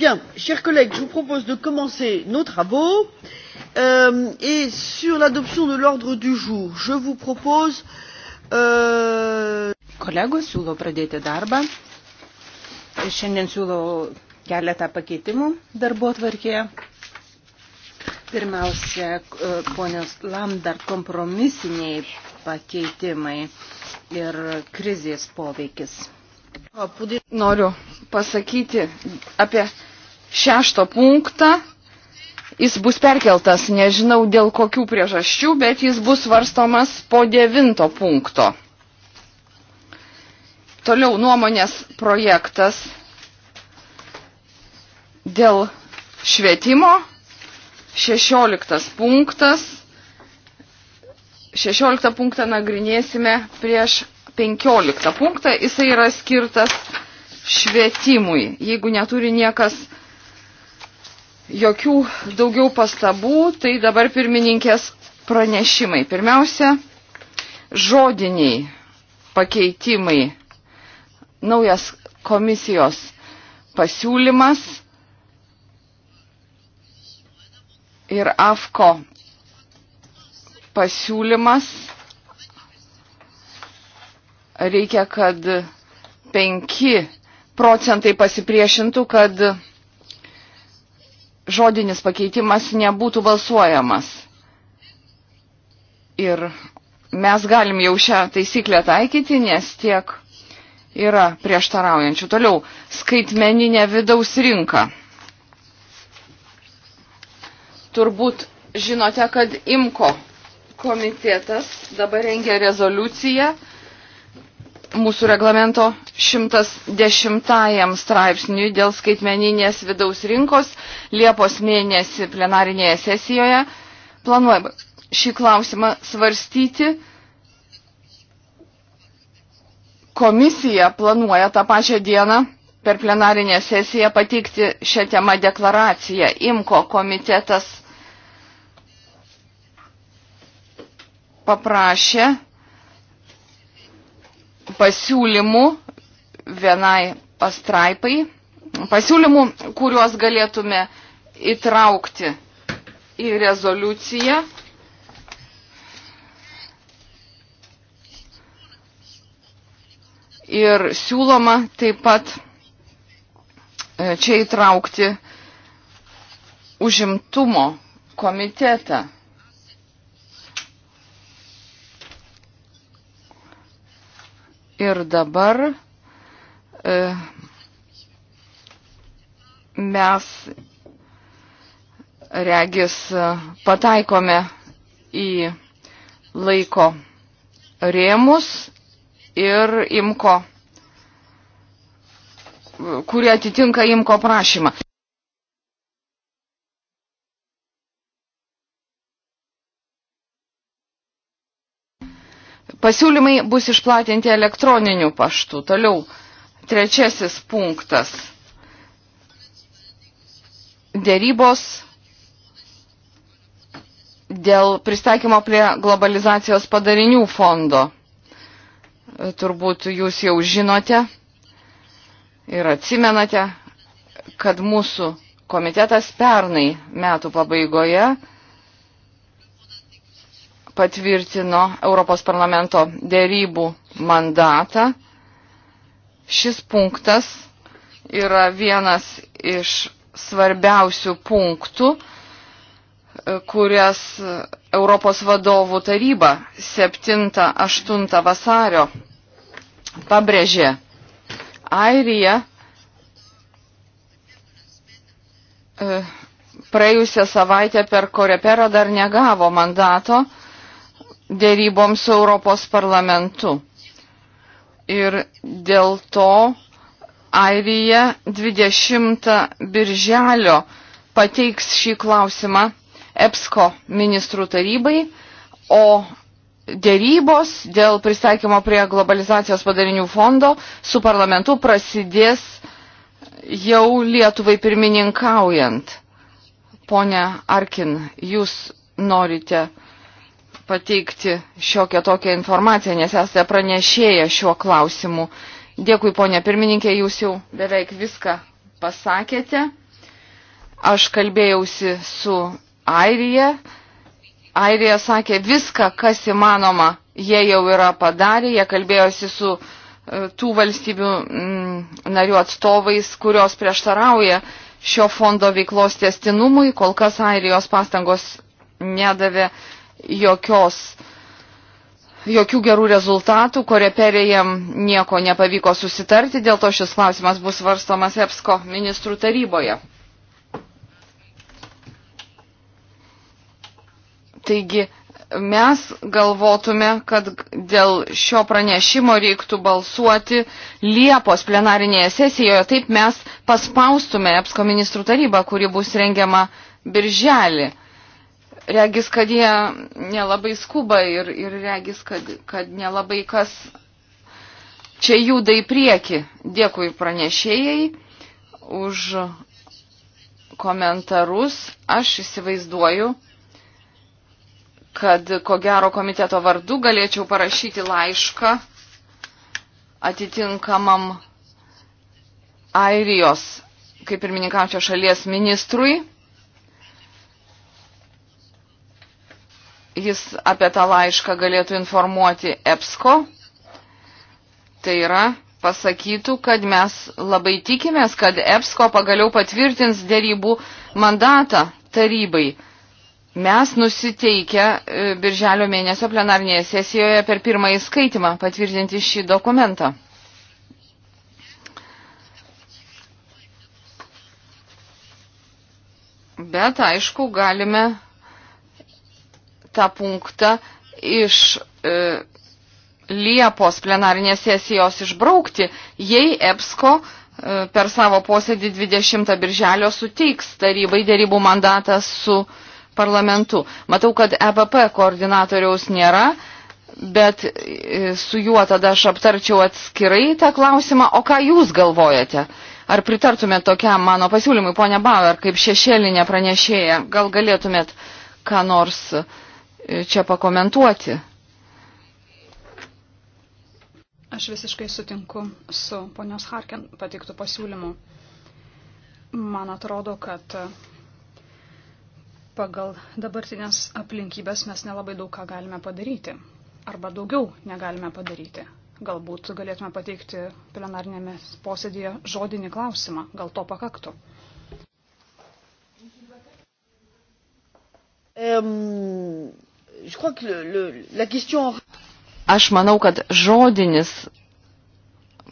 Bien, chers collègues je vous propose de commencer nos travaux euh, et sur l'adoption de l'ordre du jour je vous propose euh... kolegos siūlau pradėti darbą ir šiandien siūlau keletą pakeitimų darbotvarkėje pirmiausia e, ponios lambdart kompromisiniai pakeitimai ir krizės poveikis Noriu pasakyti apie šeštą punktą. Jis bus perkeltas, nežinau dėl kokių priežasčių, bet jis bus svarstomas po devinto punkto. Toliau nuomonės projektas dėl švietimo. Šešioliktas punktas. Šešioliktą punktą nagrinėsime prieš penkioliktą punktą. Jisai yra skirtas švietimui. Jeigu neturi niekas jokių daugiau pastabų, tai dabar pirmininkės pranešimai. Pirmiausia, žodiniai pakeitimai. Naujas komisijos pasiūlymas ir AFKO pasiūlymas. Reikia, kad 5 procentai pasipriešintų, kad žodinis pakeitimas nebūtų balsuojamas. Ir mes galim jau šią taisyklę taikyti, nes tiek yra prieštaraujančių. Toliau, skaitmeninė vidaus rinka. Turbūt žinote, kad IMKO komitetas dabar rengia rezoliuciją mūsų reglamento 110 straipsniui dėl skaitmeninės vidaus rinkos Liepos mėnesį plenarinėje sesijoje. Planuojame šį klausimą svarstyti. Komisija planuoja tą pačią dieną per plenarinę sesiją pateikti šią temą deklaraciją. IMKO komitetas paprašė pasiūlymų vienai pastraipai, pasiūlymų, kuriuos galėtume įtraukti į rezoliuciją. Ir siūloma taip pat e, čia įtraukti užimtumo komitetą. Ir dabar e, mes, regis, pataikome į laiko rėmus ir imko, kurie atitinka imko prašymą. Pasiūlymai bus išplatinti elektroniniu paštu. Toliau, trečiasis punktas. Dėrybos dėl pristatymo prie globalizacijos padarinių fondo. Turbūt jūs jau žinote ir atsimenate, kad mūsų komitetas pernai metų pabaigoje patvirtino Europos parlamento dėrybų mandatą. Šis punktas yra vienas iš svarbiausių punktų, e, kurias Europos vadovų taryba 7-8 vasario pabrėžė. Airija e, praėjusią savaitę per Koreperą dar negavo mandato dėryboms su Europos parlamentu. Ir dėl to Airija 20 birželio pateiks šį klausimą EPSCO ministrų tarybai, o dėrybos dėl pristaikymo prie globalizacijos padarinių fondo su parlamentu prasidės jau Lietuvai pirmininkaujant. Pone Arkin, jūs norite pateikti šiokią tokią informaciją, nes esate pranešėję šiuo klausimu. Dėkui, ponė pirmininkė, jūs jau beveik viską pasakėte. Aš kalbėjausi su Airija. Airija sakė viską, kas įmanoma, jie jau yra padarę, jie kalbėjosi su e, tų valstybių mm, narių atstovais, kurios prieštarauja šio fondo veiklos testinumui. Kol kas Airijos pastangos nedavė jokios, jokių gerų rezultatų, kurie perėjam nieko nepavyko susitarti, dėl to šis klausimas bus svarstomas EPSCO ministrų taryboje. Taigi mes galvotume, kad dėl šio pranešimo reiktų balsuoti Liepos plenarinėje sesijoje, taip mes paspaustume EPSCO ministrų tarybą, kuri bus rengiama birželį regis, kad jie nelabai skuba ir, ir regis, kad, kad nelabai kas čia juda į priekį. Dėkui pranešėjai už komentarus. Aš įsivaizduoju, kad ko gero komiteto vardu galėčiau parašyti laišką atitinkamam Airijos, kaip ir mininkaučio šalies ministrui. jis apie tą laišką galėtų informuoti EPSCO. Tai yra, pasakytų, kad mes labai tikimės, kad EPSCO pagaliau patvirtins dėrybų mandatą tarybai. Mes nusiteikę e, birželio mėnesio plenarnėje sesijoje per pirmąjį skaitimą patvirtinti šį dokumentą. Bet, aišku, galime tą punktą iš e, Liepos plenarinės sesijos išbraukti, jei EPSCO e, per savo posėdį 20 birželio suteiks tarybai dėrybų mandatą su parlamentu. Matau, kad EPP koordinatoriaus nėra, bet e, su juo tada aš aptarčiau atskirai tą klausimą, o ką jūs galvojate? Ar pritartumėt tokiam mano pasiūlymui, ponia Bauer, kaip šešėlinė pranešėja? Gal galėtumėt ką nors uh, čia pakomentuoti. Aš visiškai sutinku su ponios Harken pateiktų pasiūlymu. Man atrodo, kad pagal dabartinės aplinkybės mes nelabai daug ką galime padaryti. Arba daugiau negalime padaryti. Galbūt galėtume pateikti plenarnėme posėdėje žodinį klausimą. Gal to pakaktų? Um, Aš manau, kad žodinis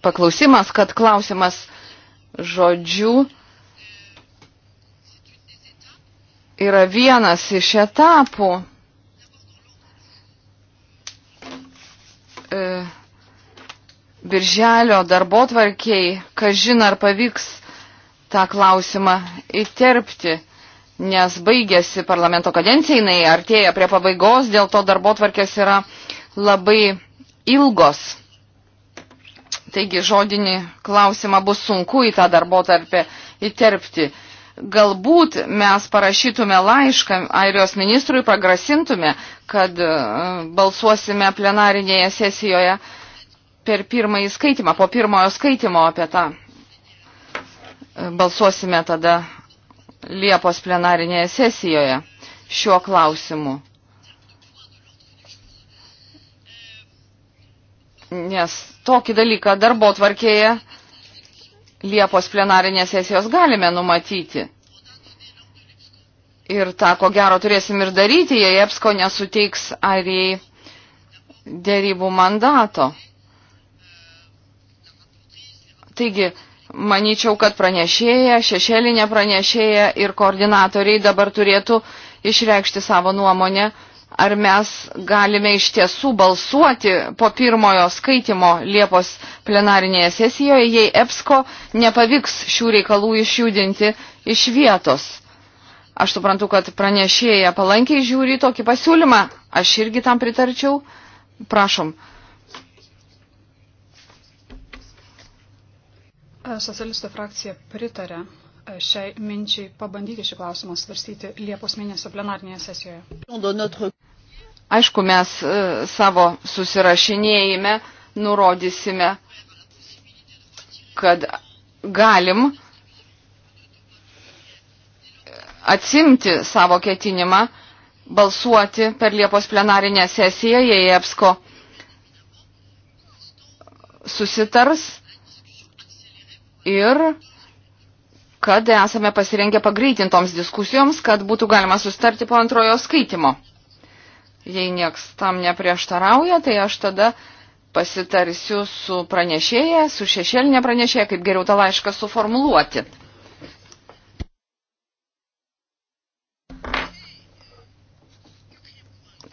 paklausimas, kad klausimas žodžių yra vienas iš etapų e, birželio darbo tvarkiai, kažin ar pavyks tą klausimą įterpti nes baigėsi parlamento kadencija, jinai artėja prie pabaigos, dėl to darbo tvarkės yra labai ilgos. Taigi žodinį klausimą bus sunku į tą darbo tarpę įterpti. Galbūt mes parašytume laišką Airijos ministrui, pagrasintume, kad e, balsuosime plenarinėje sesijoje per pirmąjį skaitimą, po pirmojo skaitimo apie tą. E, balsuosime tada Liepos plenarinėje sesijoje šiuo klausimu. Nes tokį dalyką darbo tvarkėje Liepos plenarinės sesijos galime numatyti. Ir tą, ko gero, turėsim ir daryti, jei EPSCO nesuteiks arijai dėrybų mandato. Taigi, Manyčiau, kad pranešėja, šešėlinė pranešėja ir koordinatoriai dabar turėtų išreikšti savo nuomonę, ar mes galime iš tiesų balsuoti po pirmojo skaitimo Liepos plenarinėje sesijoje, jei EPSCO nepavyks šių reikalų išjudinti iš vietos. Aš suprantu, kad pranešėja palankiai žiūri tokį pasiūlymą. Aš irgi tam pritarčiau. Prašom. Socialistų frakcija pritarė šiai minčiai pabandyti šį klausimą svarstyti Liepos mėnesio plenarnėje sesijoje. Aišku, mes e, savo susirašinėjime nurodysime, kad galim atsimti savo ketinimą balsuoti per Liepos plenarinę sesiją, jei EPSCO susitars ir kad esame pasirengę pagreitintoms diskusijoms, kad būtų galima sustarti po antrojo skaitimo. Jei nieks tam neprieštarauja, tai aš tada pasitarsiu su pranešėja, su šešėlinė pranešėja, kaip geriau tą laišką suformuluoti.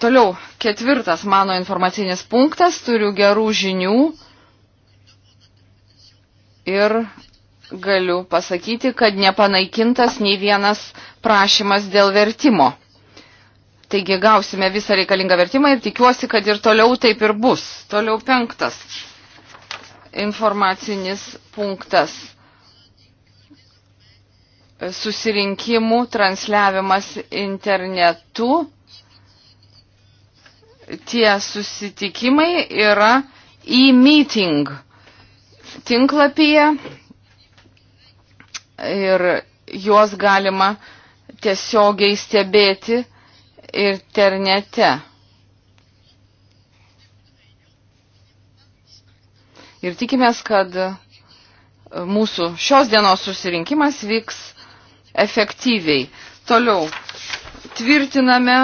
Toliau, ketvirtas mano informacinis punktas, turiu gerų žinių ir galiu pasakyti, kad nepanaikintas nei vienas prašymas dėl vertimo. Taigi gausime visą reikalingą vertimą ir tikiuosi, kad ir toliau taip ir bus. Toliau penktas informacinis punktas. Susirinkimų transliavimas internetu. Tie susitikimai yra e-meeting tinklapyje ir juos galima tiesiogiai stebėti internete. Ir tikimės, kad mūsų šios dienos susirinkimas vyks efektyviai. Toliau tvirtiname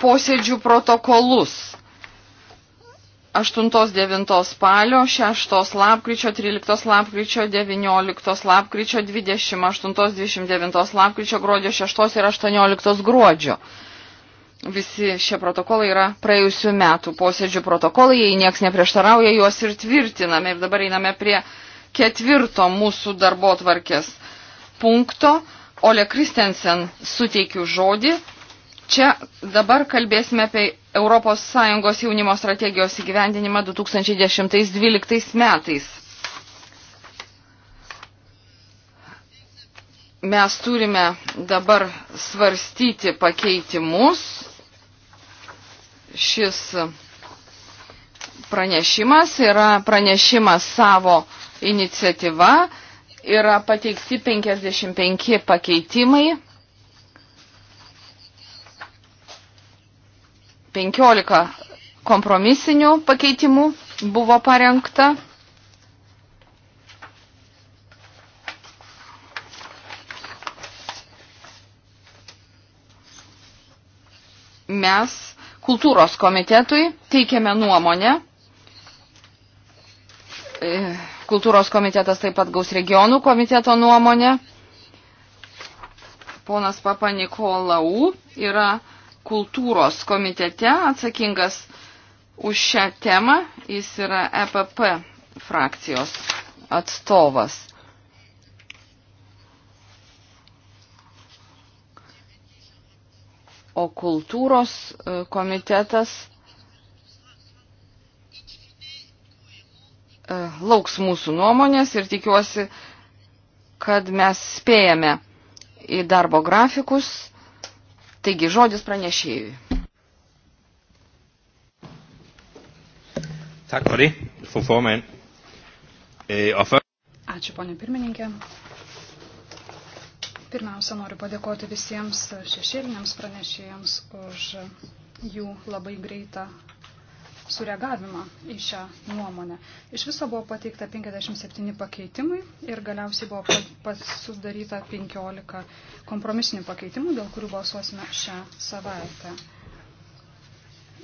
posėdžių protokolus. 8-9 spalio, 6 lapkričio, 13 lapkričio, 19 lapkričio, 28-29 lapkričio, gruodžio 6 ir 18 gruodžio. Visi šie protokolai yra praėjusių metų posėdžių protokolai, jei nieks neprieštarauja, juos ir tvirtiname. Ir dabar einame prie ketvirto mūsų darbo tvarkės punkto. Ole Kristensen suteikiu žodį. Čia dabar kalbėsime apie ES jaunimo strategijos įgyvendinimą 2010-2012 metais. Mes turime dabar svarstyti pakeitimus. Šis pranešimas yra pranešimas savo iniciatyva, yra pateikti 55 pakeitimai 15 kompromisinių pakeitimų buvo parengta. Mes kultūros komitetui teikiame nuomonę. E, kultūros komitetas taip pat gaus regionų komiteto nuomonę. Ponas Papa Nikolau yra kultūros komitete atsakingas už šią temą. Jis yra EPP frakcijos atstovas. O kultūros e, komitetas e, lauks mūsų nuomonės ir tikiuosi, kad mes spėjame į darbo grafikus Taigi, žodis pranešėjui. Tak for det, fru formand. Øh, og før... Ačiū, ponė pirmininkė. Pirmiausia, noriu padėkoti visiems šešėliniams pranešėjams už jų labai greitą sureagavimą į šią nuomonę. Iš viso buvo pateikta 57 pakeitimai ir galiausiai buvo sudaryta 15 kompromisinių pakeitimų, dėl kurių balsuosime šią savaitę.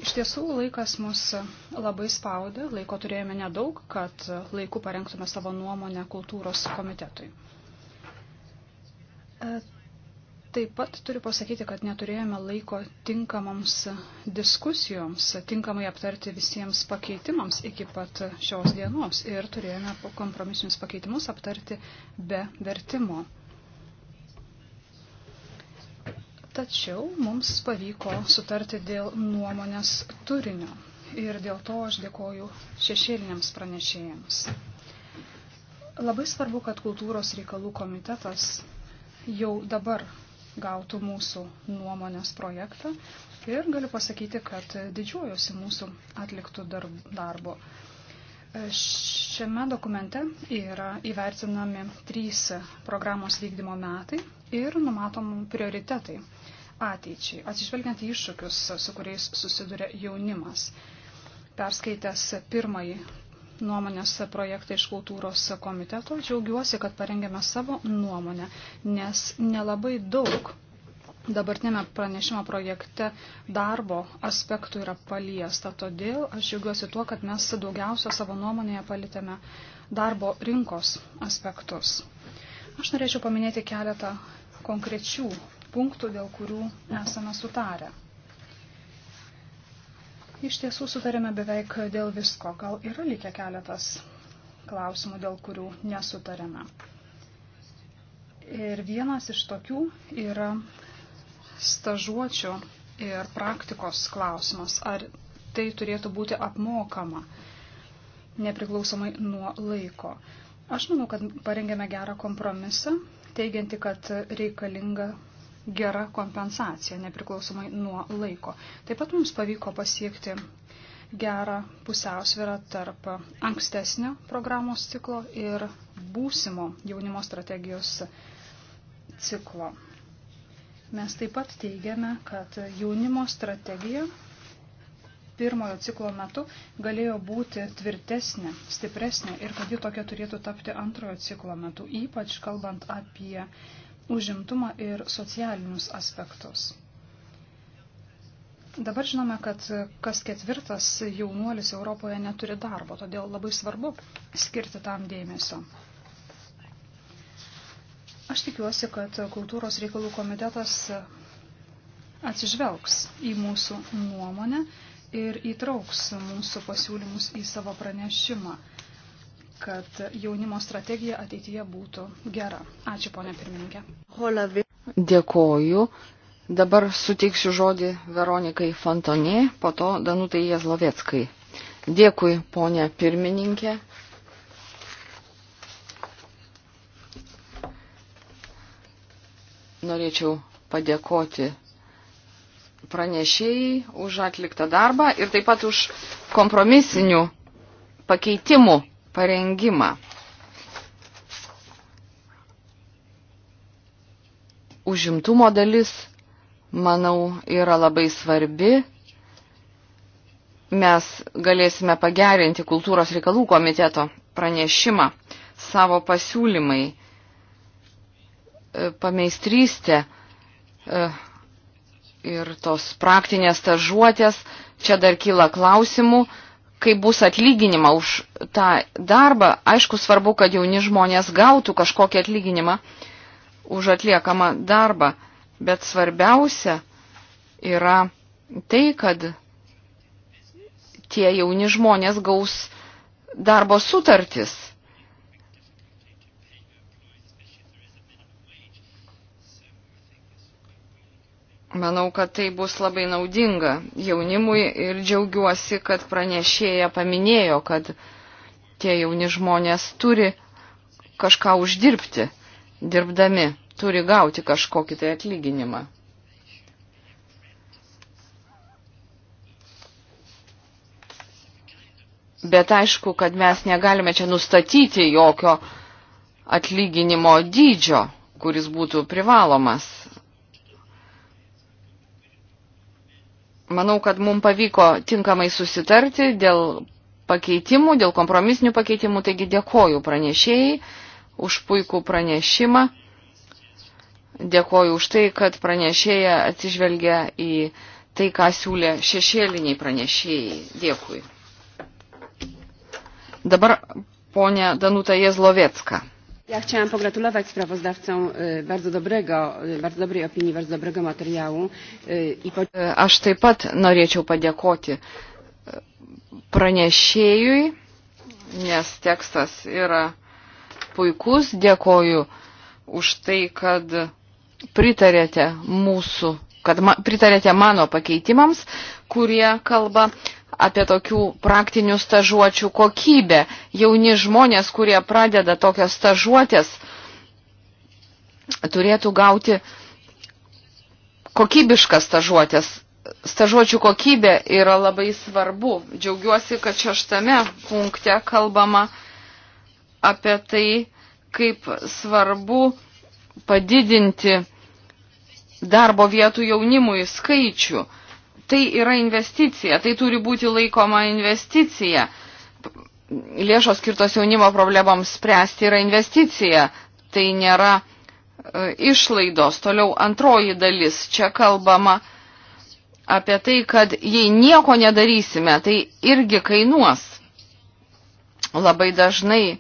Iš tiesų laikas mus labai spaudė, laiko turėjome nedaug, kad laiku parengtume savo nuomonę kultūros komitetui. E, Taip pat turiu pasakyti, kad neturėjome laiko tinkamoms diskusijoms, tinkamai aptarti visiems pakeitimams iki pat šios dienos ir turėjome kompromisinius pakeitimus aptarti be vertimo. Tačiau mums pavyko sutarti dėl nuomonės turinio ir dėl to aš dėkoju šešėliniams pranešėjams. Labai svarbu, kad kultūros reikalų komitetas jau dabar gautų mūsų nuomonės projektą ir galiu pasakyti, kad didžiuojuosi mūsų atliktų darbo. E, šiame dokumente yra įvertinami trys programos vykdymo metai ir numatomų prioritetai ateičiai, atsižvelgiant į iššūkius, su kuriais susiduria jaunimas. Perskaitęs pirmąjį nuomonės projektą iš kultūros komiteto. Džiaugiuosi, kad parengėme savo nuomonę, nes nelabai daug dabartinėme pranešimo projekte darbo aspektų yra paliesta. Todėl aš džiaugiuosi tuo, kad mes daugiausia savo nuomonėje palitėme darbo rinkos aspektus. Aš norėčiau paminėti keletą konkrečių punktų, dėl kurių esame sutarę. Iš tiesų sutarėme beveik dėl visko, gal yra likę keletas klausimų, dėl kurių nesutarėme. Ir vienas iš tokių yra stažuočio ir praktikos klausimas, ar tai turėtų būti apmokama nepriklausomai nuo laiko. Aš manau, kad parengėme gerą kompromisą, teigianti, kad reikalinga gera kompensacija, nepriklausomai nuo laiko. Taip pat mums pavyko pasiekti gerą pusiausvyrą tarp ankstesnio programos ciklo ir būsimo jaunimo strategijos ciklo. Mes taip pat teigiame, kad jaunimo strategija pirmojo ciklo metu galėjo būti tvirtesnė, stipresnė ir kad ji tokia turėtų tapti antrojo ciklo metu, ypač kalbant apie užimtumą ir socialinius aspektus. Dabar žinome, kad kas ketvirtas jaunuolis Europoje neturi darbo, todėl labai svarbu skirti tam dėmesio. Aš tikiuosi, kad kultūros reikalų komitetas atsižvelgs į mūsų nuomonę ir įtrauks mūsų pasiūlymus į savo pranešimą kad jaunimo strategija ateityje būtų gera. Ačiū, ponė pirmininkė. Dėkoju. Dabar suteiksiu žodį Veronikai Fontonė, po to Danutai Jezlovetskai. Dėkui, ponė pirmininkė. Norėčiau padėkoti pranešėjai už atliktą darbą ir taip pat už kompromisinių pakeitimų parengimą. Užimtumo dalis, manau, yra labai svarbi. Mes galėsime pagerinti kultūros reikalų komiteto pranešimą savo pasiūlymai, e, pameistrystė e, ir tos praktinės stažuotės. Čia dar kyla klausimų kai bus atlyginima už tą darbą, aišku svarbu, kad jauni žmonės gautų kažkokį atlyginimą už atliekamą darbą, bet svarbiausia yra tai, kad tie jauni žmonės gaus darbo sutartis Manau, kad tai bus labai naudinga jaunimui ir džiaugiuosi, kad pranešėja paminėjo, kad tie jauni žmonės turi kažką uždirbti, dirbdami, turi gauti kažkokį tai atlyginimą. Bet aišku, kad mes negalime čia nustatyti jokio atlyginimo dydžio, kuris būtų privalomas. Manau, kad mums pavyko tinkamai susitarti dėl pakeitimų, dėl kompromisinių pakeitimų, taigi dėkoju pranešėjai už puikų pranešimą. Dėkoju už tai, kad pranešėja atsižvelgia į tai, ką siūlė šešėliniai pranešėjai. Dėkui. Dabar ponė Danuta Jezlovetska. Ja chciałam pogratulować sprawozdawcom bardzo, dobrego, bardzo dobrej opinii, bardzo dobrego materiału. E, Aš taip pat norėčiau padėkoti e, pranešėjui, nes tekstas yra puikus. Dėkoju už tai, kad pritarėte mūsų, kad ma, pritarėte mano pakeitimams, kurie kalba apie tokių praktinių stažuočių kokybę. Jauni žmonės, kurie pradeda tokias stažuotės, turėtų gauti kokybiškas stažuotės. Stažuočių kokybė yra labai svarbu. Džiaugiuosi, kad šeštame punkte kalbama apie tai, kaip svarbu padidinti darbo vietų jaunimui skaičių tai yra investicija, tai turi būti laikoma investicija. Lėšos skirtos jaunimo problemams spręsti yra investicija, tai nėra e, išlaidos. Toliau antroji dalis, čia kalbama apie tai, kad jei nieko nedarysime, tai irgi kainuos. Labai dažnai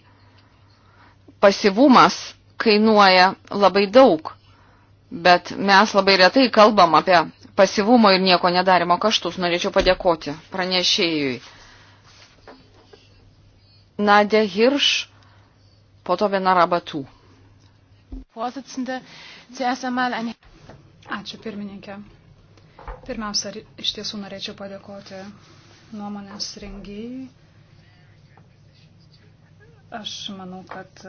pasivumas kainuoja labai daug, bet mes labai retai kalbam apie pasivumo ir nieko nedarimo kaštus. Norėčiau padėkoti pranešėjui. Nadė Hirš, po to viena rabatų. Ačiū pirmininkė. Pirmiausia, iš tiesų norėčiau padėkoti nuomonės rengėjai. Aš manau, kad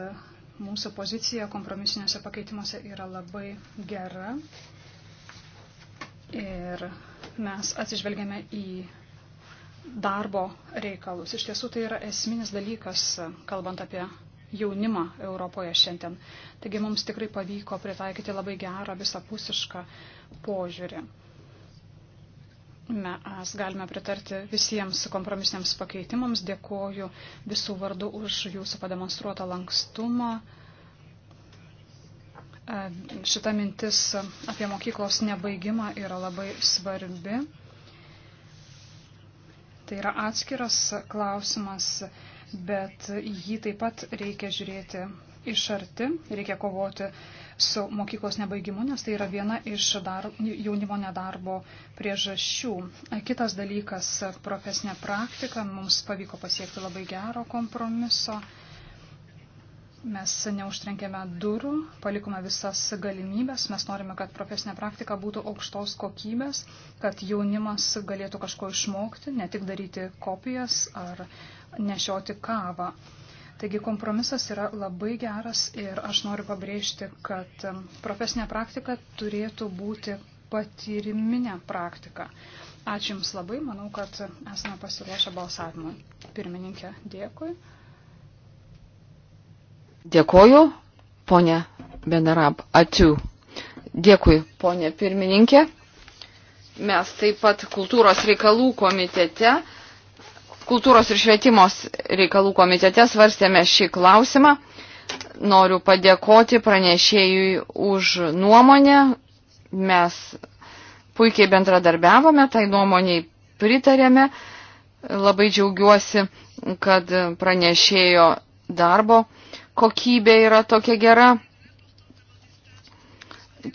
mūsų pozicija kompromisiniuose pakeitimuose yra labai gera. Ir mes atsižvelgiame į darbo reikalus. Iš tiesų tai yra esminis dalykas, kalbant apie jaunimą Europoje šiandien. Taigi mums tikrai pavyko pritaikyti labai gerą visapusišką požiūrį. Mes galime pritarti visiems kompromisiniams pakeitimams. Dėkoju visų vardu už jūsų pademonstruotą lankstumą, šita mintis apie mokyklos nebaigimą yra labai svarbi. Tai yra atskiras klausimas, bet jį taip pat reikia žiūrėti iš arti, reikia kovoti su mokyklos nebaigimu, nes tai yra viena iš dar, jaunimo nedarbo priežasčių. Kitas dalykas - profesinė praktika. Mums pavyko pasiekti labai gero kompromiso. Mes neužtrenkėme durų, palikome visas galimybės, mes norime, kad profesinė praktika būtų aukštos kokybės, kad jaunimas galėtų kažko išmokti, ne tik daryti kopijas ar nešioti kavą. Taigi kompromisas yra labai geras ir aš noriu pabrėžti, kad profesinė praktika turėtų būti patyriminė praktika. Ačiū Jums labai, manau, kad esame pasiruošę balsavimui. Pirmininkė, dėkui. Dėkoju, ponė Benarab. Ačiū. Dėkui, ponė pirmininkė. Mes taip pat kultūros reikalų komitete, kultūros ir švietimos reikalų komitete svarstėme šį klausimą. Noriu padėkoti pranešėjui už nuomonę. Mes puikiai bendradarbiavome, tai nuomoniai pritarėme. Labai džiaugiuosi, kad pranešėjo darbo kokybė yra tokia gera.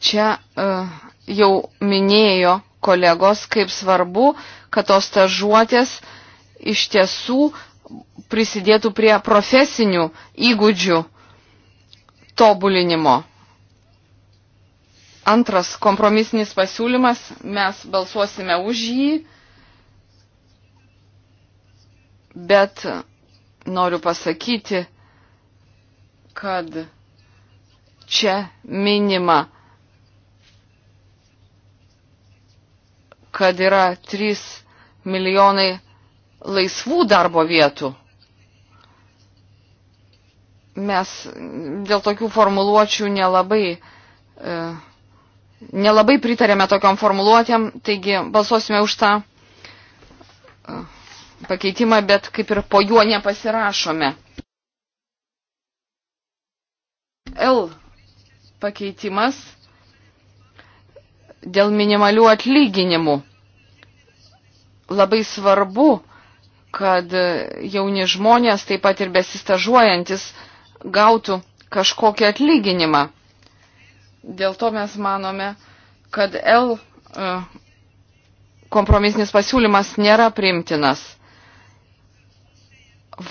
Čia uh, jau minėjo kolegos, kaip svarbu, kad tos stažuotės iš tiesų prisidėtų prie profesinių įgūdžių tobulinimo. Antras kompromisinis pasiūlymas, mes balsuosime už jį, bet noriu pasakyti, kad čia minima, kad yra 3 milijonai laisvų darbo vietų. Mes dėl tokių formuluočių nelabai, e, nelabai pritarėme tokiam formuluotėm, taigi balsuosime už tą e, pakeitimą, bet kaip ir po juo nepasirašome. L pakeitimas dėl minimalių atlyginimų. Labai svarbu, kad jauni žmonės, taip pat ir besistažuojantis, gautų kažkokį atlyginimą. Dėl to mes manome, kad L e, kompromisinis pasiūlymas nėra primtinas.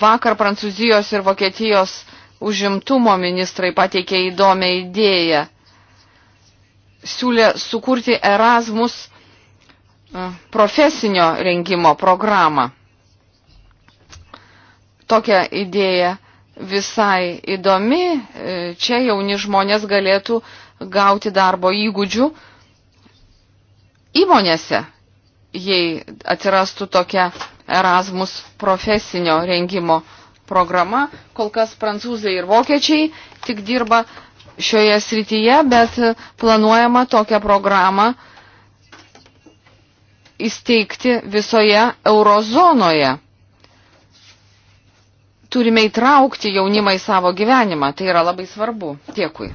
Vakar Prancūzijos ir Vokietijos užimtumo ministrai pateikė įdomią idėją. Siūlė sukurti Erasmus e, profesinio rengimo programą. Tokia idėja visai įdomi. E, čia jauni žmonės galėtų gauti darbo įgūdžių įmonėse, jei atsirastų tokia Erasmus profesinio rengimo programa programa. Kol kas prancūzai ir vokiečiai tik dirba šioje srityje, bet planuojama tokią programą įsteigti visoje eurozonoje. Turime įtraukti jaunimą į savo gyvenimą, tai yra labai svarbu. Dėkui.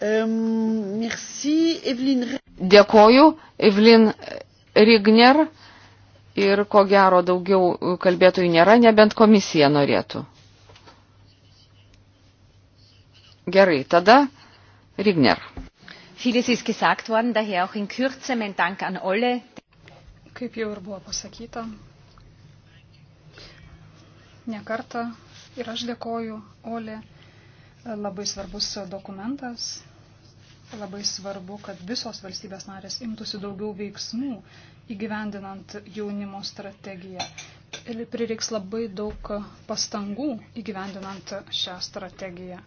Um, merci, Evelyn... Dėkoju, Evelyn Rigner ir ko gero daugiau kalbėtojų nėra, nebent komisija norėtų. Gerai, tada Rigner. Vieles ist gesagt worden, daher auch in Kürze mein Dank an alle. Kaip jau ir buvo pasakyta, nekarta ir aš dėkoju Olė. Labai svarbus dokumentas, labai svarbu, kad visos valstybės narės imtųsi daugiau veiksmų įgyvendinant jaunimo strategiją. Ir prireiks labai daug pastangų įgyvendinant šią strategiją.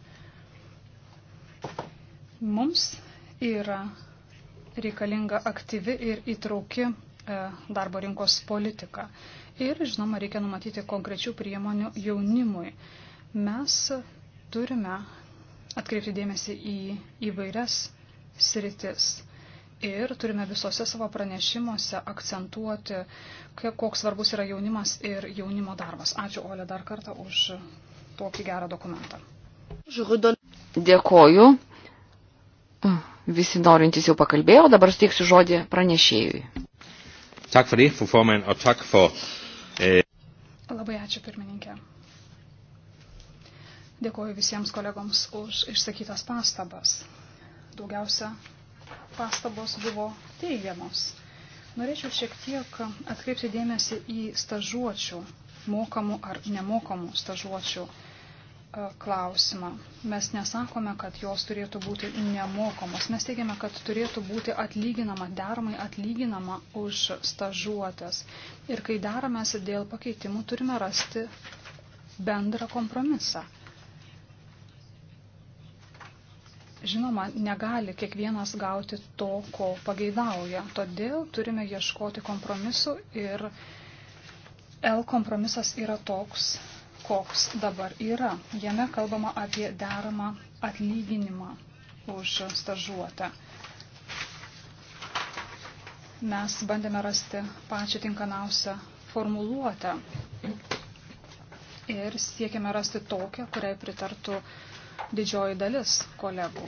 Mums yra reikalinga aktyvi ir įtrauki e, darbo rinkos politika. Ir, žinoma, reikia numatyti konkrečių priemonių jaunimui. Mes turime atkreipti dėmesį į įvairias sritis ir turime visose savo pranešimuose akcentuoti, koks svarbus yra jaunimas ir jaunimo darbas. Ačiū, Olė, dar kartą už tokį gerą dokumentą. Dėkoju. Visi norintys jau pakalbėjo, dabar steiksiu žodį pranešėjui. Tak for det, fru formand, og tak for... Eh... Labai ačiū, pirmininkė. Dėkoju visiems kolegoms už išsakytas pastabas. Daugiausia pastabos buvo teigiamos. Norėčiau šiek tiek atkreipti dėmesį į stažuočių, mokamų ar nemokamų stažuočių e, klausimą. Mes nesakome, kad jos turėtų būti nemokamos. Mes teigiame, kad turėtų būti atlyginama, deramai atlyginama už stažuotės. Ir kai deramės dėl pakeitimų, turime rasti bendrą kompromisą. Žinoma, negali kiekvienas gauti to, ko pageidauja. Todėl turime ieškoti kompromisų ir L kompromisas yra toks, koks dabar yra. Jame kalbama apie deramą atlyginimą už stažuotę. Mes bandėme rasti pačią tinkamiausią formuluotę ir siekiame rasti tokią, kuriai pritartų uh, didžioji dalis kolegų.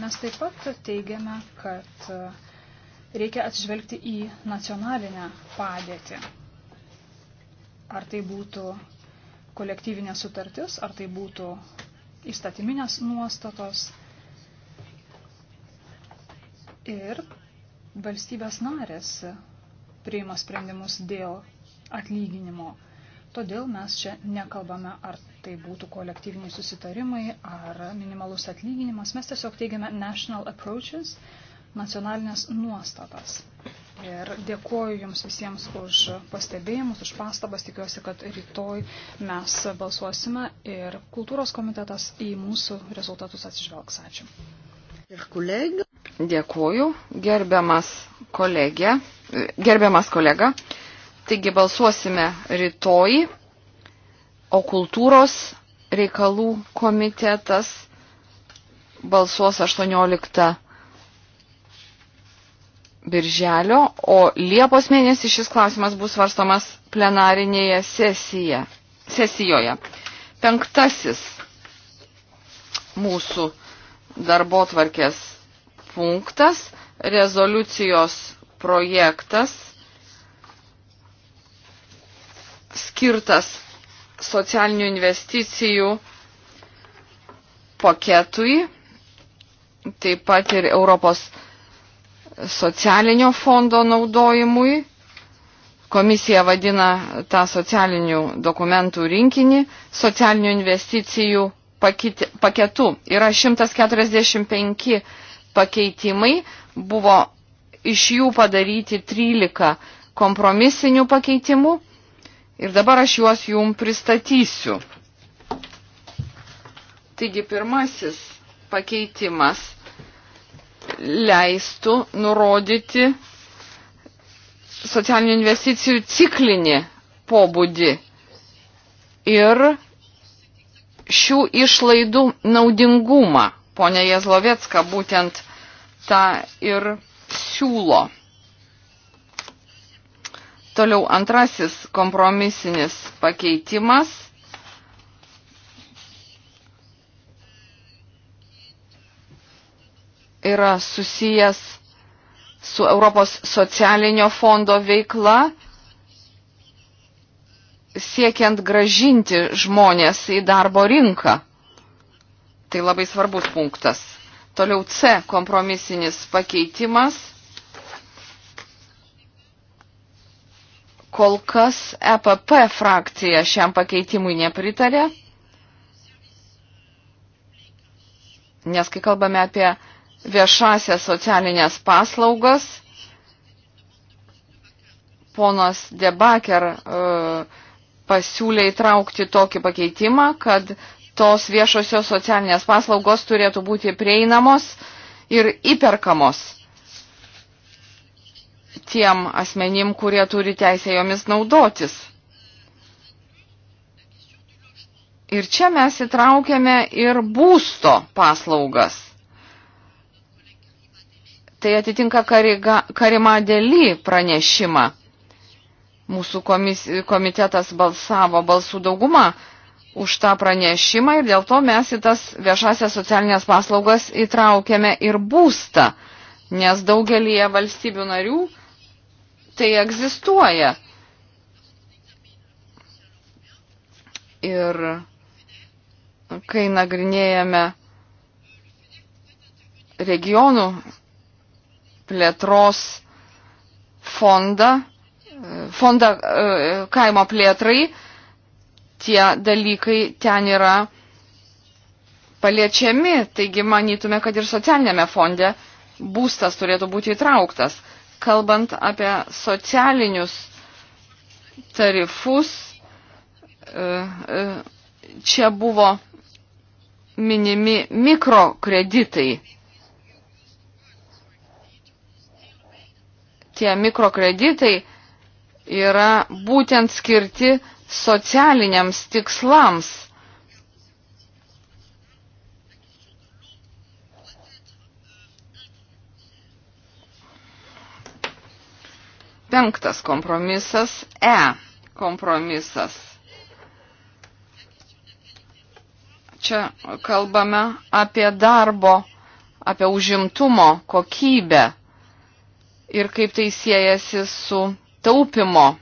Mes taip pat teigiame, kad e, reikia atsižvelgti į nacionalinę padėtį. Ar tai būtų kolektyvinė sutartis, ar tai būtų įstatyminės nuostatos. Ir valstybės narės priima sprendimus dėl atlyginimo. Todėl mes čia nekalbame, ar tai būtų kolektyviniai susitarimai, ar minimalus atlyginimas. Mes tiesiog teigiame national approaches, nacionalinės nuostatas. Ir dėkuoju Jums visiems už pastebėjimus, už pastabas. Tikiuosi, kad rytoj mes balsuosime ir kultūros komitetas į mūsų rezultatus atsižvelgs. Ačiū. Dėkuoju, gerbiamas kolegė, gerbiamas kolega. Taigi balsuosime rytoj, o kultūros reikalų komitetas balsuos 18 birželio, o Liepos mėnesį šis klausimas bus svarstomas plenarinėje sesija, sesijoje. Penktasis mūsų darbo tvarkės punktas – rezoliucijos projektas – skirtas socialinių investicijų paketui, taip pat ir Europos socialinio fondo naudojimui. Komisija vadina tą socialinių dokumentų rinkinį socialinių investicijų paketu. Yra 145 pakeitimai, buvo iš jų padaryti 13 kompromisinių pakeitimų. Ir dabar aš juos jum pristatysiu. Taigi pirmasis pakeitimas leistų nurodyti socialinių investicijų ciklinį pobūdį ir šių išlaidų naudingumą. Pone Jezlovetska būtent tą ir siūlo. Toliau antrasis kompromisinis pakeitimas. yra susijęs su Europos socialinio fondo veikla, siekiant gražinti žmonės į darbo rinką. Tai labai svarbus punktas. Toliau C kompromisinis pakeitimas. Kol kas EPP frakcija šiam pakeitimui nepritarė, nes kai kalbame apie viešasias socialinės paslaugas, ponas Debaker uh, pasiūlė įtraukti tokį pakeitimą, kad tos viešosios socialinės paslaugos turėtų būti prieinamos ir įperkamos tiem asmenim, kurie turi teisę jomis naudotis. Ir čia mes įtraukiame ir būsto paslaugas. Tai atitinka Karimadėly pranešimą. Mūsų komis, komitetas balsavo balsų daugumą už tą pranešimą ir dėl to mes į tas viešasias socialinės paslaugas įtraukiame ir būstą, nes daugelie valstybių narių tai egzistuoja. Ir kai nagrinėjame regionų plėtros fondą, fondą e, kaimo plėtrai, tie dalykai ten yra paliečiami, taigi manytume, kad ir socialinėme fonde būstas turėtų būti įtrauktas kalbant apie socialinius tarifus, e, e, čia buvo minimi mikrokreditai. Tie mikrokreditai yra būtent skirti socialiniams tikslams Penktas kompromisas E kompromisas. Čia kalbame apie darbo, apie užimtumo kokybę ir kaip tai siejasi su taupimo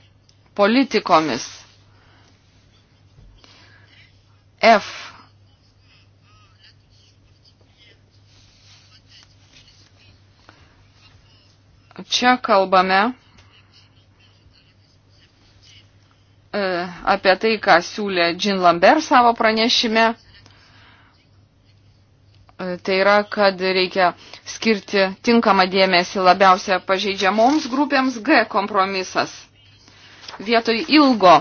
politikomis. F čia kalbame apie tai, ką siūlė Jean Lambert savo pranešime. E, tai yra, kad reikia skirti tinkamą dėmesį labiausia pažeidžiamoms grupėms G kompromisas. Vietoj ilgo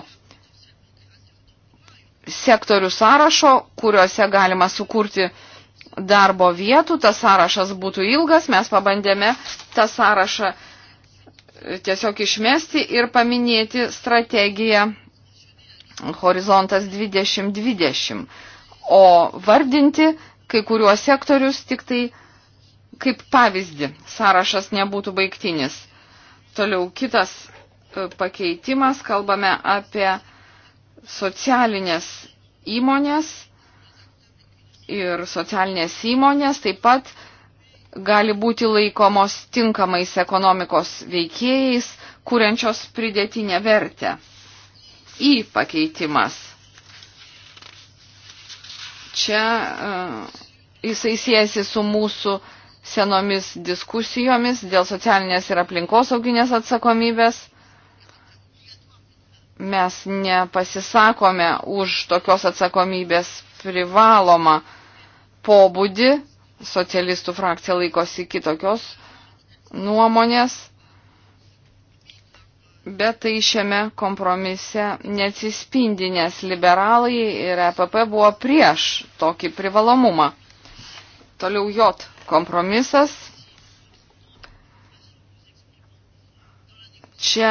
sektorių sąrašo, kuriuose galima sukurti darbo vietų, tas sąrašas būtų ilgas, mes pabandėme tą sąrašą tiesiog išmesti ir paminėti strategiją horizontas 2020, o vardinti kai kuriuos sektorius tik tai kaip pavyzdį. Sąrašas nebūtų baigtinis. Toliau kitas e, pakeitimas, kalbame apie socialinės įmonės ir socialinės įmonės taip pat gali būti laikomos tinkamais ekonomikos veikėjais, kuriančios pridėtinę vertę. I pakeitimas. Čia uh, jisai siejasi su mūsų senomis diskusijomis dėl socialinės ir aplinkosauginės atsakomybės. Mes nepasisakome už tokios atsakomybės privalomą pobūdį. Socialistų frakcija laikosi kitokios nuomonės Bet tai šiame kompromise neatsispindi, nes liberalai ir EPP buvo prieš tokį privalomumą. Toliau J kompromisas. Čia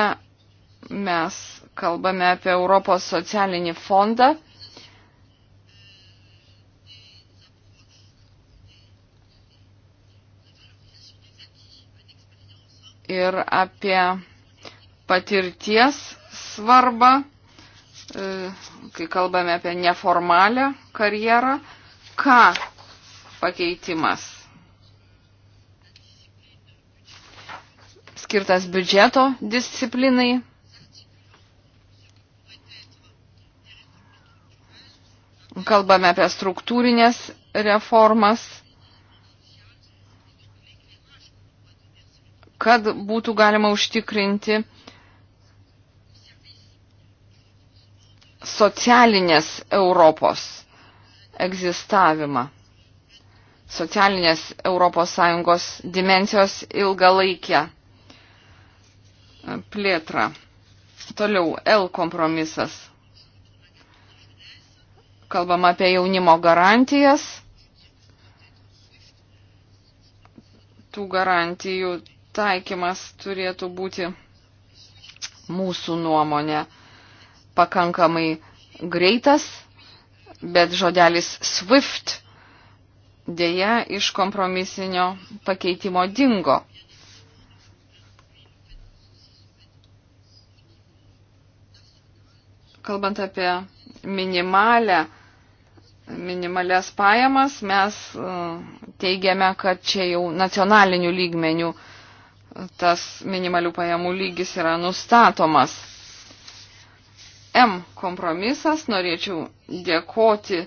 mes kalbame apie Europos socialinį fondą. Ir apie patirties svarbą, e, kai kalbame apie neformalią karjerą, ką pakeitimas skirtas biudžeto disciplinai. Kalbame apie struktūrinės reformas, kad būtų galima užtikrinti socialinės Europos egzistavimą. Socialinės Europos Sąjungos dimensijos ilgalaikę plėtrą. Toliau L kompromisas. Kalbam apie jaunimo garantijas. Tų garantijų taikymas turėtų būti mūsų nuomonė pakankamai greitas, bet žodelis swift dėja iš kompromisinio pakeitimo dingo. Kalbant apie minimalę, minimalias pajamas, mes uh, teigiame, kad čia jau nacionalinių lygmenių tas minimalių pajamų lygis yra nustatomas. M kompromisas. Norėčiau dėkoti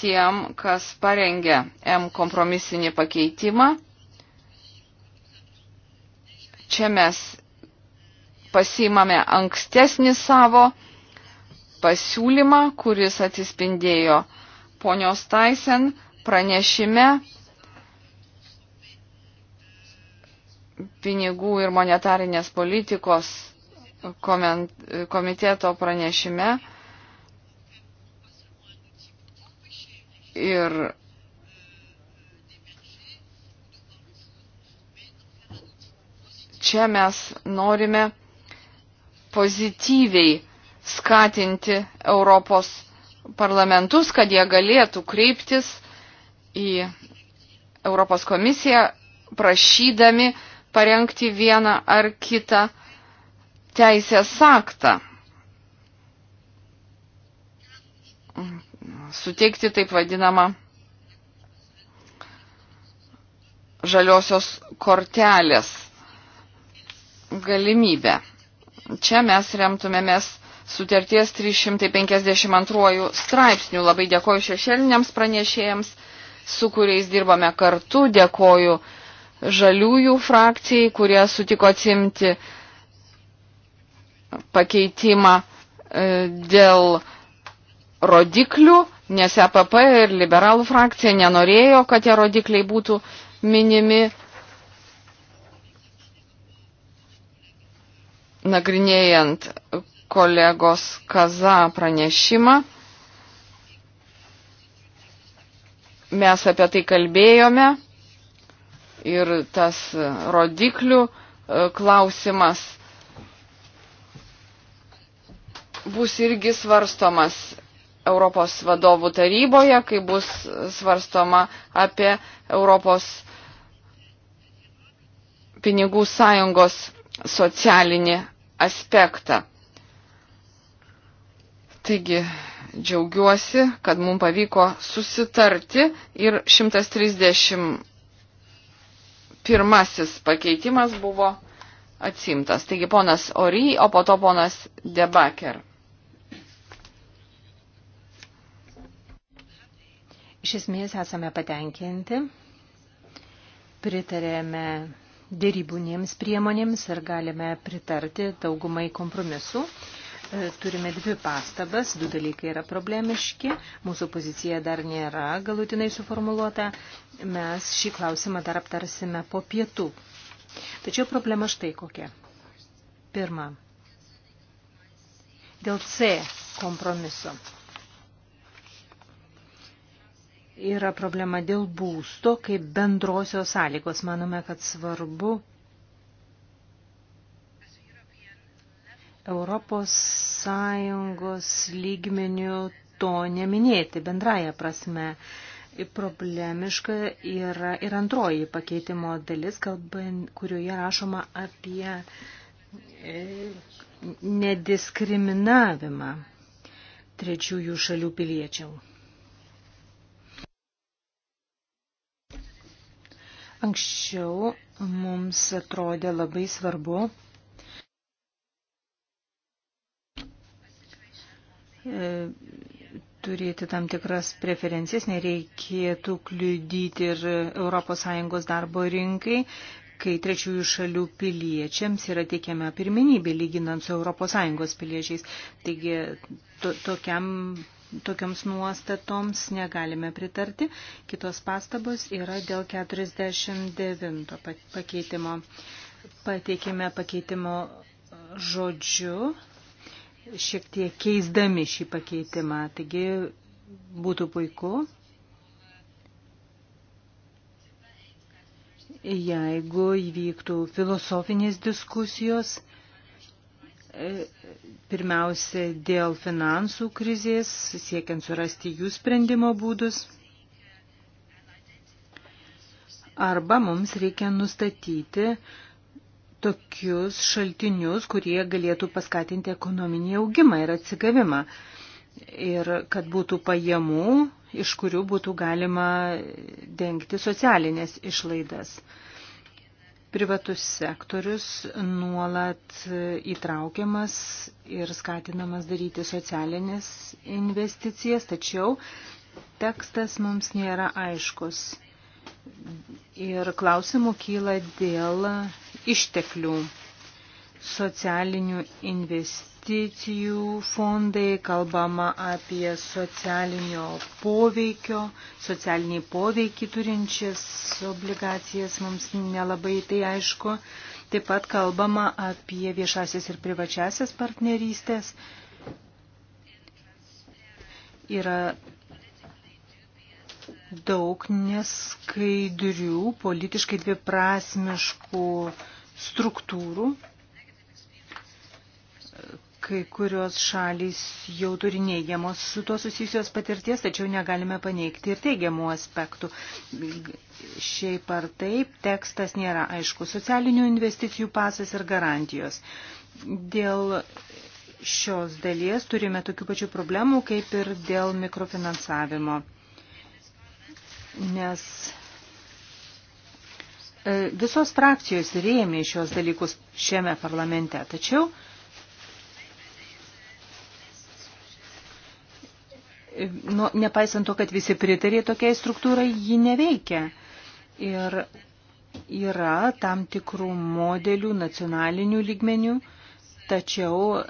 tiem, kas parengė M kompromisinį pakeitimą. Čia mes pasiimame ankstesnį savo pasiūlymą, kuris atsispindėjo ponios Taisen pranešime pinigų ir monetarinės politikos koment, komiteto pranešime. Ir čia mes norime pozityviai skatinti Europos parlamentus, kad jie galėtų kreiptis į Europos komisiją, prašydami parengti vieną ar kitą teisės aktą. Suteikti taip vadinamą žaliosios kortelės galimybę. Čia mes remtumėmės sutarties 352 straipsnių. Labai dėkoju šešėliniams pranešėjams, su kuriais dirbame kartu. Dėkoju žaliųjų frakcijai, kurie sutiko atsimti uh, pakeitimą e, dėl rodiklių, nes EPP ir liberalų frakcija nenorėjo, kad tie rodikliai būtų minimi nagrinėjant kolegos Kaza pranešimą. Mes apie tai kalbėjome ir tas rodiklių e, klausimas bus irgi svarstomas Europos vadovų taryboje, kai bus svarstoma apie Europos pinigų sąjungos socialinį aspektą. Taigi džiaugiuosi, kad mums pavyko susitarti ir 131 pakeitimas buvo atsimtas. Taigi ponas Ory, o po to ponas Debaker. Iš esmės esame patenkinti, pritarėme dėrybūnėms priemonėms ir galime pritarti daugumai kompromisų. E, turime dvi pastabas, du dalykai yra problemiški, mūsų pozicija dar nėra galutinai suformuluota, mes šį klausimą dar aptarsime po pietų. Tačiau problema štai kokia. Pirma, dėl C kompromiso yra problema dėl būsto kaip bendrosios sąlygos. Manome, kad svarbu Europos Sąjungos lygmenių to neminėti bendraja prasme. Problemiška yra ir antroji pakeitimo dalis, kalbant, kurioje rašoma apie e, nediskriminavimą trečiųjų šalių piliečių. Anksčiau mums atrodė labai svarbu e, turėti tam tikras preferencijas, nereikėtų kliudyti ir ES darbo rinkai, kai trečiųjų šalių piliečiams yra teikiama pirmenybė lyginant su ES piliečiais. Taigi to, tokiam tokioms nuostatoms negalime pritarti. Kitos pastabos yra dėl 49 pakeitimo. Pateikime pakeitimo žodžiu, šiek tiek keisdami šį pakeitimą. Taigi būtų puiku, jeigu įvyktų filosofinės diskusijos pirmiausia dėl finansų krizės, siekiant surasti jų sprendimo būdus. Arba mums reikia nustatyti tokius šaltinius, kurie galėtų paskatinti ekonominį augimą ir atsigavimą. Ir kad būtų pajamų, iš kurių būtų galima dengti socialinės išlaidas privatus sektorius nuolat įtraukiamas ir skatinamas daryti socialinės investicijas, tačiau tekstas mums nėra aiškus. Ir klausimų kyla dėl išteklių socialinių investicijų investicijų fondai, kalbama apie socialinio poveikio, socialiniai poveikiai turinčias obligacijas, mums nelabai tai aišku. Taip pat kalbama apie viešasias ir privačiasias partnerystės. Yra daug neskaidrių, politiškai dviprasmiškų struktūrų Kai kurios šalys jau turi neigiamos su tuo susijusios patirties, tačiau negalime paneigti ir teigiamų aspektų. Šiaip ar taip, tekstas nėra aišku. Socialinių investicijų pasas ir garantijos. Dėl šios dalies turime tokių pačių problemų kaip ir dėl mikrofinansavimo. Nes e, visos frakcijos rėmė šios dalykus šiame parlamente, tačiau nu, nepaisant to, kad visi pritarė tokiai struktūrai, ji neveikia. Ir yra tam tikrų modelių nacionalinių lygmenių, tačiau e,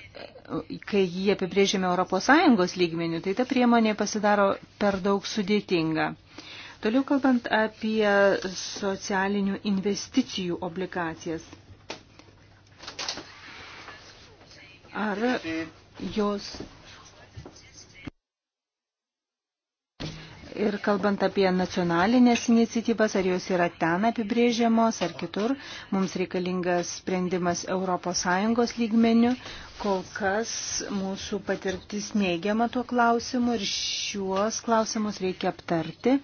kai jį apibrėžėme ES lygmenių, tai ta priemonė pasidaro per daug sudėtinga. Toliau kalbant apie socialinių investicijų obligacijas. Ar jos Ir kalbant apie nacionalinės iniciatyvas, ar jos yra ten apibrėžiamos ar kitur, mums reikalingas sprendimas ES lygmenių. Kol kas mūsų patirtis neigiama tuo klausimu ir šiuos klausimus reikia aptarti.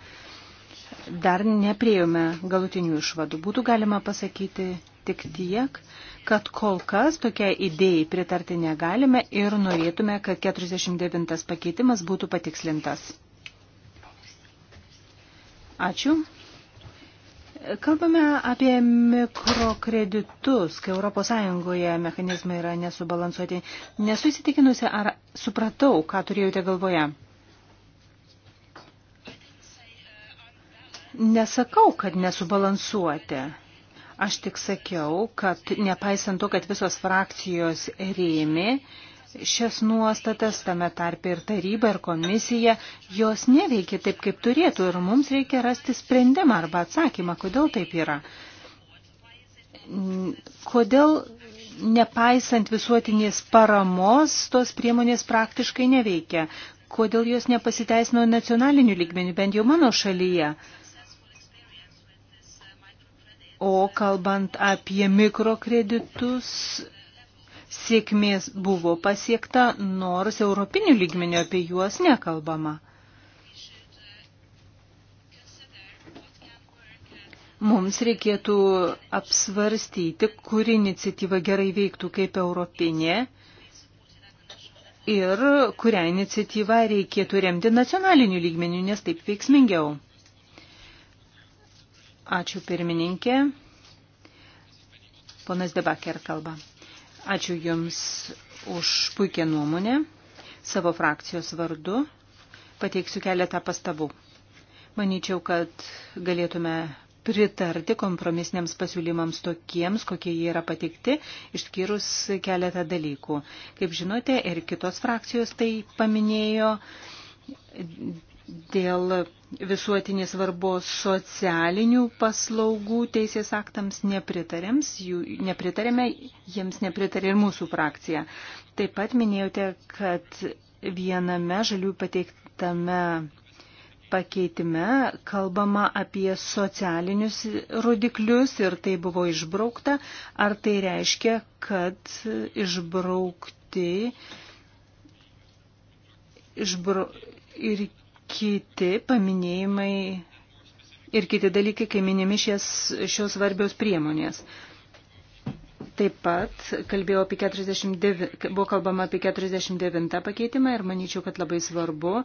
Dar nepriejome galutinių išvadų. Būtų galima pasakyti tik tiek, kad kol kas tokia idėjai pritarti negalime ir norėtume, kad 49 pakeitimas būtų patikslintas. Ačiū. Kalbame apie mikrokreditus, kai ES mechanizmai yra nesubalansuoti. Nesu įsitikinusi, ar supratau, ką turėjote galvoje. Nesakau, kad nesubalansuoti. Aš tik sakiau, kad nepaisant to, kad visos frakcijos rėmė, šias nuostatas, tame tarpe ir taryba, ir komisija, jos neveikia taip, kaip turėtų ir mums reikia rasti sprendimą arba atsakymą, kodėl taip yra. Kodėl nepaisant visuotinės paramos tos priemonės praktiškai neveikia? Kodėl jos nepasiteisino nacionaliniu lygmeniu, bent jau mano šalyje? O kalbant apie mikrokreditus, sėkmės buvo pasiekta, nors europinių lygmenio apie juos nekalbama. Mums reikėtų apsvarstyti, kuri iniciatyva gerai veiktų kaip europinė ir kurią iniciatyvą reikėtų remti nacionaliniu lygmeniu, nes taip veiksmingiau. Ačiū pirmininkė. Ponas Debaker kalba. Ačiū Jums už puikią nuomonę. Savo frakcijos vardu pateiksiu keletą pastabų. Manyčiau, kad galėtume pritarti kompromisiniams pasiūlymams tokiems, kokie jie yra patikti, išskyrus keletą dalykų. Kaip žinote, ir kitos frakcijos tai paminėjo dėl visuotinės svarbos socialinių paslaugų teisės aktams jų, nepritarėme, jiems nepritarė ir mūsų frakcija. Taip pat minėjote, kad viename žalių pateiktame pakeitime kalbama apie socialinius rodiklius ir tai buvo išbraukta. Ar tai reiškia, kad išbraukti išbra... ir kiti paminėjimai ir kiti dalykai, kai minimi šies, šios svarbios priemonės. Taip pat kalbėjau apie 49, buvo kalbama apie 49 pakeitimą ir manyčiau, kad labai svarbu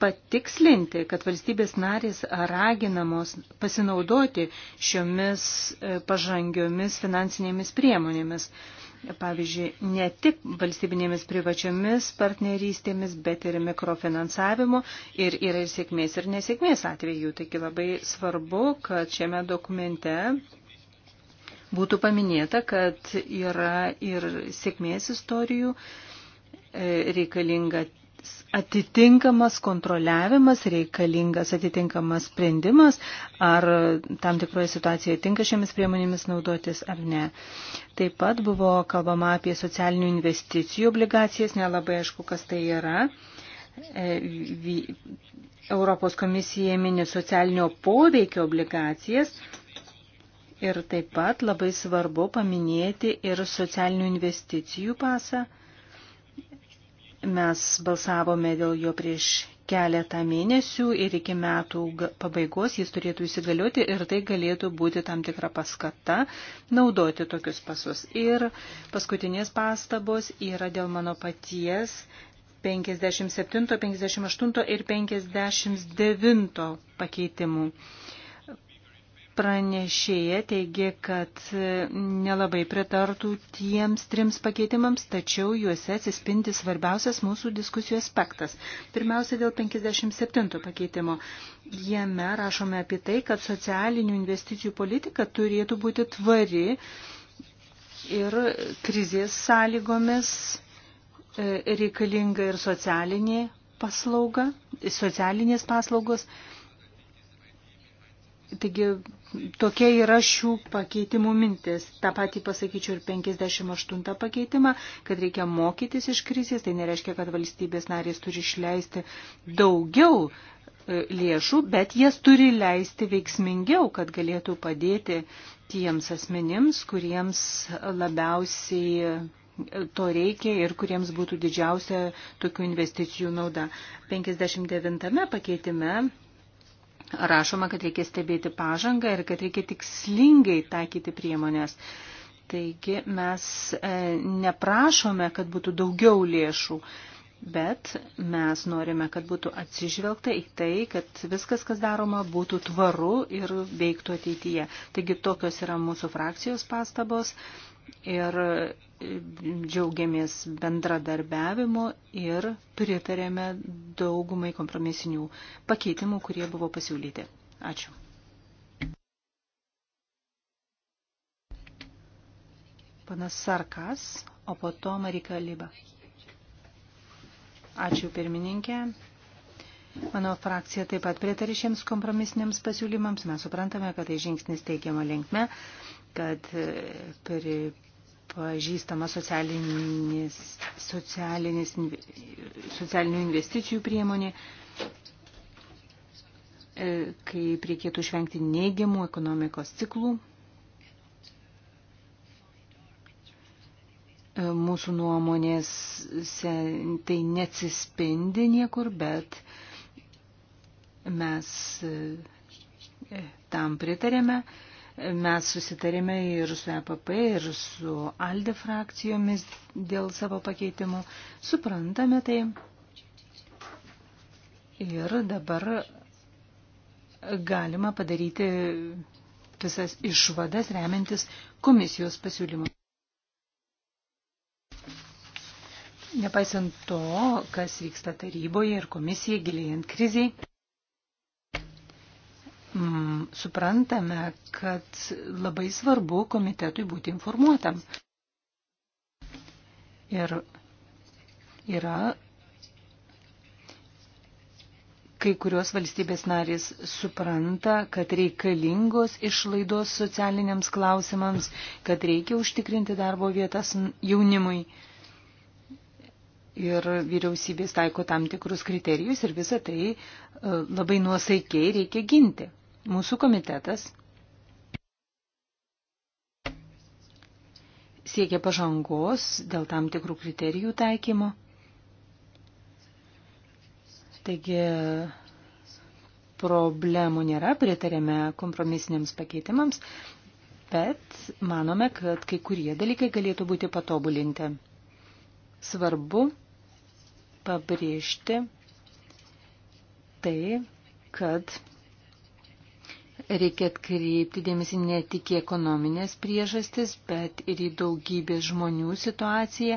patikslinti, kad valstybės narės raginamos pasinaudoti šiomis e, pažangiomis finansinėmis priemonėmis pavyzdžiui, ne tik valstybinėmis privačiomis partnerystėmis, bet ir mikrofinansavimu ir yra ir sėkmės ir nesėkmės atveju. Taigi labai svarbu, kad šiame dokumente būtų paminėta, kad yra ir sėkmės istorijų e, reikalinga atitinkamas kontroliavimas, reikalingas atitinkamas sprendimas, ar tam tikroje situacijoje tinka šiomis priemonėmis naudotis ar ne. Taip pat buvo kalbama apie socialinių investicijų obligacijas, nelabai aišku, kas tai yra. E, Europos komisija mini socialinio poveikio obligacijas. Ir taip pat labai svarbu paminėti ir socialinių investicijų pasą. Mes balsavome dėl jo prieš keletą mėnesių ir iki metų pabaigos jis turėtų įsigalioti ir tai galėtų būti tam tikra paskata naudoti tokius pasus. Ir paskutinės pastabos yra dėl mano paties 57, 58 ir 59 pakeitimų pranešėja teigia, kad nelabai pritartų tiems trims pakeitimams, tačiau juose atsispindi svarbiausias mūsų diskusijų aspektas. Pirmiausia, dėl 57 pakeitimo. Jame rašome apie tai, kad socialinių investicijų politika turėtų būti tvari ir krizės sąlygomis e, reikalinga ir socialinė paslauga, socialinės paslaugos. Taigi Tokia yra šių pakeitimų mintis. Ta pati pasakyčiau ir 58 pakeitimą, kad reikia mokytis iš krizės. Tai nereiškia, kad valstybės narės turi išleisti daugiau e, lėšų, bet jas turi leisti veiksmingiau, kad galėtų padėti tiems asmenims, kuriems labiausiai e, to reikia ir kuriems būtų didžiausia tokių investicijų nauda. 59 pakeitime rašoma, kad reikia stebėti pažangą ir kad reikia tikslingai taikyti priemonės. Taigi mes e, neprašome, kad būtų daugiau lėšų, bet mes norime, kad būtų atsižvelgta į tai, kad viskas, kas daroma, būtų tvaru ir veiktų ateityje. Taigi tokios yra mūsų frakcijos pastabos ir e, džiaugiamės bendradarbiavimu ir pritarėme daugumai kompromisinių pakeitimų, kurie buvo pasiūlyti. Ačiū. Panas Sarkas, o po to Marika Liba. Ačiū pirmininkė. Mano frakcija taip pat pritarė šiems kompromisiniams pasiūlymams. Mes suprantame, kad tai žingsnis teikiama linkme kad e, pripažįstama socialinis, socialinis, socialinių investicijų priemonė, e, kaip reikėtų išvengti neigiamų ekonomikos ciklų. E, mūsų nuomonės tai neatsispindi niekur, bet mes tam pritarėme. Mes susitarėme ir su EPP, ir su ALDE frakcijomis dėl savo pakeitimų. Suprantame tai. Ir dabar galima padaryti visas išvadas remiantis komisijos pasiūlymu. Nepaisant to, kas vyksta taryboje ir komisijai gilėjant kriziai mm, suprantame, kad labai svarbu komitetui būti informuotam. Ir yra kai kurios valstybės narės supranta, kad reikalingos išlaidos socialiniams klausimams, kad reikia užtikrinti darbo vietas jaunimui. Ir vyriausybės taiko tam tikrus kriterijus ir visą tai e, labai nuosaikiai reikia ginti. Mūsų komitetas siekia pažangos dėl tam tikrų kriterijų taikymo. Taigi problemų nėra, pritarėme kompromisiniams pakeitimams, bet manome, kad kai kurie dalykai galėtų būti patobulinti. Svarbu pabrėžti tai, kad Reikia atkreipti dėmesį ne tik į ekonominės priežastis, bet ir į daugybės žmonių situaciją,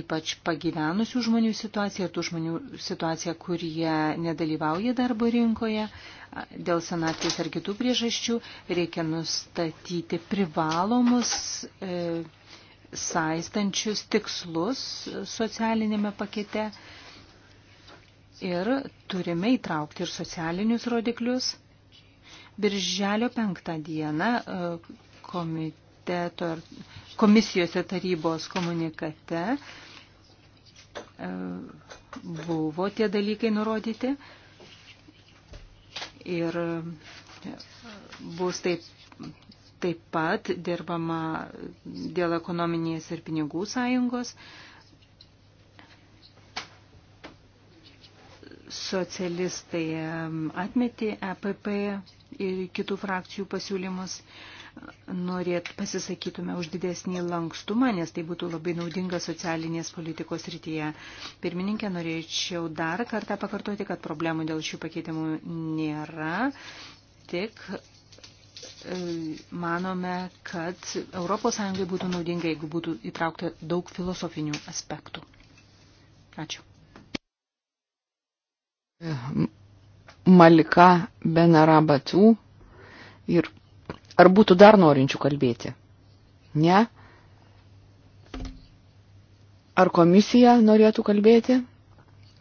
ypač pagyvenusių žmonių situaciją ir tų žmonių situaciją, kurie nedalyvauja darbo rinkoje. Dėl senatvės ar kitų priežasčių reikia nustatyti privalomus e, saistančius tikslus socialinėme pakete ir turime įtraukti ir socialinius rodiklius Birželio penktą dieną e, komiteto ir komisijose tarybos komunikate e, buvo tie dalykai nurodyti ir e, bus taip, taip pat dirbama dėl ekonominės ir pinigų sąjungos. Socialistai atmetė EPP ir kitų frakcijų pasiūlymus. Norėt pasisakytume už didesnį lankstumą, nes tai būtų labai naudinga socialinės politikos rytyje. Pirmininkė, norėčiau dar kartą pakartoti, kad problemų dėl šių pakeitimų nėra, tik e, manome, kad ES būtų naudinga, jeigu būtų įtraukta daug filosofinių aspektų. Ačiū. Eh, Malika Benarabatų. Ir ar būtų dar norinčių kalbėti? Ne? Ar komisija norėtų kalbėti?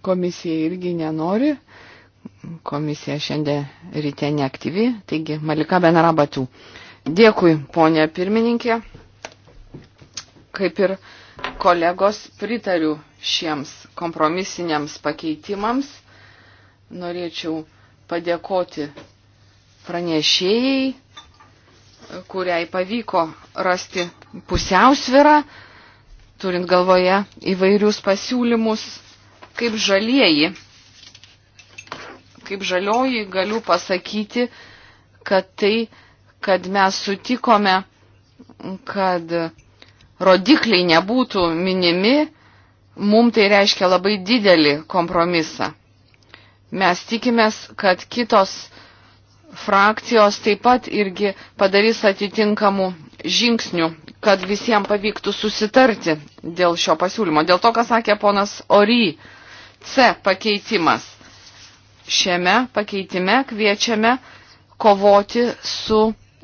Komisija irgi nenori. Komisija šiandien ryte neaktyvi, taigi Malika Benarabatų. Dėkui, ponė pirmininkė. Kaip ir kolegos, pritariu šiems kompromisiniams pakeitimams. Norėčiau padėkoti pranešėjai, kuriai pavyko rasti pusiausvirą, turint galvoje įvairius pasiūlymus, kaip žalieji. Kaip žalioji galiu pasakyti, kad tai, kad mes sutikome, kad rodikliai nebūtų minimi, mums tai reiškia labai didelį kompromisą. Mes tikimės, kad kitos frakcijos taip pat irgi padarys atitinkamų žingsnių, kad visiems pavyktų susitarti dėl šio pasiūlymo. Dėl to, ką sakė ponas Ory, C pakeitimas. Šiame pakeitime kviečiame kovoti su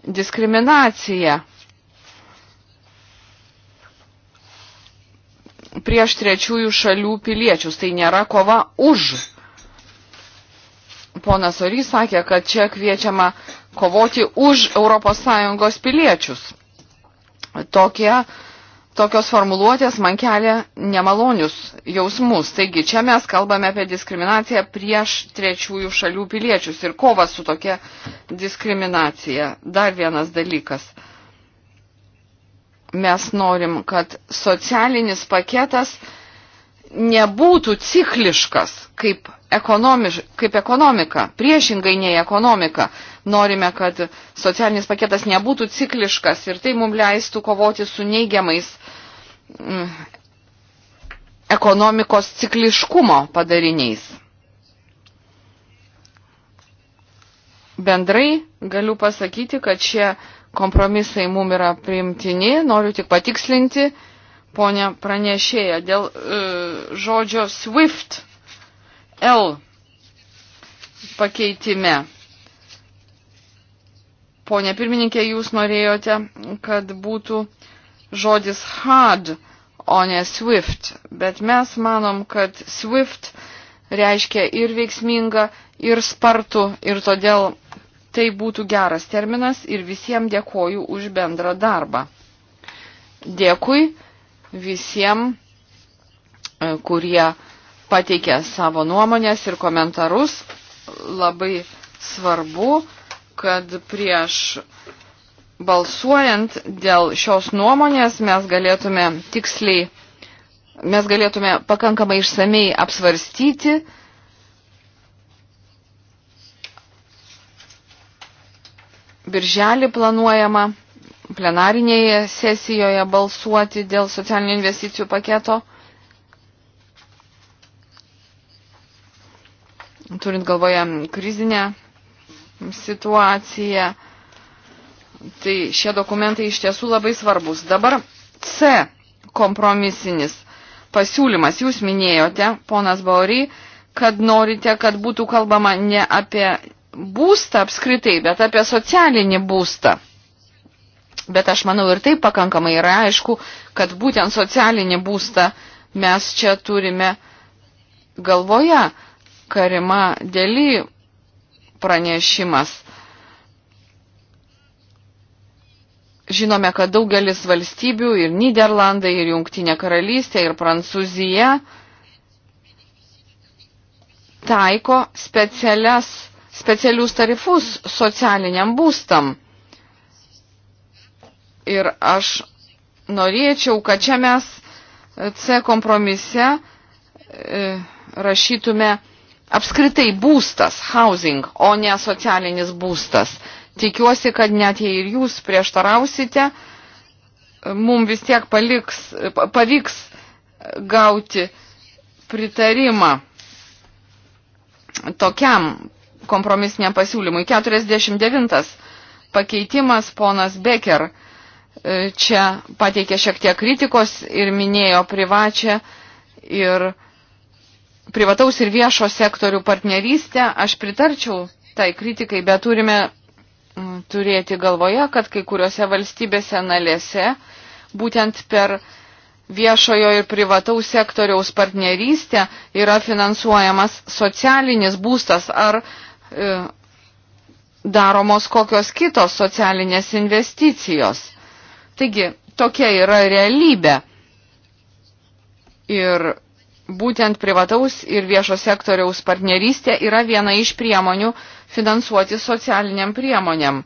diskriminacija. Prieš trečiųjų šalių piliečius tai nėra kova už ponas Orys sakė, kad čia kviečiama kovoti už ES piliečius. Tokie, tokios formuluotės man kelia nemalonius jausmus. Taigi čia mes kalbame apie diskriminaciją prieš trečiųjų šalių piliečius ir kovas su tokia diskriminacija. Dar vienas dalykas. Mes norim, kad socialinis paketas nebūtų cikliškas kaip, ekonomiš, kaip ekonomika, priešingai nei ekonomika. Norime, kad socialinis paketas nebūtų cikliškas ir tai mums leistų kovoti su neigiamais mm, ekonomikos cikliškumo padariniais. Bendrai galiu pasakyti, kad šie kompromisai mum yra priimtini, noriu tik patikslinti, ponė pranešėja, dėl e, žodžio SWIFT L pakeitime. Pone pirmininkė, jūs norėjote, kad būtų žodis hard, o ne swift, bet mes manom, kad swift reiškia ir veiksminga, ir spartu, ir todėl tai būtų geras terminas ir visiems dėkoju už bendrą darbą. Dėkui visiems, e, kurie pateikė savo nuomonės ir komentarus. Labai svarbu, kad prieš balsuojant dėl šios nuomonės mes galėtume tiksliai, mes galėtume pakankamai išsamei apsvarstyti, birželį planuojama plenarinėje sesijoje balsuoti dėl socialinių investicijų paketo. Turint galvoje krizinę situaciją, tai šie dokumentai iš tiesų labai svarbus. Dabar C kompromisinis pasiūlymas. Jūs minėjote, ponas Baury, kad norite, kad būtų kalbama ne apie būstą apskritai, bet apie socialinį būstą. Bet aš manau ir taip pakankamai yra aišku, kad būtent socialinį būstą mes čia turime galvoje. Karima dėly pranešimas. Žinome, kad daugelis valstybių ir Niderlandai, ir Jungtinė karalystė, ir Prancūzija taiko specialius tarifus socialiniam būstam. Ir aš norėčiau, kad čia mes C kompromise e, rašytume apskritai būstas, housing, o ne socialinis būstas. Tikiuosi, kad net jei ir jūs prieštarausite, mums vis tiek paliks, pavyks gauti pritarimą tokiam kompromisiniam pasiūlymui. 49 pakeitimas ponas Becker E, čia pateikė šiek tiek kritikos ir minėjo privačią ir privataus ir viešo sektorių partnerystę. Aš pritarčiau tai kritikai, bet turime mm, turėti galvoje, kad kai kuriuose valstybėse nalėse būtent per viešojo ir privataus sektoriaus partnerystę yra finansuojamas socialinis būstas ar e, daromos kokios kitos socialinės investicijos. Taigi, tokia yra realybė. Ir būtent privataus ir viešo sektoriaus partnerystė yra viena iš priemonių finansuoti socialiniam priemonėm.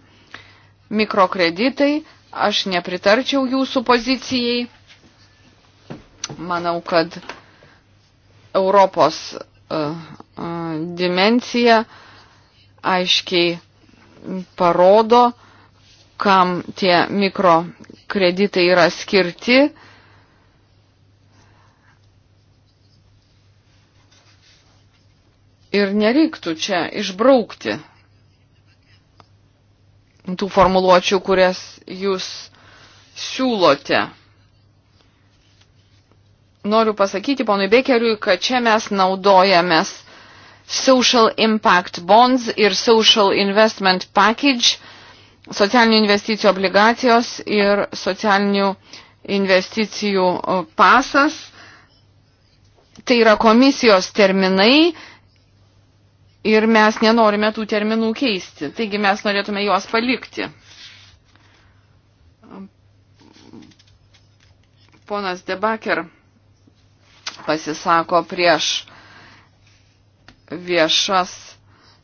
Mikrokreditai, aš nepritarčiau jūsų pozicijai. Manau, kad Europos uh, uh, dimencija aiškiai parodo, uh, kam tie mikrokreditai yra skirti. Ir nereiktų čia išbraukti tų formuluočių, kurias jūs siūlote. Noriu pasakyti ponui Bekeriui, kad čia mes naudojamės social impact bonds ir social investment package socialinių investicijų obligacijos ir socialinių investicijų pasas. Tai yra komisijos terminai ir mes nenorime tų terminų keisti. Taigi mes norėtume juos palikti. Ponas Debaker pasisako prieš viešas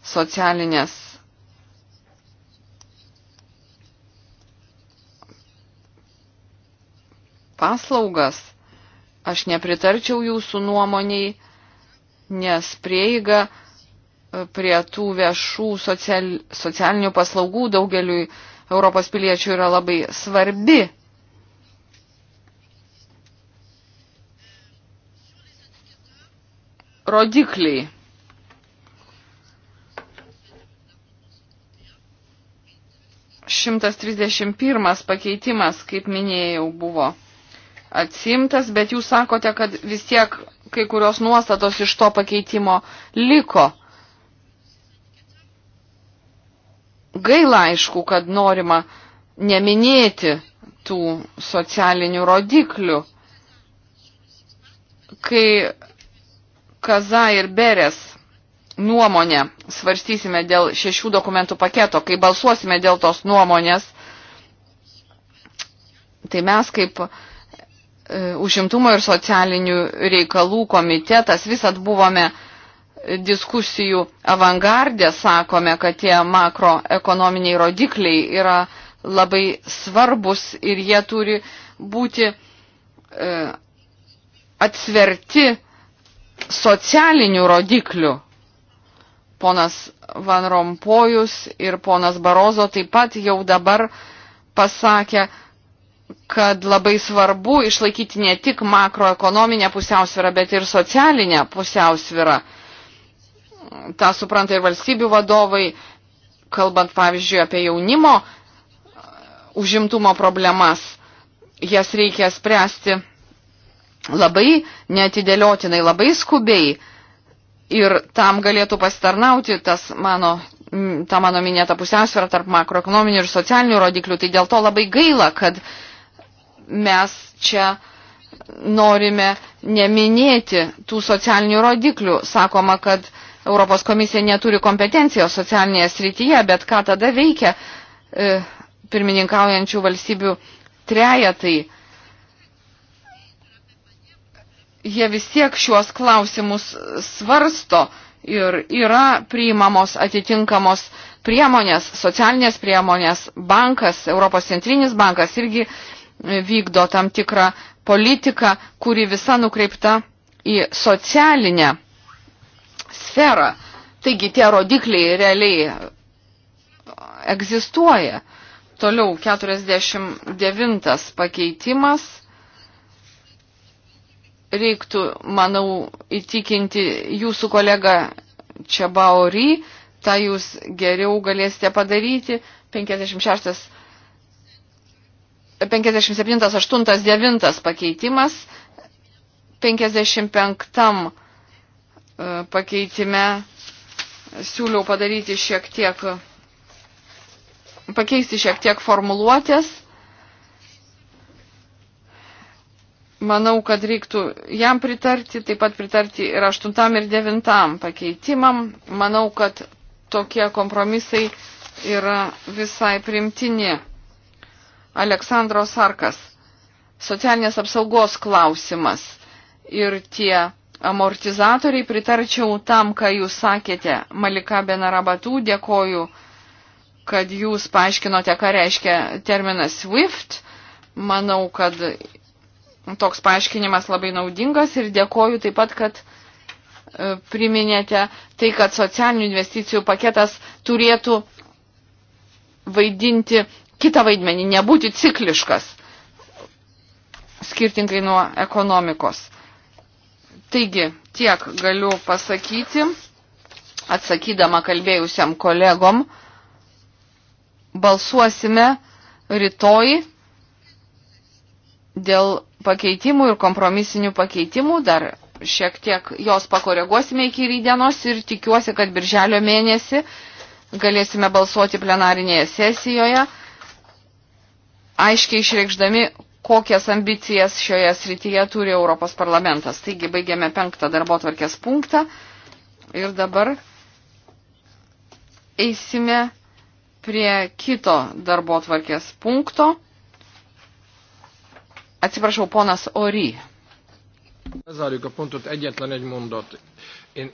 socialinės paslaugas, aš nepritarčiau jūsų nuomoniai, nes prieiga e, prie tų viešų social, socialinių paslaugų daugeliui Europos piliečių yra labai svarbi. Rodikliai. Šimtas trisdešimt pirmas pakeitimas, kaip minėjau, buvo atsimtas, bet jūs sakote, kad vis tiek kai kurios nuostatos iš to pakeitimo liko. Gaila aišku, kad norima neminėti tų socialinių rodiklių. Kai Kaza ir Beres nuomonę svarstysime dėl šešių dokumentų paketo, kai balsuosime dėl tos nuomonės, tai mes kaip uh, E, užimtumo ir socialinių reikalų komitetas, visat buvome diskusijų avangardė, sakome, kad tie makroekonominiai rodikliai yra labai svarbus ir jie turi būti e, atsverti socialinių rodiklių. Ponas Van Rompojus ir ponas Barozo taip pat jau dabar pasakė, kad labai svarbu išlaikyti ne tik makroekonominę pusiausvyrą, bet ir socialinę pusiausvyrą. Ta supranta ir valstybių vadovai, kalbant pavyzdžiui apie jaunimo uh, užimtumo problemas, jas reikia spręsti labai netidėliotinai, labai skubiai ir tam galėtų pasitarnauti tas mano ta mano minėta pusiausvėra tarp makroekonominių ir socialinių rodiklių, tai dėl to labai gaila, kad uh, mes čia norime neminėti tų socialinių rodiklių. Sakoma, kad Europos komisija neturi kompetencijos socialinėje srityje, bet ką tada veikia e, pirmininkaujančių valstybių trejatai. Jie vis tiek šiuos klausimus svarsto ir yra priimamos atitinkamos priemonės, socialinės priemonės, bankas, Europos centrinis bankas irgi vykdo tam tikrą politiką, kuri visa nukreipta į socialinę sferą. Taigi tie rodikliai realiai egzistuoja. Toliau 49 pakeitimas. Reiktų, manau, įtikinti jūsų kolegą Čiabaurį, tą jūs geriau galėsite padaryti. 56 57, 8, 9 pakeitimas. 55 e, pakeitime siūliau padaryti šiek tiek, pakeisti šiek tiek formuluotės. Manau, kad reiktų jam pritarti, taip pat pritarti ir aštuntam ir devintam pakeitimam. Manau, kad tokie kompromisai yra visai primtini. Aleksandros Arkas. Socialinės apsaugos klausimas. Ir tie amortizatoriai, pritarčiau tam, ką jūs sakėte. Malika Benarabatų, dėkoju, kad jūs paaiškinote, ką reiškia terminas SWIFT. Manau, kad toks paaiškinimas labai naudingas ir dėkoju taip pat, kad e, priminėte tai, kad socialinių investicijų paketas turėtų vaidinti kitą vaidmenį, nebūti cikliškas, skirtingai nuo ekonomikos. Taigi, tiek galiu pasakyti, atsakydama kalbėjusiam kolegom, balsuosime rytoj dėl pakeitimų ir kompromisinių pakeitimų, dar šiek tiek jos pakoreguosime iki rydienos ir tikiuosi, kad birželio mėnesį galėsime balsuoti plenarinėje sesijoje aiškiai išreikšdami, kokias ambicijas šioje srityje turi Europos parlamentas. Taigi baigėme penktą darbo tvarkės punktą ir dabar eisime prie kito darbo tvarkės punkto. Atsiprašau, ponas Ory. Lezárjuk a pontot, egyetlen egy mondat. Én...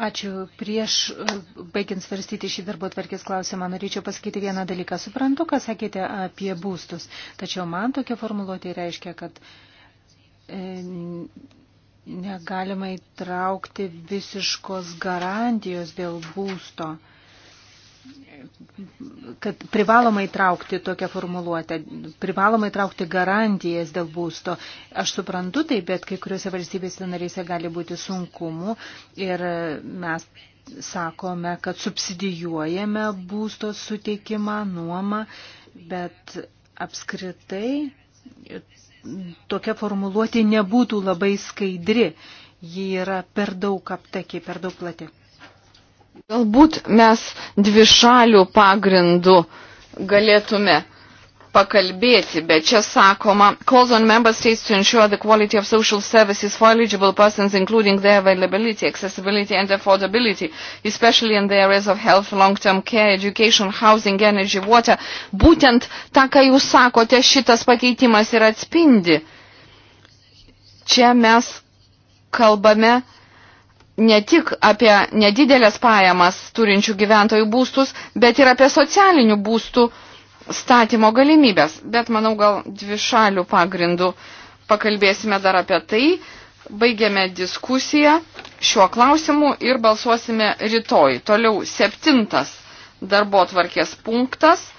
Ačiū. Prieš e, baigiant svarstyti šį darbo tvarkės klausimą, norėčiau pasakyti vieną dalyką. Suprantu, ką sakėte apie būstus, tačiau man tokia formuluotė reiškia, kad e, negalima įtraukti visiškos garantijos dėl būsto. E, kad privaloma įtraukti tokią formuluotę, privaloma įtraukti garantijas dėl būsto. Aš suprantu tai, bet kai kuriuose valstybėse narėse gali būti sunkumų ir mes sakome, kad subsidijuojame būsto suteikimą, nuomą, bet apskritai tokia formuluotė nebūtų labai skaidri. Ji yra per daug aptaki, per daug plati. Galbūt mes dvišalių pagrindų galėtume pakalbėti, bet čia sakoma, calls on member states to ensure the quality of social services for eligible persons, including their availability, accessibility and affordability, especially in the areas of health, long-term care, education, housing, energy, water. Būtent tą, ką jūs sakote, šitas pakeitimas ir atspindi. Čia mes kalbame ne tik apie nedidelės pajamas turinčių gyventojų būstus, bet ir apie socialinių būstų statymo galimybės. Bet manau, gal dvi šalių pagrindų pakalbėsime dar apie tai. Baigėme diskusiją šiuo klausimu ir balsuosime rytoj. Toliau septintas darbo tvarkės punktas.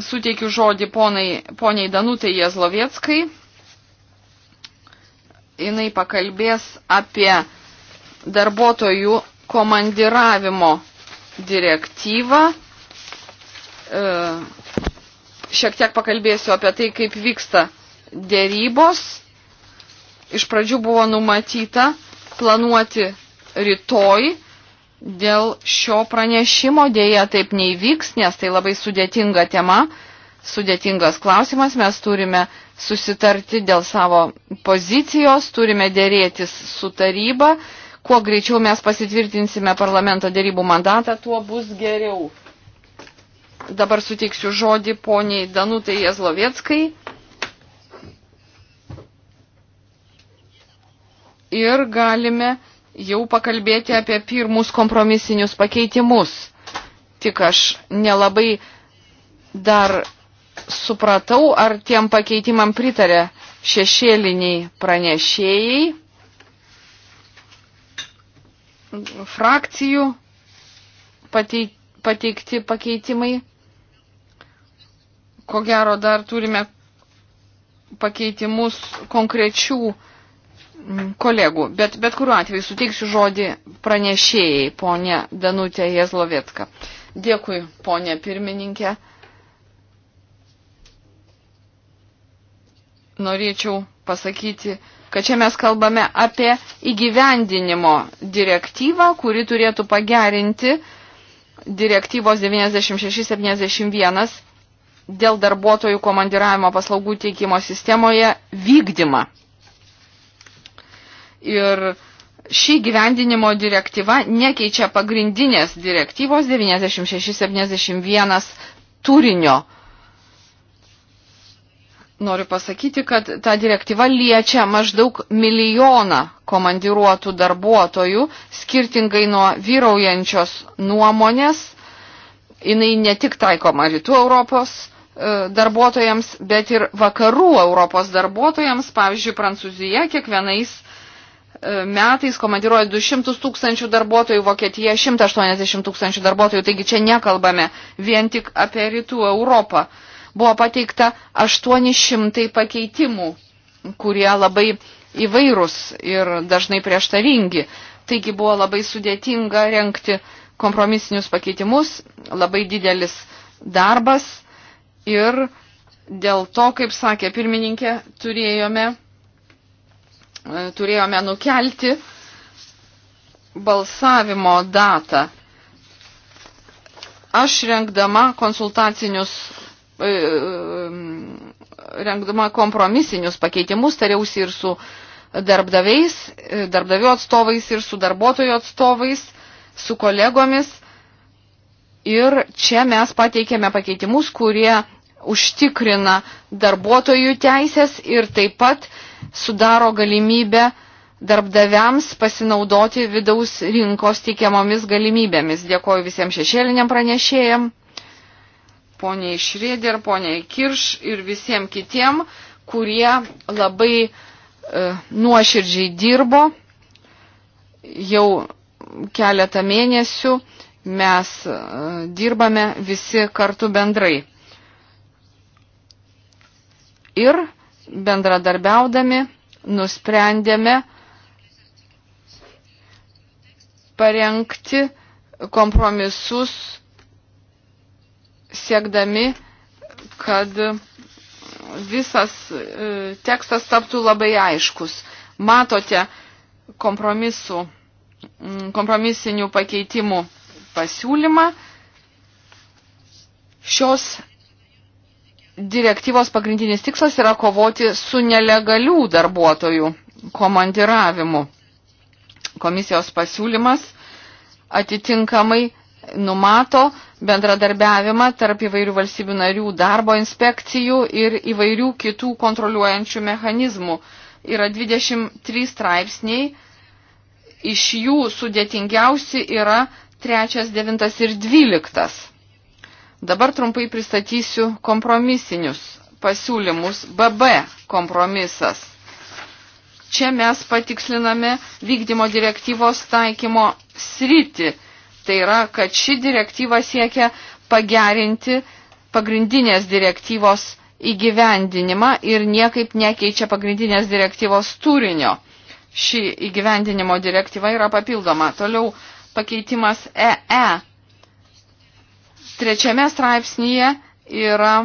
Suteikiu žodį ponai, poniai Danutai Jezlovieckai. Jinai pakalbės apie darbuotojų komandiravimo direktyvą. E, šiek tiek pakalbėsiu apie tai, kaip vyksta dėrybos. Iš pradžių buvo numatyta planuoti rytoj dėl šio pranešimo. Dėja taip neįvyks, nes tai labai sudėtinga tema, sudėtingas klausimas. Mes turime susitarti dėl savo pozicijos, turime dėrėtis su taryba kuo greičiau mes pasitvirtinsime parlamento dėrybų mandatą, tuo bus geriau. Dabar suteiksiu žodį poniai Danutai Jezlovieckai. Ir galime jau pakalbėti apie pirmus kompromisinius pakeitimus. Tik aš nelabai dar supratau, ar tiem pakeitimam pritarė šešėliniai pranešėjai frakcijų pateikti pakeitimai. Ko gero dar turime pakeitimus konkrečių mm, kolegų, bet, bet kuriuo atveju suteiksiu žodį pranešėjai, ponė Danutė Jezlovietka. Dėkui, ponė pirmininkė. Norėčiau pasakyti, kad čia mes kalbame apie įgyvendinimo direktyvą, kuri turėtų pagerinti direktyvos 96-71 dėl darbuotojų komandiravimo paslaugų teikimo sistemoje vykdymą. Ir ši gyvendinimo direktyva nekeičia pagrindinės direktyvos 96-71 turinio noriu pasakyti, kad ta direktyva liečia maždaug milijoną komandiruotų darbuotojų, skirtingai nuo vyraujančios nuomonės. Jinai ne tik taikoma rytų Europos e, darbuotojams, bet ir vakarų Europos darbuotojams. Pavyzdžiui, Prancūzija kiekvienais e, metais komandiruoja 200 tūkstančių darbuotojų, Vokietija 180 tūkstančių darbuotojų, taigi čia nekalbame vien tik apie rytų Europą. Buvo pateikta 800 pakeitimų, kurie labai įvairūs ir dažnai prieštaringi. Taigi buvo labai sudėtinga renkti kompromisinius pakeitimus, labai didelis darbas ir dėl to, kaip sakė pirmininkė, turėjome, e, turėjome nukelti balsavimo datą. Aš renkdama konsultacinius E, e, rengdama kompromisinius pakeitimus, tariausi ir su darbdaviais, e, darbdavių atstovais ir su darbuotojų atstovais, su kolegomis. Ir čia mes pateikėme pakeitimus, kurie užtikrina darbuotojų teisės ir taip pat sudaro galimybę darbdaviams pasinaudoti vidaus rinkos teikiamomis galimybėmis. Dėkoju visiems šešėliniam pranešėjams poniai Šrėdė ir poniai Kirš ir visiems kitiem, kurie labai e, nuoširdžiai dirbo jau keletą mėnesių. Mes e, dirbame visi kartu bendrai. Ir bendradarbiaudami nusprendėme parengti kompromisus siekdami, kad visas e, tekstas taptų labai aiškus. Matote kompromisų, kompromisinių pakeitimų pasiūlymą. Šios direktyvos pagrindinis tikslas yra kovoti su nelegalių darbuotojų komandiravimu. Komisijos pasiūlymas atitinkamai numato, bendradarbiavimą tarp įvairių valstybių narių darbo inspekcijų ir įvairių kitų kontroliuojančių mechanizmų. Yra 23 straipsniai, iš jų sudėtingiausi yra 3, 9 ir 12. Dabar trumpai pristatysiu kompromisinius pasiūlymus. BB kompromisas. Čia mes patiksliname vykdymo direktyvos taikymo sritį Tai yra, kad ši direktyva siekia pagerinti pagrindinės direktyvos įgyvendinimą ir niekaip nekeičia pagrindinės direktyvos turinio. Ši įgyvendinimo direktyva yra papildoma. Toliau pakeitimas EE. E. Trečiame straipsnyje yra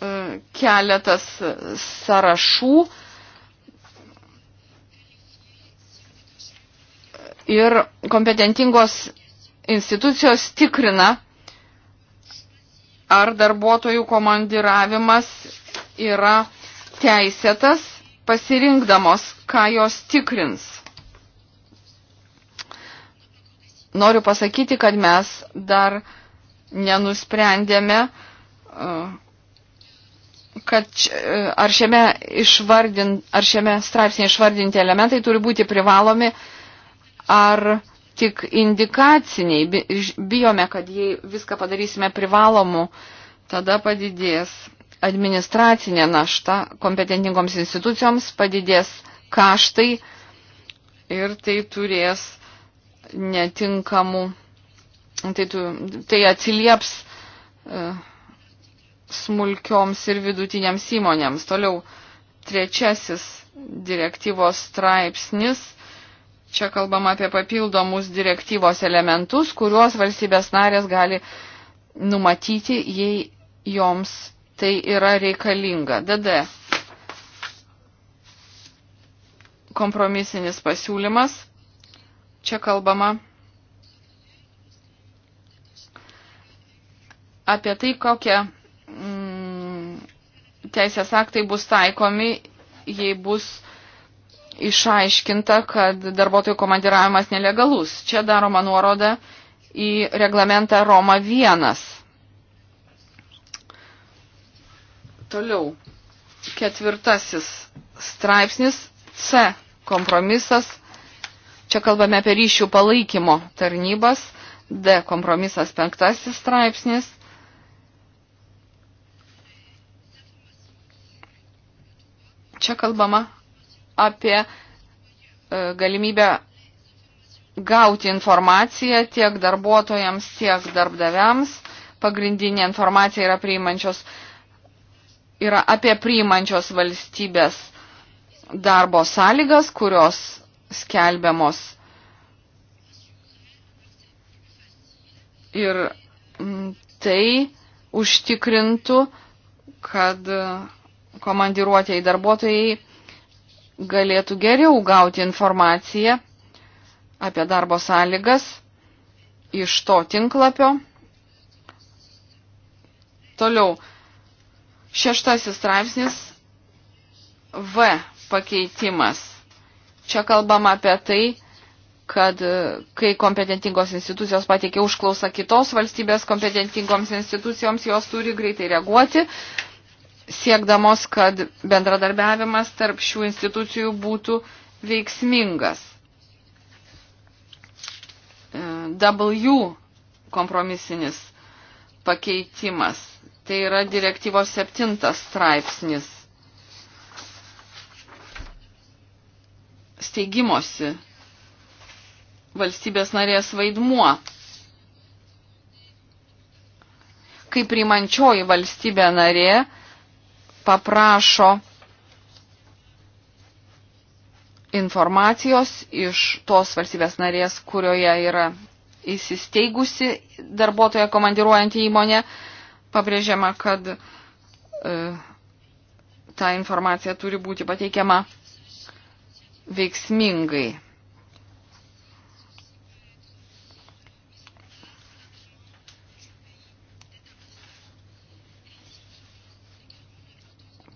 e, keletas sąrašų, ir kompetentingos institucijos tikrina, ar darbuotojų komandiravimas yra teisėtas, pasirinkdamos, ką jos tikrins. Noriu pasakyti, kad mes dar nenusprendėme, uh, kad uh, ar šiame, išvardin, ar šiame straipsnėje išvardinti elementai turi būti privalomi ar tik indikaciniai. Bijome, kad jei viską padarysime privalomu, tada padidės administracinė našta kompetentingoms institucijoms, padidės kaštai ir tai turės netinkamų, tai, tu, tai atsilieps e, smulkioms ir vidutiniams įmonėms. Toliau trečiasis direktyvos straipsnis – Čia kalbama apie papildomus direktyvos elementus, kuriuos valstybės narės gali numatyti, jei joms tai yra reikalinga. DD. Kompromisinis pasiūlymas. Čia kalbama apie tai, kokie mm, teisės aktai bus taikomi, jei bus išaiškinta, kad darbuotojų komandiravimas nelegalus. Čia daroma nuoroda į reglamentą Roma 1. Toliau. Ketvirtasis straipsnis C. Kompromisas. Čia kalbame apie ryšių palaikymo tarnybas. D. Kompromisas penktasis straipsnis. Čia kalbama apie e, galimybę gauti informaciją tiek darbuotojams, tiek darbdaviams. Pagrindinė informacija yra, priimančios, yra apie priimančios valstybės darbo sąlygas, kurios skelbiamos ir mm, tai užtikrintų, kad komandiruotėjai darbuotojai galėtų geriau gauti informaciją apie darbo sąlygas iš to tinklapio. Toliau, šeštasis straipsnis V pakeitimas. Čia kalbama apie tai, kad e, kai kompetentingos institucijos pateikia užklausą kitos valstybės kompetentingoms institucijoms, jos turi greitai reaguoti, siekdamos, kad bendradarbiavimas tarp šių institucijų būtų veiksmingas. E, w kompromisinis pakeitimas. Tai yra direktyvos septintas straipsnis. Steigimosi valstybės narės vaidmuo. Kaip priimančioji valstybė narė, paprašo informacijos iš tos valstybės narės, kurioje yra įsisteigusi darbuotoja komandiruojantį įmonę. Pabrėžiama, kad e, ta informacija turi būti pateikiama veiksmingai.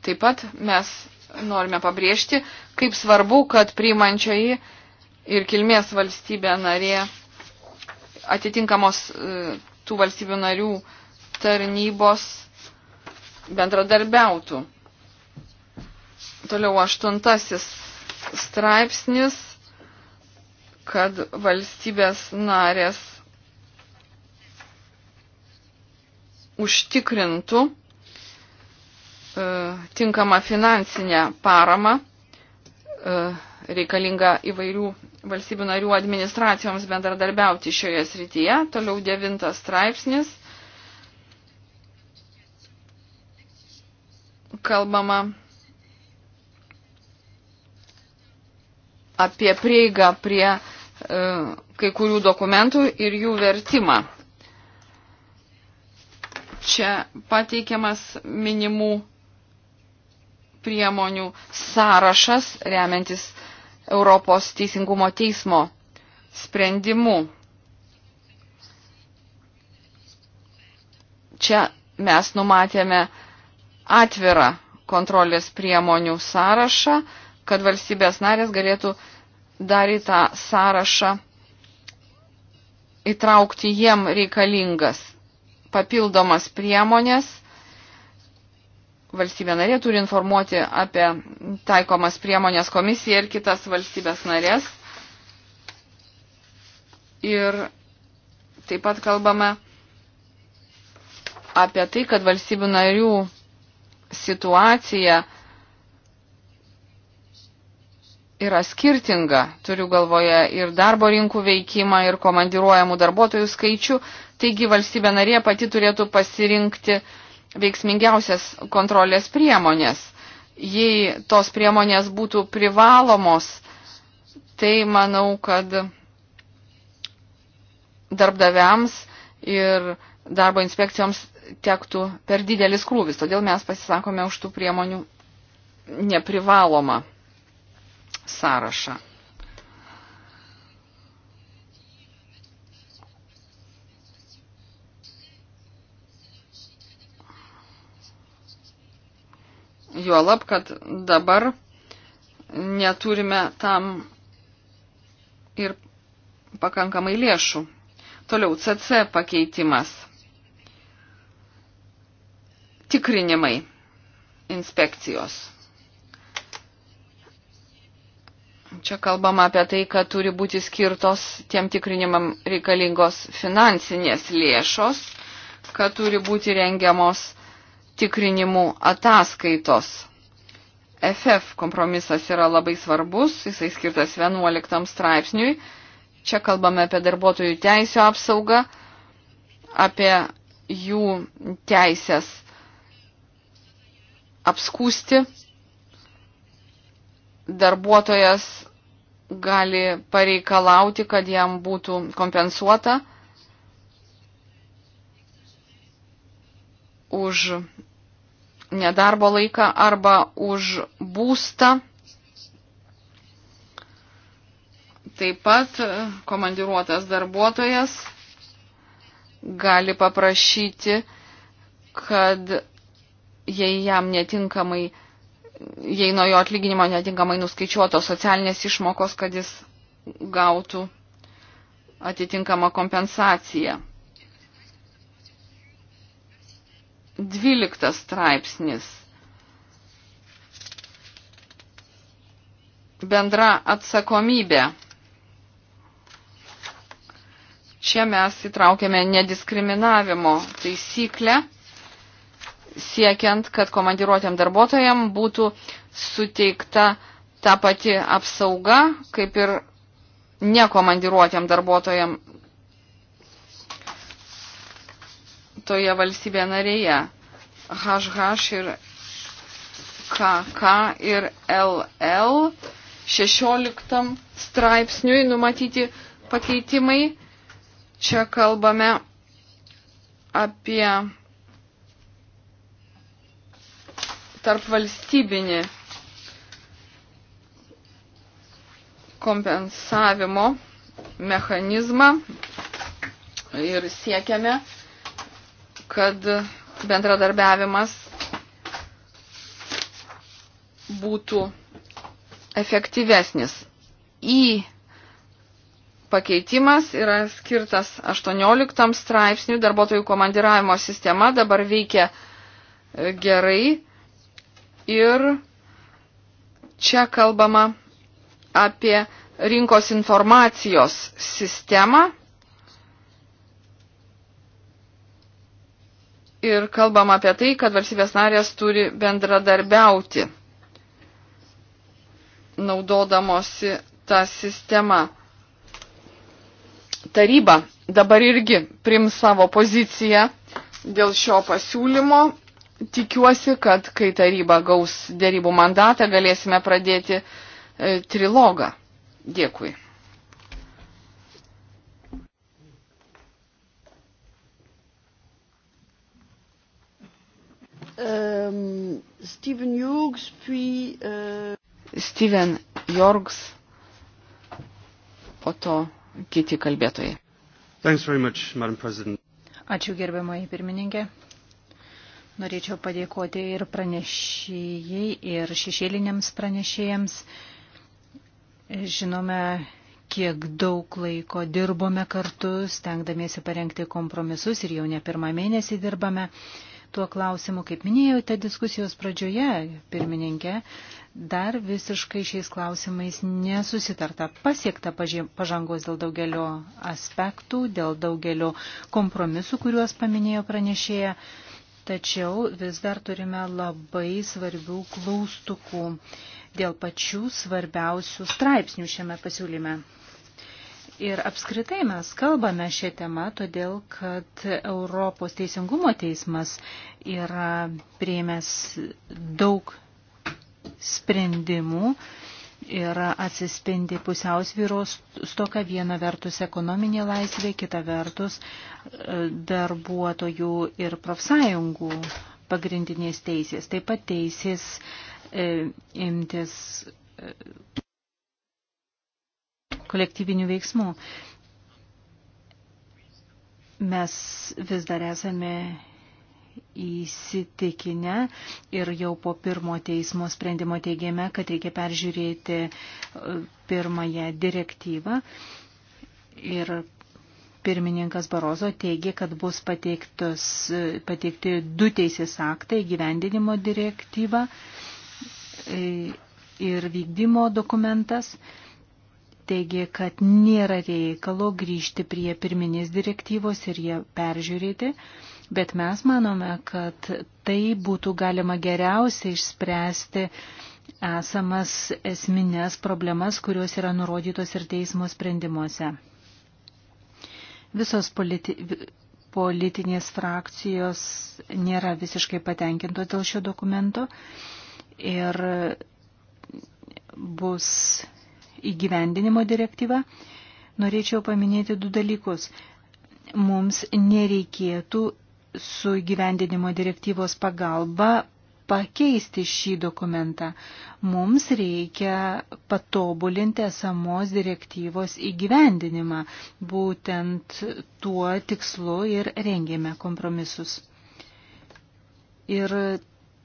Taip pat mes norime pabrėžti, kaip svarbu, kad priimančioji ir kilmės valstybė narė atitinkamos e, tų valstybių narių tarnybos bendradarbiautų. Toliau aštuntasis straipsnis, kad valstybės narės užtikrintų E, tinkamą finansinę paramą e, reikalinga įvairių valstybių narių administracijoms bendradarbiauti šioje srityje. Toliau devintas straipsnis. Kalbama apie prieigą prie e, kai kurių dokumentų ir jų vertimą. Čia pateikiamas minimų priemonių sąrašas remiantis Europos teisingumo teismo sprendimu. Čia mes numatėme atvirą kontrolės priemonių sąrašą, kad valstybės narės galėtų dar į tą sąrašą įtraukti jiem reikalingas papildomas priemonės valstybė narė turi informuoti apie taikomas priemonės komisiją ir kitas valstybės narės. Ir taip pat kalbame apie tai, kad valstybių narių situacija yra skirtinga. Turiu galvoje ir darbo rinkų veikimą, ir komandiruojamų darbuotojų skaičių. Taigi valstybė narė pati turėtų pasirinkti uh, veiksmingiausias kontrolės priemonės. Jei tos priemonės būtų privalomos, tai manau, kad darbdaviams ir darbo inspekcijoms tektų per didelis krūvis. Todėl mes pasisakome už tų priemonių neprivalomą sąrašą. Juolab, kad dabar neturime tam ir pakankamai lėšų. Toliau CC pakeitimas. Tikrinimai inspekcijos. Čia kalbama apie tai, kad turi būti skirtos tiem tikrinimam reikalingos finansinės lėšos, kad turi būti rengiamos tikrinimų ataskaitos. FF kompromisas yra labai svarbus, jisai skirtas 11 straipsniui. Čia kalbame apie darbuotojų teisų apsaugą, apie jų teisės apskūsti. Darbuotojas gali pareikalauti, kad jam būtų kompensuota už nedarbo laiką arba už būstą. Taip pat komandiruotas darbuotojas gali paprašyti, kad jei jam netinkamai, jei nuo jo atlyginimo netinkamai nuskaičiuotos socialinės išmokos, kad jis gautų atitinkamą kompensaciją. 12 straipsnis. Bendra atsakomybė. Čia mes įtraukėme nediskriminavimo taisyklę, siekiant, kad komandiruotėm darbuotojam būtų suteikta ta pati apsauga, kaip ir nekomandiruotėm darbuotojam toje valstybėje narėje. HH ir KK ir LL 16 straipsniui numatyti pakeitimai. Čia kalbame apie tarp valstybinį kompensavimo mechanizmą ir siekiame kad bendradarbiavimas būtų efektyvesnis. Į pakeitimas yra skirtas 18 straipsnių darbuotojų komandiravimo sistema, dabar veikia e, gerai ir čia kalbama apie rinkos informacijos sistemą ir kalbam apie tai, kad valstybės narės turi bendradarbiauti, naudodamosi tą sistemą. Taryba dabar irgi prims savo poziciją dėl šio pasiūlymo. Tikiuosi, kad kai taryba gaus dėrybų mandatą, galėsime pradėti e, trilogą. Dėkui. Um, Steven Hughes, puis. Uh... Steven Jorgs, po to kiti kalbėtojai. Much, Ačiū gerbiamoji pirmininkė. Norėčiau padėkoti ir pranešėjai, ir šešėliniams pranešėjams. Žinome, kiek daug laiko dirbome kartu, stengdamiesi parengti kompromisus ir jau ne pirmą mėnesį dirbame. Uh, tuo klausimu. Kaip minėjote diskusijos pradžioje, pirmininkė, dar visiškai šiais klausimais nesusitarta. Pasiekta pažangos dėl daugelio aspektų, dėl daugelio kompromisų, kuriuos paminėjo pranešėja. Tačiau vis dar turime labai svarbių klaustukų dėl pačių svarbiausių straipsnių šiame pasiūlyme. Ir apskritai mes kalbame šią temą, todėl kad Europos teisingumo teismas yra prieimęs daug sprendimų ir atsispindi pusiausvyros stoka viena vertus ekonominė laisvė, kita vertus e, darbuotojų ir profsąjungų pagrindinės teisės, taip pat teisės e, imtis e, kolektyvinių veiksmų. Mes vis dar esame įsitikinę ir jau po pirmo teismo sprendimo teigėme, kad reikia peržiūrėti e, pirmąją direktyvą. Ir pirmininkas Barozo teigia, kad bus pateiktos, e, pateikti du teisės aktai - gyvendinimo direktyva e, ir vykdymo dokumentas teigė, kad nėra reikalo grįžti prie pirminės direktyvos ir ją peržiūrėti, bet mes manome, kad tai būtų galima geriausiai išspręsti esamas esminės problemas, kurios yra nurodytos ir teismo sprendimuose. Visos politi politinės frakcijos nėra visiškai patenkintos dėl šio dokumento ir bus įgyvendinimo direktyva, norėčiau paminėti du dalykus. Mums nereikėtų su įgyvendinimo direktyvos pagalba pakeisti šį dokumentą. Mums reikia patobulinti esamos direktyvos įgyvendinimą. Būtent tuo tikslu ir rengėme kompromisus. Ir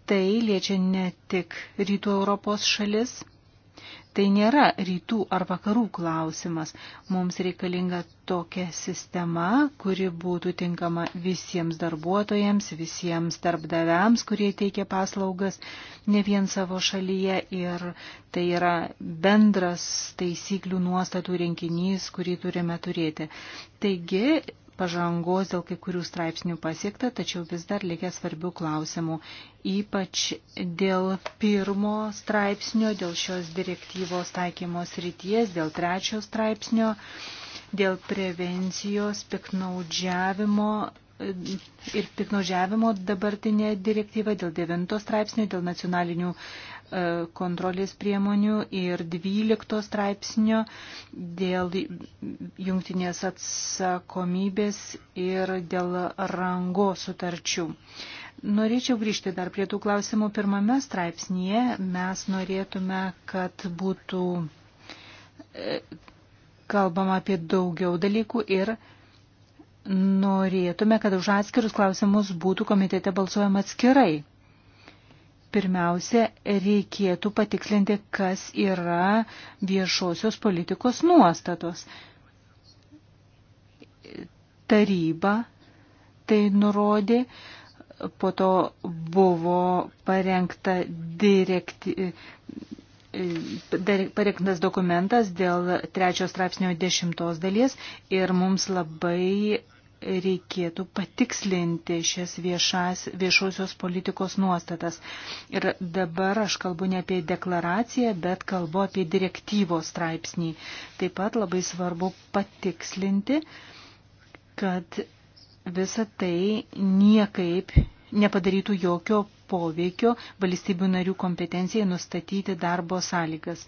tai liečia ne tik rytų Europos šalis, Tai nėra rytų ar vakarų klausimas. Mums reikalinga tokia sistema, kuri būtų tinkama visiems darbuotojams, visiems darbdaviams, kurie teikia paslaugas ne vien savo šalyje. Ir tai yra bendras taisyklių nuostatų rinkinys, kurį turime turėti. Taigi, pažangos dėl kai kurių straipsnių pasiekta, tačiau vis dar likia svarbių klausimų, ypač dėl pirmo straipsnio, dėl šios direktyvos taikymos ryties, dėl trečio straipsnio, dėl prevencijos piknaudžiavimo. Ir piknaudžiavimo dabartinė direktyva dėl devinto straipsnio, dėl nacionalinių E, kontrolės priemonių ir 12 straipsnio dėl jungtinės atsakomybės ir dėl rango sutarčių. Norėčiau grįžti dar prie tų klausimų. Pirmame straipsnėje mes norėtume, kad būtų e, kalbama apie daugiau dalykų ir norėtume, kad už atskirus klausimus būtų komitete balsuojama atskirai pirmiausia, reikėtų patikslinti, kas yra viešosios politikos nuostatos. Taryba tai nurodė, po to buvo parengta direkti, parengtas dokumentas dėl trečios straipsnio dešimtos dalies ir mums labai reikėtų patikslinti šias viešas, viešosios politikos nuostatas. Ir dabar aš kalbu ne apie deklaraciją, bet kalbu apie direktyvos straipsnį. Taip pat labai svarbu patikslinti, kad visa tai niekaip nepadarytų jokio poveikio valstybių narių kompetencijai nustatyti darbo sąlygas.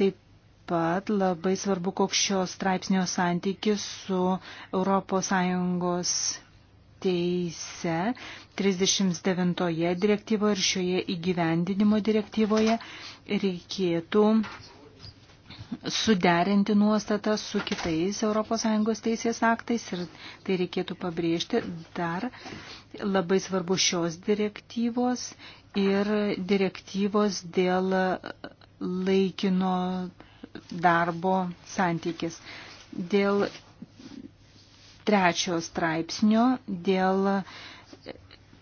Taip pat labai svarbu, koks šio straipsnio santykis su ES teise 39 direktyvoje ir šioje įgyvendinimo direktyvoje reikėtų suderinti nuostatą su kitais ES teisės aktais ir tai reikėtų pabrėžti dar labai svarbu šios direktyvos ir direktyvos dėl laikino darbo santykis. Dėl trečio straipsnio, dėl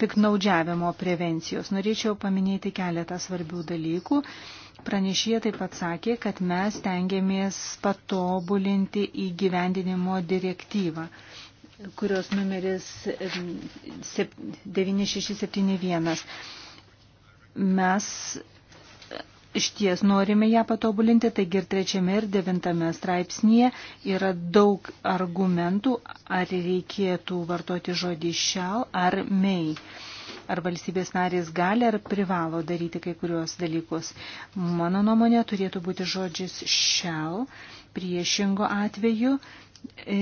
piknaudžiavimo prevencijos. Norėčiau paminėti keletą svarbių dalykų. Pranešė taip pat sakė, kad mes tengiamės patobulinti įgyvendinimo direktyvą, kurios numeris 9671. Mes iš ties norime ją patobulinti, taigi ir trečiame ir devintame straipsnėje yra daug argumentų, ar reikėtų vartoti žodį shall ar may. Ar valstybės narės gali ar privalo daryti kai kurios dalykus. Mano nuomonė turėtų būti žodžis shall priešingo atveju E,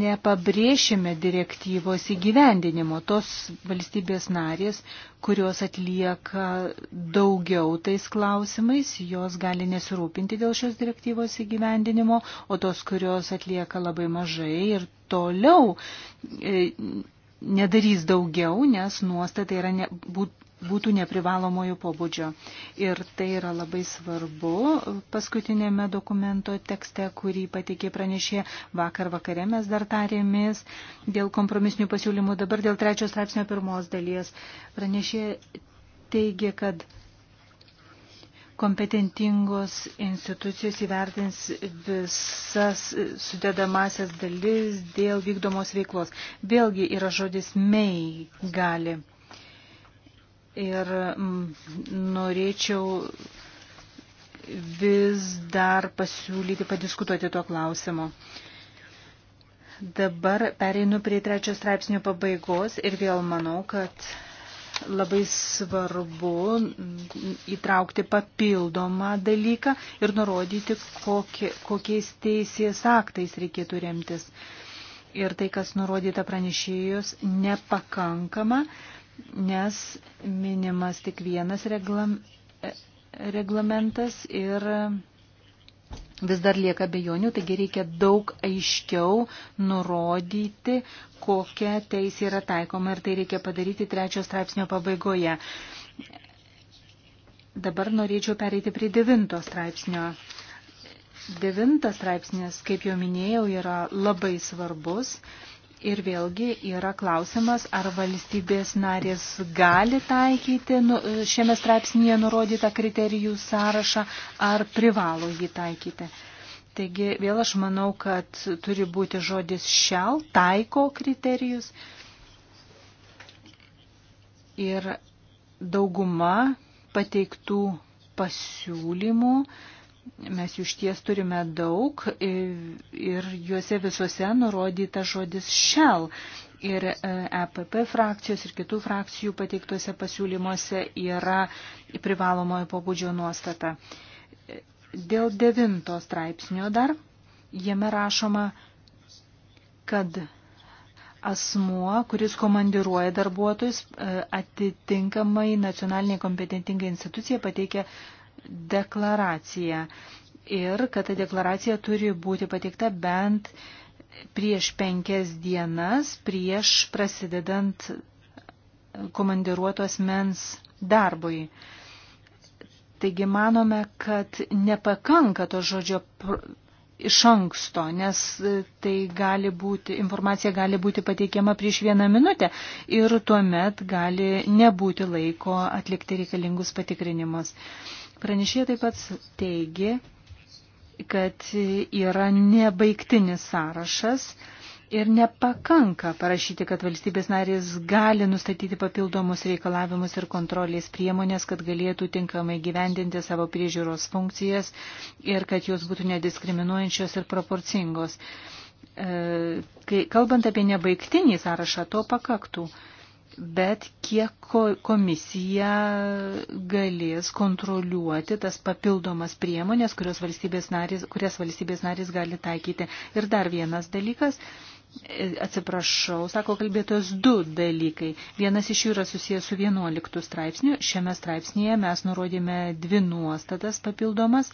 nepabrėšime direktyvos įgyvendinimo. Tos valstybės narės, kurios atlieka daugiau tais klausimais, jos gali nesirūpinti dėl šios direktyvos įgyvendinimo, o tos, kurios atlieka labai mažai ir toliau e, nedarys daugiau, nes nuostata yra ne, būt, būtų neprivalomojų pobūdžio. Ir tai yra labai svarbu paskutinėme dokumento tekste, kurį pateikė pranešė vakar vakare mes dar tarėmės dėl kompromisinių pasiūlymų. Dabar dėl trečios straipsnio pirmos dalies pranešė teigia, kad kompetentingos institucijos įvertins visas sudedamasias dalis dėl vykdomos veiklos. Vėlgi yra žodis mei gali ir mm, norėčiau vis dar pasiūlyti padiskutuoti tuo klausimu. Dabar pereinu prie trečio straipsnio pabaigos ir vėl manau, kad labai svarbu mm, įtraukti papildomą dalyką ir nurodyti, kokie, kokiais teisės aktais reikėtų remtis. Ir tai, kas nurodyta pranešėjus, nepakankama. Uh, nes minimas tik vienas reglam, reglamentas ir vis dar lieka bejonių, taigi reikia daug aiškiau nurodyti, kokia teisė yra taikoma ir tai reikia padaryti trečio straipsnio pabaigoje. Dabar norėčiau pereiti prie devinto straipsnio. Devintas straipsnis, kaip jau minėjau, yra labai svarbus Ir vėlgi yra klausimas, ar valstybės narės gali taikyti nu, šiame straipsnėje nurodytą kriterijų sąrašą, ar privalo jį taikyti. Taigi vėl aš manau, kad turi būti žodis šel, taiko kriterijus. Ir dauguma pateiktų pasiūlymų uh, Mes jų išties turime daug ir juose visuose nurodyta žodis shell. Ir EPP e frakcijos ir kitų frakcijų pateiktuose pasiūlymuose yra privalomojo pobūdžio nuostata. Dėl devinto straipsnio dar jame rašoma, kad asmuo, kuris komandiruoja darbuotojus, e, atitinkamai nacionalinė kompetentinga institucija pateikia deklaraciją ir kad ta deklaracija turi būti pateikta bent prieš penkias dienas, prieš prasidedant komandiruoto asmens darbui. Taigi manome, kad nepakanka to žodžio iš anksto, nes tai gali būti, informacija gali būti pateikiama prieš vieną minutę ir tuomet gali nebūti laiko atlikti reikalingus patikrinimus. Pranešė taip pat teigi, kad yra nebaigtinis sąrašas ir nepakanka parašyti, kad valstybės narės gali nustatyti papildomus reikalavimus ir kontrolės priemonės, kad galėtų tinkamai gyvendinti savo priežiūros funkcijas ir kad jos būtų nediskriminuojančios ir proporcingos. E, kai kalbant apie nebaigtinį sąrašą, to pakaktų bet kiek komisija galės kontroliuoti tas papildomas priemonės, kurios valstybės narys, kurias valstybės narys gali taikyti. Ir dar vienas dalykas. E, atsiprašau, sako kalbėtojas du dalykai. Vienas iš jų yra susijęs su 11 straipsniu. Šiame straipsnėje mes nurodėme dvi nuostatas papildomas.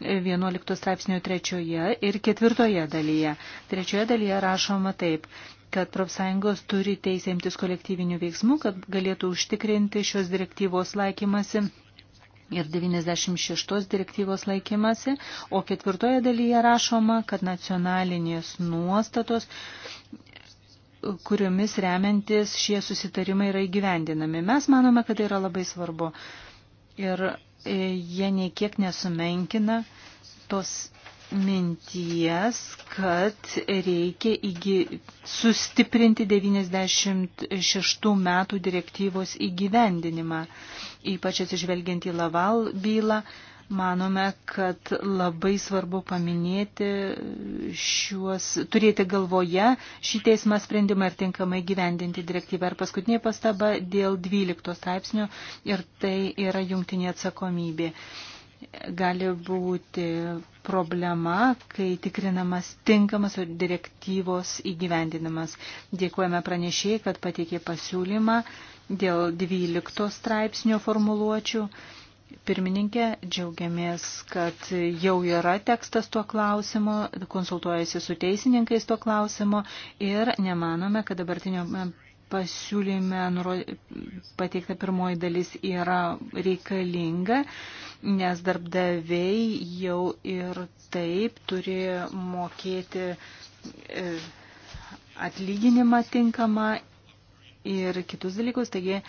11 e, straipsnio trečioje ir ketvirtoje dalyje. Trečioje dalyje rašoma taip kad profsąjungos turi teisę imtis kolektyvinių veiksmų, kad galėtų užtikrinti šios direktyvos laikymasi. Ir 96 direktyvos laikymasi, o ketvirtoje dalyje rašoma, kad nacionalinės nuostatos kuriomis remiantis šie susitarimai yra įgyvendinami. Mes manome, kad tai yra labai svarbu. Ir e, jie nei kiek nesumenkina tos minties, kad reikia įgy... sustiprinti 96 metų direktyvos įgyvendinimą, ypač atsižvelgiant į Laval bylą. Manome, kad labai svarbu paminėti šiuos, turėti galvoje šį teismą sprendimą ir tinkamai gyvendinti direktyvą. Ir paskutinė pastaba dėl 12 straipsnių ir tai yra jungtinė atsakomybė. Uh, gali būti problema, kai tikrinamas tinkamas direktyvos įgyvendinimas. Dėkojame pranešėjai, kad pateikė pasiūlymą dėl 12 straipsnio formuluočių. Pirmininkė, džiaugiamės, kad jau yra tekstas tuo klausimu, konsultuojasi su teisininkais tuo klausimu ir nemanome, kad dabartinio pasiūlyme pateikta pirmoji dalis yra reikalinga, nes darbdaviai jau ir taip turi mokėti e, atlyginimą tinkamą ir kitus dalykus. Taigi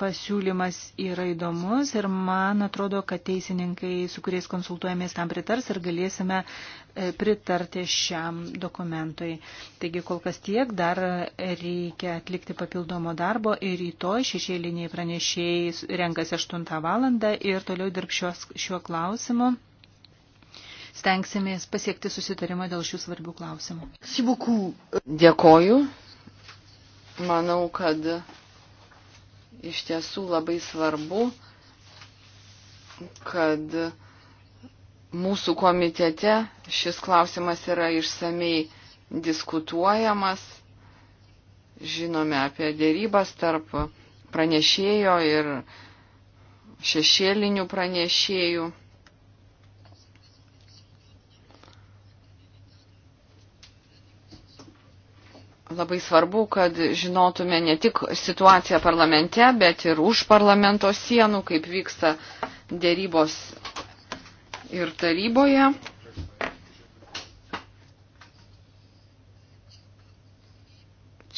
pasiūlymas yra įdomus ir man atrodo, kad teisininkai, su kuriais konsultuojamės, tam pritars ir galėsime e, pritarti šiam dokumentui. Taigi kol kas tiek, dar reikia atlikti papildomo darbo ir rytoj šešėliniai pranešėjai renkasi 8 valandą ir toliau dirb šios, šiuo klausimu. Stengsimės pasiekti susitarimą dėl šių svarbių klausimų. Dėkoju. Manau, kad iš tiesų labai svarbu, kad mūsų komitete šis klausimas yra išsamei diskutuojamas. Žinome apie dėrybas tarp pranešėjo ir šešėlinių pranešėjų. Labai svarbu, kad žinotume ne tik situaciją parlamente, bet ir už parlamento sienų, kaip vyksta dėrybos ir taryboje.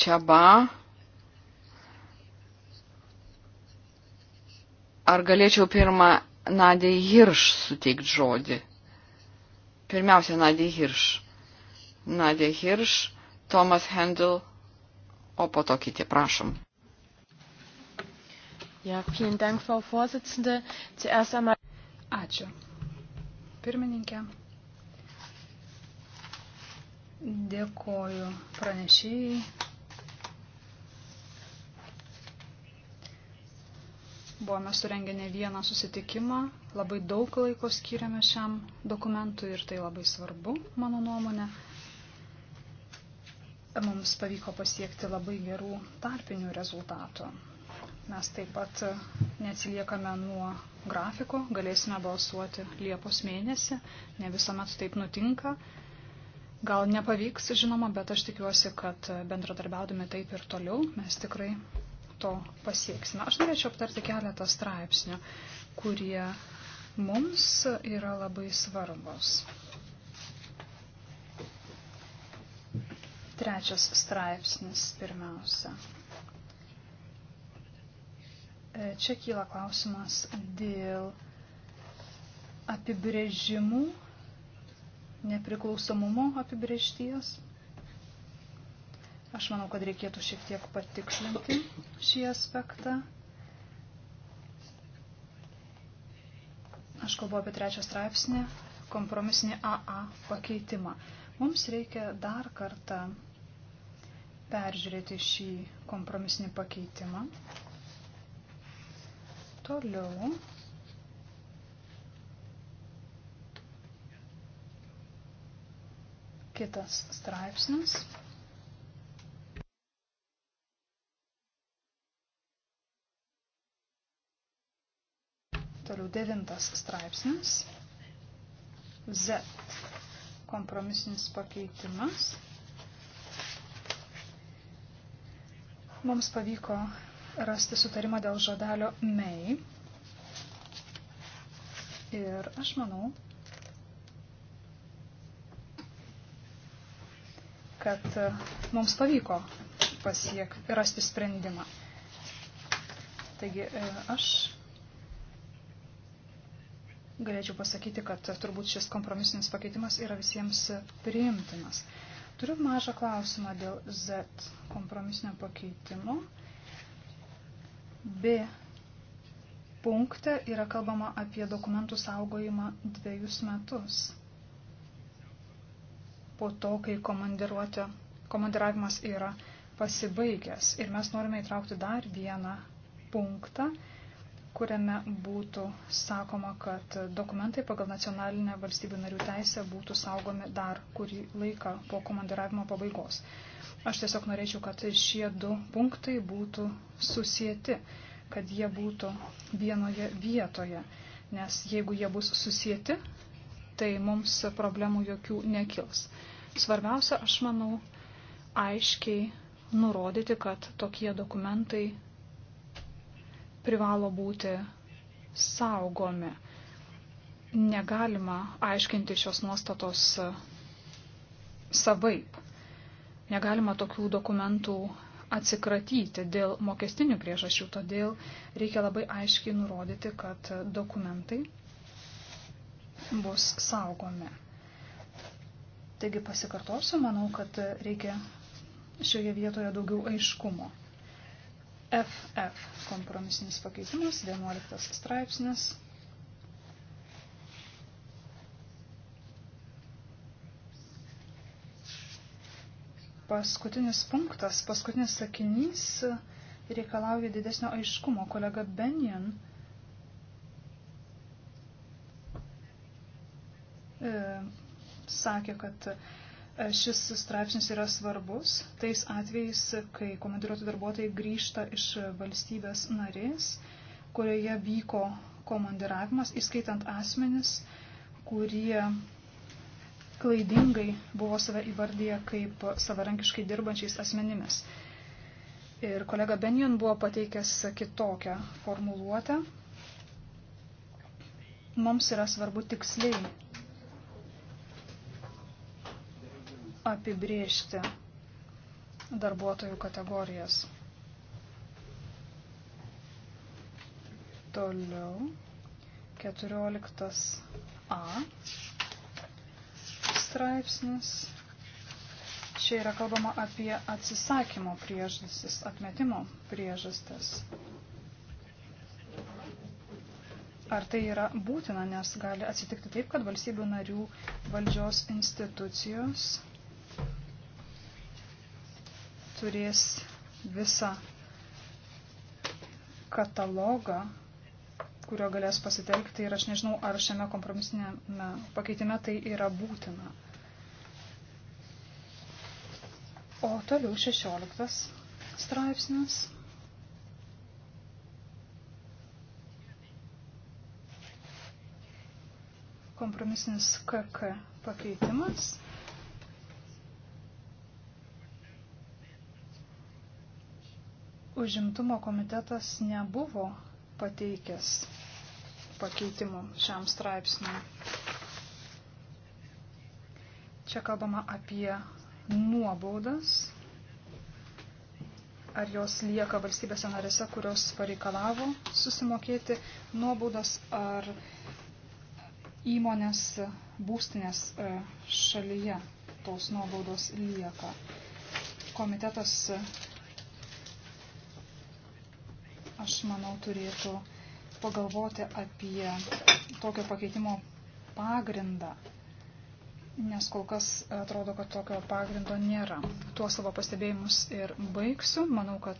Čiaba. Ar galėčiau pirmą Nadiai Hirš suteikti žodį? Pirmiausia, Nadiai Hirš. Nadiai Hirš Tomas Hendel, o po to kiti, prašom. Ja, vielen Dank, Frau Vorsitzende. Zuerst einmal. Ačiū. Pirmininkė. Dėkoju pranešėjai. Buvome surengę ne vieną susitikimą, labai daug laiko skiriame šiam dokumentui ir tai labai svarbu, mano nuomonė mums pavyko pasiekti labai gerų tarpinių rezultatų. Mes taip pat neatsiliekame nuo grafiko, galėsime balsuoti Liepos mėnesį, ne visuomet taip nutinka. Gal nepavyks, žinoma, bet aš tikiuosi, kad bendradarbiaudami taip ir toliau mes tikrai to pasieksime. Aš norėčiau aptarti keletą straipsnių, kurie mums yra labai svarbus. Trečias straipsnis pirmiausia. E, čia kyla klausimas dėl apibrėžimų, nepriklausomumo apibrėžties. Aš manau, kad reikėtų šiek tiek patikslinti šį aspektą. Aš kalbu apie trečią straipsnį, kompromisinį AA pakeitimą. Mums reikia dar kartą peržiūrėti šį kompromisinį pakeitimą. Toliau. Kitas straipsnis. Toliau devintas straipsnis. Z. Kompromisinis pakeitimas. Mums pavyko rasti sutarimą dėl žodelio mei. Ir aš manau, kad mums pavyko pasiek, rasti sprendimą. Taigi e, aš galėčiau pasakyti, kad turbūt šis kompromisinis pakeitimas yra visiems priimtinas. Turiu mažą klausimą dėl Z kompromisinio pakeitimo. B punkte yra kalbama apie dokumentų saugojimą dviejus metus. Po to, kai komandiravimas yra pasibaigęs. Ir mes norime įtraukti dar vieną punktą kuriame būtų sakoma, kad dokumentai pagal nacionalinę valstybių narių teisę būtų saugomi dar kurį laiką po komandiravimo pabaigos. Aš tiesiog norėčiau, kad šie du punktai būtų susijęti, kad jie būtų vienoje vietoje, nes jeigu jie bus susijęti, tai mums problemų jokių nekils. Svarbiausia, aš manau, aiškiai nurodyti, kad tokie dokumentai privalo būti saugomi. Negalima aiškinti šios nuostatos savaip. Negalima tokių dokumentų atsikratyti dėl mokestinių priežasčių, todėl reikia labai aiškiai nurodyti, kad dokumentai bus saugomi. Taigi pasikartosiu, manau, kad reikia šioje vietoje daugiau aiškumo. FF kompromisinis pakeitimas, 11 straipsnis. Paskutinis punktas, paskutinis sakinys reikalauja didesnio aiškumo. Kolega Benjan e, sakė, kad e, Šis straipsnis yra svarbus tais atvejais, kai komandiruoti darbuotojai grįžta iš valstybės narės, kurioje vyko komandiravimas, įskaitant asmenis, kurie klaidingai buvo save įvardyję kaip savarankiškai dirbančiais asmenimis. Ir kolega Benjon buvo pateikęs kitokią formuluotę. Mums yra svarbu tiksliai apibriežti darbuotojų kategorijas. Toliau 14a straipsnis. Čia yra kalbama apie atsisakymo priežastis, atmetimo priežastis. Ar tai yra būtina, nes gali atsitikti taip, kad valstybių narių valdžios institucijos turės visą katalogą, kurio galės pasitelkti ir aš nežinau, ar šiame kompromisinėme pakeitime tai yra būtina. O toliau 16 straipsnis. Kompromisinis KK pakeitimas. Užimtumo komitetas nebuvo pateikęs pakeitimų šiam straipsniui. Čia kalbama apie nuobaudas, ar jos lieka valstybėse narėse, kurios pareikalavo susimokėti nuobaudas, ar įmonės būstinės e, šalyje tos nuobaudos lieka. Komitetas aš manau, turėtų pagalvoti apie tokio pakeitimo pagrindą, nes kol kas atrodo, kad tokio pagrindo nėra. Tuo savo pastebėjimus ir baigsiu. Manau, kad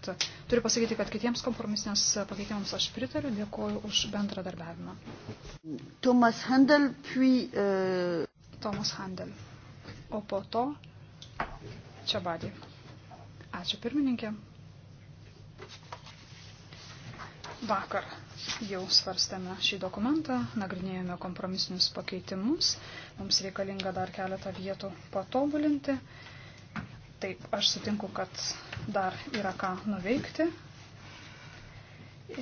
turiu pasakyti, kad kitiems kompromisinės pakeitimams aš pritariu. Dėkuoju už bendradarbiavimą. Tomas Handel, puis, uh... Tomas Handel. O po to Čabadė. Ačiū pirmininkė. Vakar jau svarstėme šį dokumentą, nagrinėjome kompromisinius pakeitimus, mums reikalinga dar keletą vietų patobulinti. Taip, aš sutinku, kad dar yra ką nuveikti.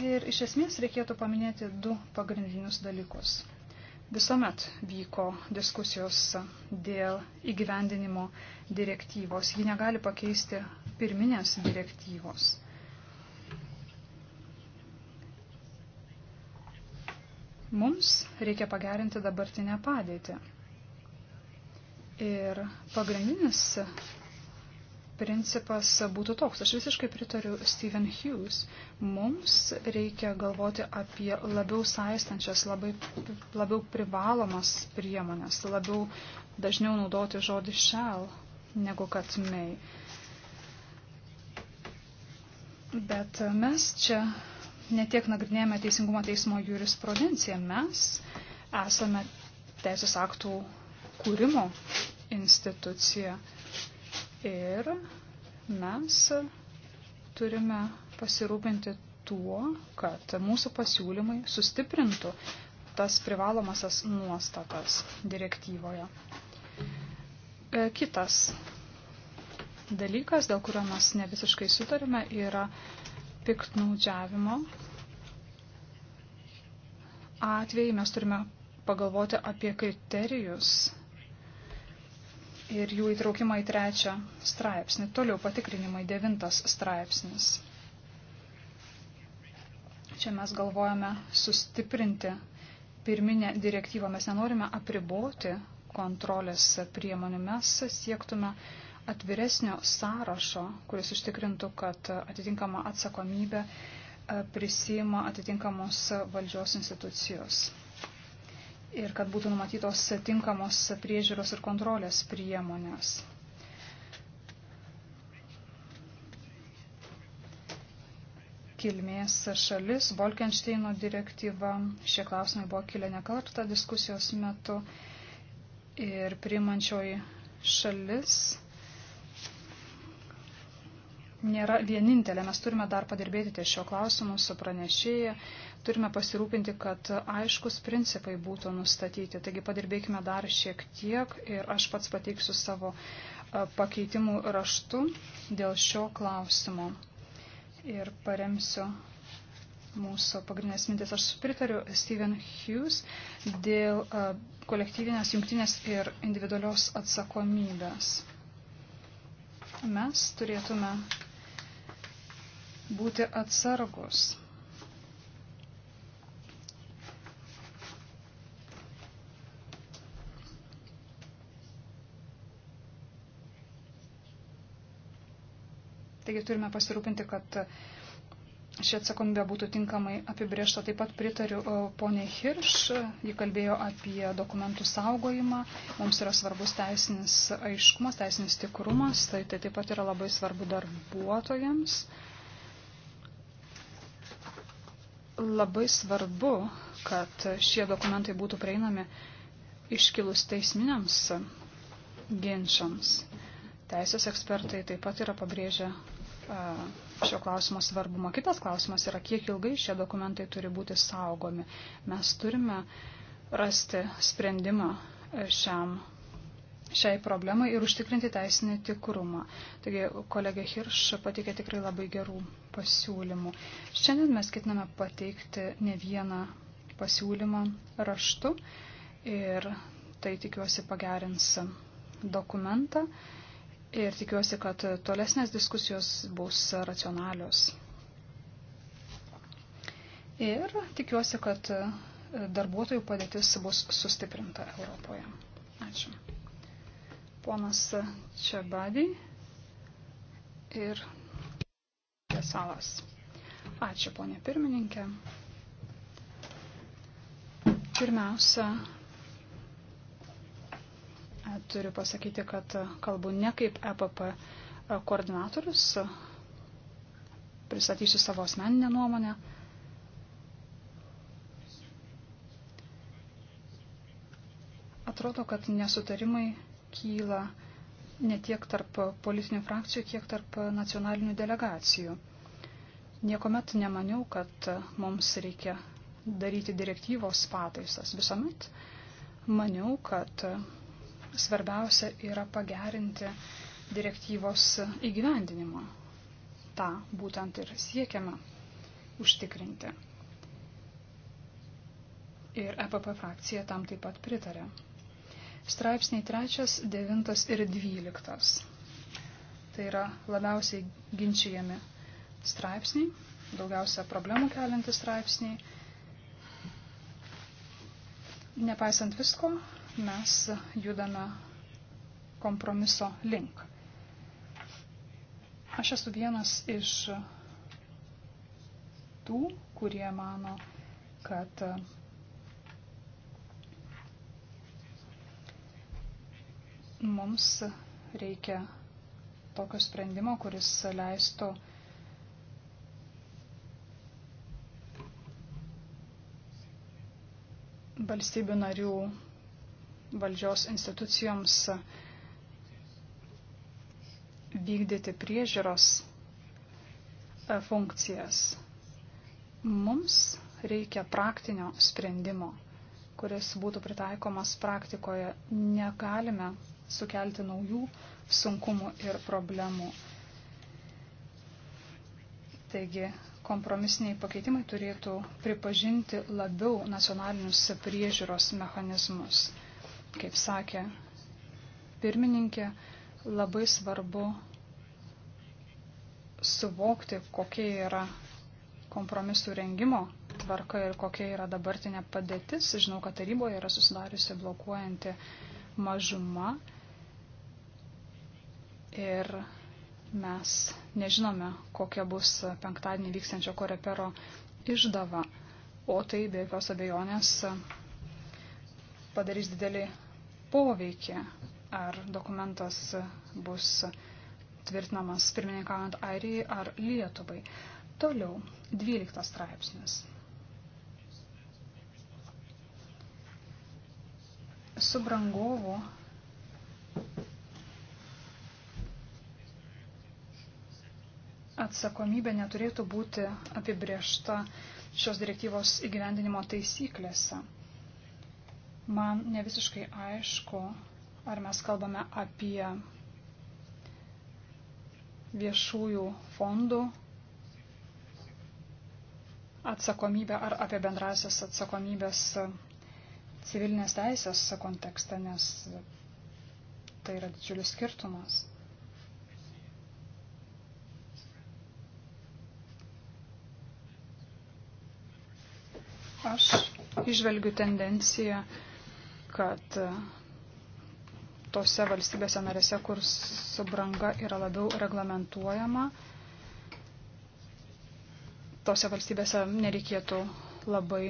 Ir iš esmės reikėtų paminėti du pagrindinius dalykus. Visuomet vyko diskusijos dėl įgyvendinimo direktyvos. Ji negali pakeisti pirminės direktyvos Mums reikia pagerinti dabartinę padėtį. Ir pagrindinis principas būtų toks. Aš visiškai pritariu Stephen Hughes. Mums reikia galvoti apie labiau saistančias, labai, labiau privalomas priemonės, labiau dažniau naudoti žodį shall negu kad may. Bet mes čia netiek nagrinėjame Teisingumo teismo jurisprudenciją, mes esame teisės aktų kūrimo institucija ir mes turime pasirūpinti tuo, kad mūsų pasiūlymai sustiprintų tas privalomasias nuostatas direktyvoje. E, kitas dalykas, dėl kurio mes ne visiškai sutarime, yra piknaudžiavimo atvejai mes turime pagalvoti apie kriterijus ir jų įtraukimą į trečią straipsnį. Toliau patikrinimai devintas straipsnis. Čia mes galvojame sustiprinti pirminę direktyvą. Mes nenorime apriboti kontrolės priemonių. Mes siektume uh, atviresnio sąrašo, kuris užtikrintų, kad atitinkama atsakomybė e, prisima atitinkamos valdžios institucijos ir kad būtų numatytos tinkamos priežiūros ir kontrolės priemonės. Kilmės šalis, Volkensteino direktyva, šie klausimai buvo kilę nekartą diskusijos metu ir primančioji šalis nėra vienintelė. Mes turime dar padirbėti ties šio klausimu su pranešėja, turime pasirūpinti, kad aiškus principai būtų nustatyti. Taigi padirbėkime dar šiek tiek ir aš pats pateiksiu savo pakeitimų raštu dėl šio klausimo ir paremsiu mūsų pagrindinės mintis. Aš pritariu Steven Hughes dėl kolektyvinės, jungtinės ir individualios atsakomybės mes turėtume būti atsargus. Taigi turime pasirūpinti, kad ši atsakomybė būtų tinkamai apibriešta. Taip pat pritariu e, ponė Hirš, ji kalbėjo apie dokumentų saugojimą. Mums yra svarbus teisinis aiškumas, teisinis tikrumas, tai, tai taip pat yra labai svarbu darbuotojams. Uh, labai svarbu, kad šie dokumentai būtų prieinami iškilus teisminiams ginčiams. Teisės ekspertai taip pat yra pabrėžę šio klausimo svarbumą. Kitas klausimas yra, kiek ilgai šie dokumentai turi būti saugomi. Mes turime rasti sprendimą e, šiam šiai problemai ir užtikrinti teisinį tikrumą. Taigi kolegė Hirš pateikė tikrai labai gerų pasiūlymų. Šiandien mes ketiname pateikti ne vieną pasiūlymą raštu ir tai tikiuosi pagerins dokumentą ir tikiuosi, kad tolesnės diskusijos bus racionalios. Ir tikiuosi, kad darbuotojų padėtis bus sustiprinta Europoje. Ačiū ponas Čebadį ir Salas. Ačiū, ponė pirmininkė. Pirmiausia, turiu pasakyti, kad kalbu ne kaip EPP koordinatorius, pristatysiu savo asmeninę nuomonę. Atrodo, kad nesutarimai kyla ne tiek tarp politinių frakcijų, kiek tarp nacionalinių delegacijų. Niekuomet nemaniau, kad mums reikia daryti direktyvos pataisas. Visuomet maniau, kad svarbiausia yra pagerinti direktyvos įgyvendinimą. Ta būtent ir siekiama užtikrinti. Ir EPP frakcija tam taip pat pritarė straipsniai 3, 9 ir 12. Tai yra labiausiai ginčiami straipsniai, daugiausia problemų keliantys straipsniai. Nepaisant visko, mes judame kompromiso link. Aš esu vienas iš tų, kurie mano, kad Mums reikia tokio sprendimo, kuris leistų valstybių narių valdžios institucijoms vykdyti priežiūros e, funkcijas. Mums reikia praktinio sprendimo, kuris būtų pritaikomas praktikoje. Negalime sukelti naujų sunkumų ir problemų. Taigi kompromisiniai pakeitimai turėtų pripažinti labiau nacionalinius priežiūros mechanizmus. Kaip sakė pirmininkė, labai svarbu suvokti, kokia yra kompromisų rengimo tvarka ir kokia yra dabartinė padėtis. Žinau, kad taryboje yra susidariusi blokuojanti mažuma ir mes nežinome, kokia bus penktadienį vyksiančio korepero išdava, o tai be jokios abejonės padarys didelį poveikį, ar dokumentas bus tvirtinamas pirmininkaujant Airijai ar Lietuvai. Toliau, 12 straipsnis. Su Brangovu atsakomybė neturėtų būti apibriešta šios direktyvos įgyvendinimo taisyklėse. Man ne visiškai aišku, ar mes kalbame apie viešųjų fondų atsakomybę ar apie bendrasias atsakomybės civilinės teisės kontekstą, nes tai yra didžiulis skirtumas. Aš išvelgiu tendenciją, kad e, tose valstybėse narėse, kur subranga yra labiau reglamentuojama, tose valstybėse nereikėtų labai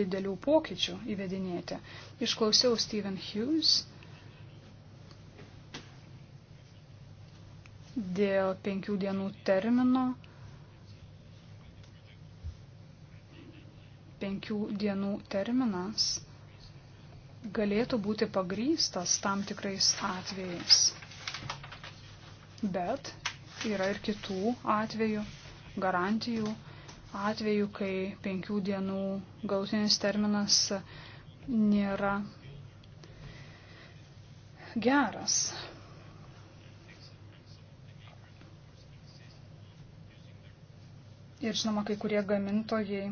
didelių pokyčių įvedinėti. Išklausiau Stephen Hughes dėl penkių dienų termino penkių dienų terminas galėtų būti pagrystas tam tikrais atvejais. Bet yra ir kitų atvejų, garantijų atvejų, kai penkių dienų galutinis terminas nėra geras. Ir žinoma, kai kurie gamintojai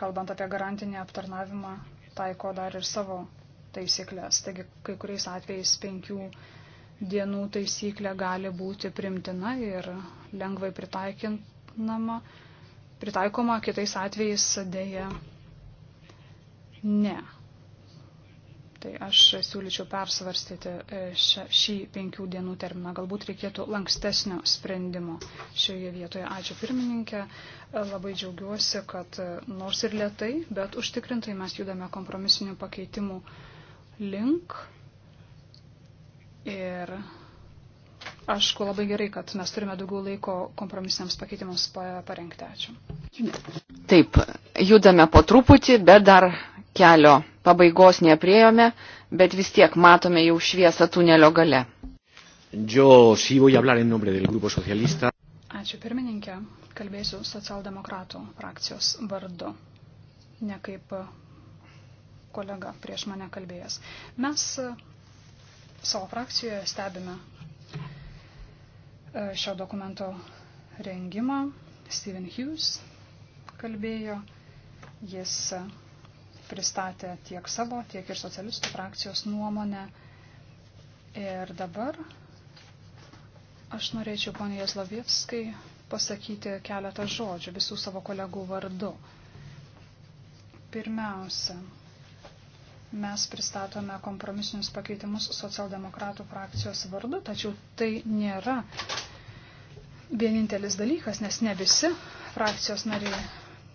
kalbant apie garantinį aptarnavimą, taiko dar ir savo taisyklės. Taigi kai kuriais atvejais penkių dienų taisyklė gali būti primtina ir lengvai pritaikinama, pritaikoma, kitais atvejais dėja ne. Tai aš siūlyčiau persvarstyti e, šį penkių dienų terminą. Galbūt reikėtų lankstesnio sprendimo šioje vietoje. Ačiū pirmininkė. E, labai džiaugiuosi, kad e, nors ir lietai, bet užtikrintai mes judame kompromisinių pakeitimų link. Ir aišku, labai gerai, kad mes turime daugiau laiko kompromisiniams pakeitimams parengti. Ačiū. Taip, judame po truputį, bet dar kelio pabaigos nepriejome, bet vis tiek matome jau šviesą tunelio gale. Yo sí voy a hablar en nombre del Grupo Socialista. Ačiū pirmininkė, kalbėsiu socialdemokratų frakcijos vardu, ne kaip kolega prieš mane kalbėjęs. Mes savo frakcijoje stebime e, šio dokumento rengimą. Steven Hughes kalbėjo, jis pristatė tiek savo, tiek ir socialistų frakcijos nuomonę. Ir dabar aš norėčiau ponė Jazlovievskai pasakyti keletą žodžių visų savo kolegų vardu. Pirmiausia, mes pristatome kompromisinius pakeitimus socialdemokratų frakcijos vardu, tačiau tai nėra vienintelis dalykas, nes ne visi frakcijos nariai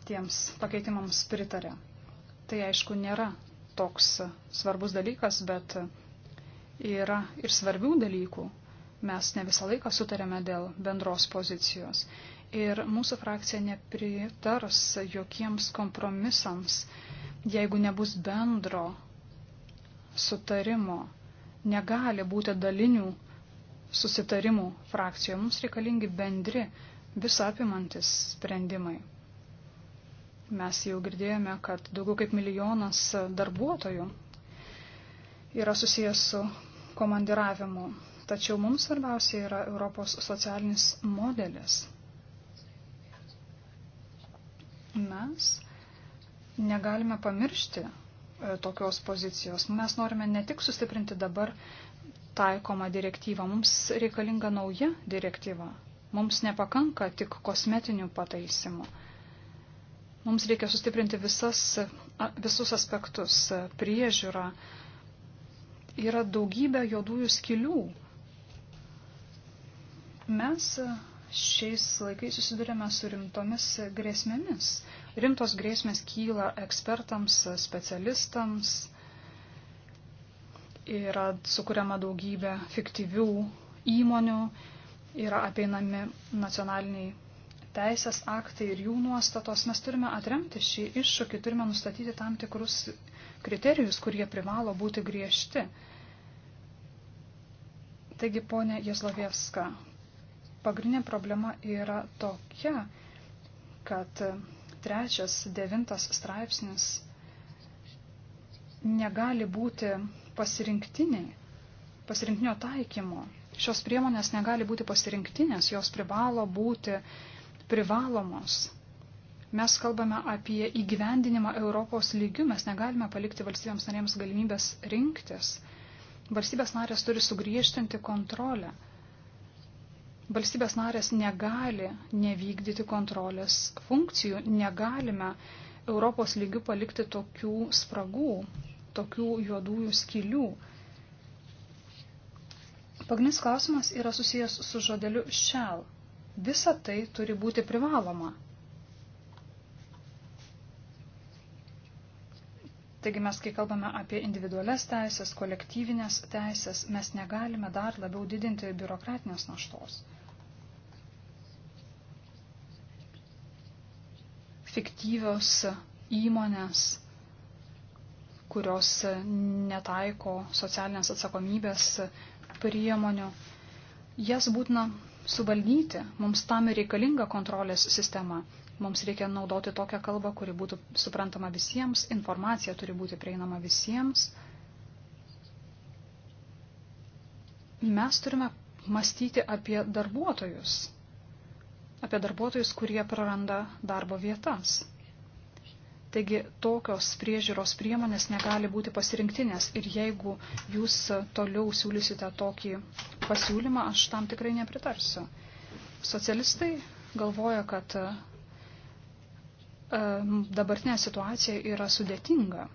tiems pakeitimams pritarė. Tai aišku nėra toks svarbus dalykas, bet yra ir svarbių dalykų. Mes ne visą laiką sutarėme dėl bendros pozicijos. Ir mūsų frakcija nepritars jokiems kompromisams, jeigu nebus bendro sutarimo. Negali būti dalinių susitarimų frakcijoje. Mums reikalingi bendri, visapimantis sprendimai. Mes jau girdėjome, kad daugiau kaip milijonas darbuotojų yra susijęs su komandiravimu. Tačiau mums svarbiausia yra Europos socialinis modelis. Mes negalime pamiršti e, tokios pozicijos. Mes norime ne tik sustiprinti dabar taikoma direktyva, mums reikalinga nauja direktyva. Mums nepakanka tik kosmetinių pataisimų. Mums reikia sustiprinti visas, visus aspektus - priežiūrą. Yra daugybė juodųjų skilių. Mes šiais laikais susidurėme su rimtomis grėsmėmis. Rimtos grėsmės kyla ekspertams, specialistams. Yra sukuriama daugybė fiktyvių įmonių, yra apeinami nacionaliniai teisės aktai ir jų nuostatos, mes turime atremti šį iššūkį, turime nustatyti tam tikrus kriterijus, kurie privalo būti griežti. Taigi, ponė Jezlovėska, pagrindinė problema yra tokia, kad trečias, devintas straipsnis negali būti pasirinktiniai, pasirinktinio taikymo. Šios priemonės negali būti pasirinktinės, jos privalo būti uh, privalomos. Mes kalbame apie įgyvendinimą Europos lygių, mes negalime palikti valstybėms narėms galimybės rinktis. Valstybės narės turi sugriežtinti kontrolę. Valstybės narės negali nevykdyti kontrolės funkcijų, negalime Europos lygių palikti tokių spragų, tokių juodųjų skylių. Pagrindinis klausimas yra susijęs su žodeliu shell. Visa tai turi būti privaloma. Taigi mes, kai kalbame apie individualias teisės, kolektyvinės teisės, mes negalime dar labiau didinti biurokratinės naštos. Fiktyvios įmonės kurios netaiko socialinės atsakomybės priemonių. Jas būtina suvaldyti. Mums tam reikalinga kontrolės sistema. Mums reikia naudoti tokią kalbą, kuri būtų suprantama visiems, informacija turi būti prieinama visiems. Mes turime mąstyti apie darbuotojus, apie darbuotojus, kurie praranda darbo vietas. Taigi tokios priežiūros priemonės negali būti pasirinktinės ir jeigu jūs toliau siūlysite tokį pasiūlymą, aš tam tikrai nepritarsiu. Socialistai galvoja, kad e, dabartinė situacija yra sudėtinga.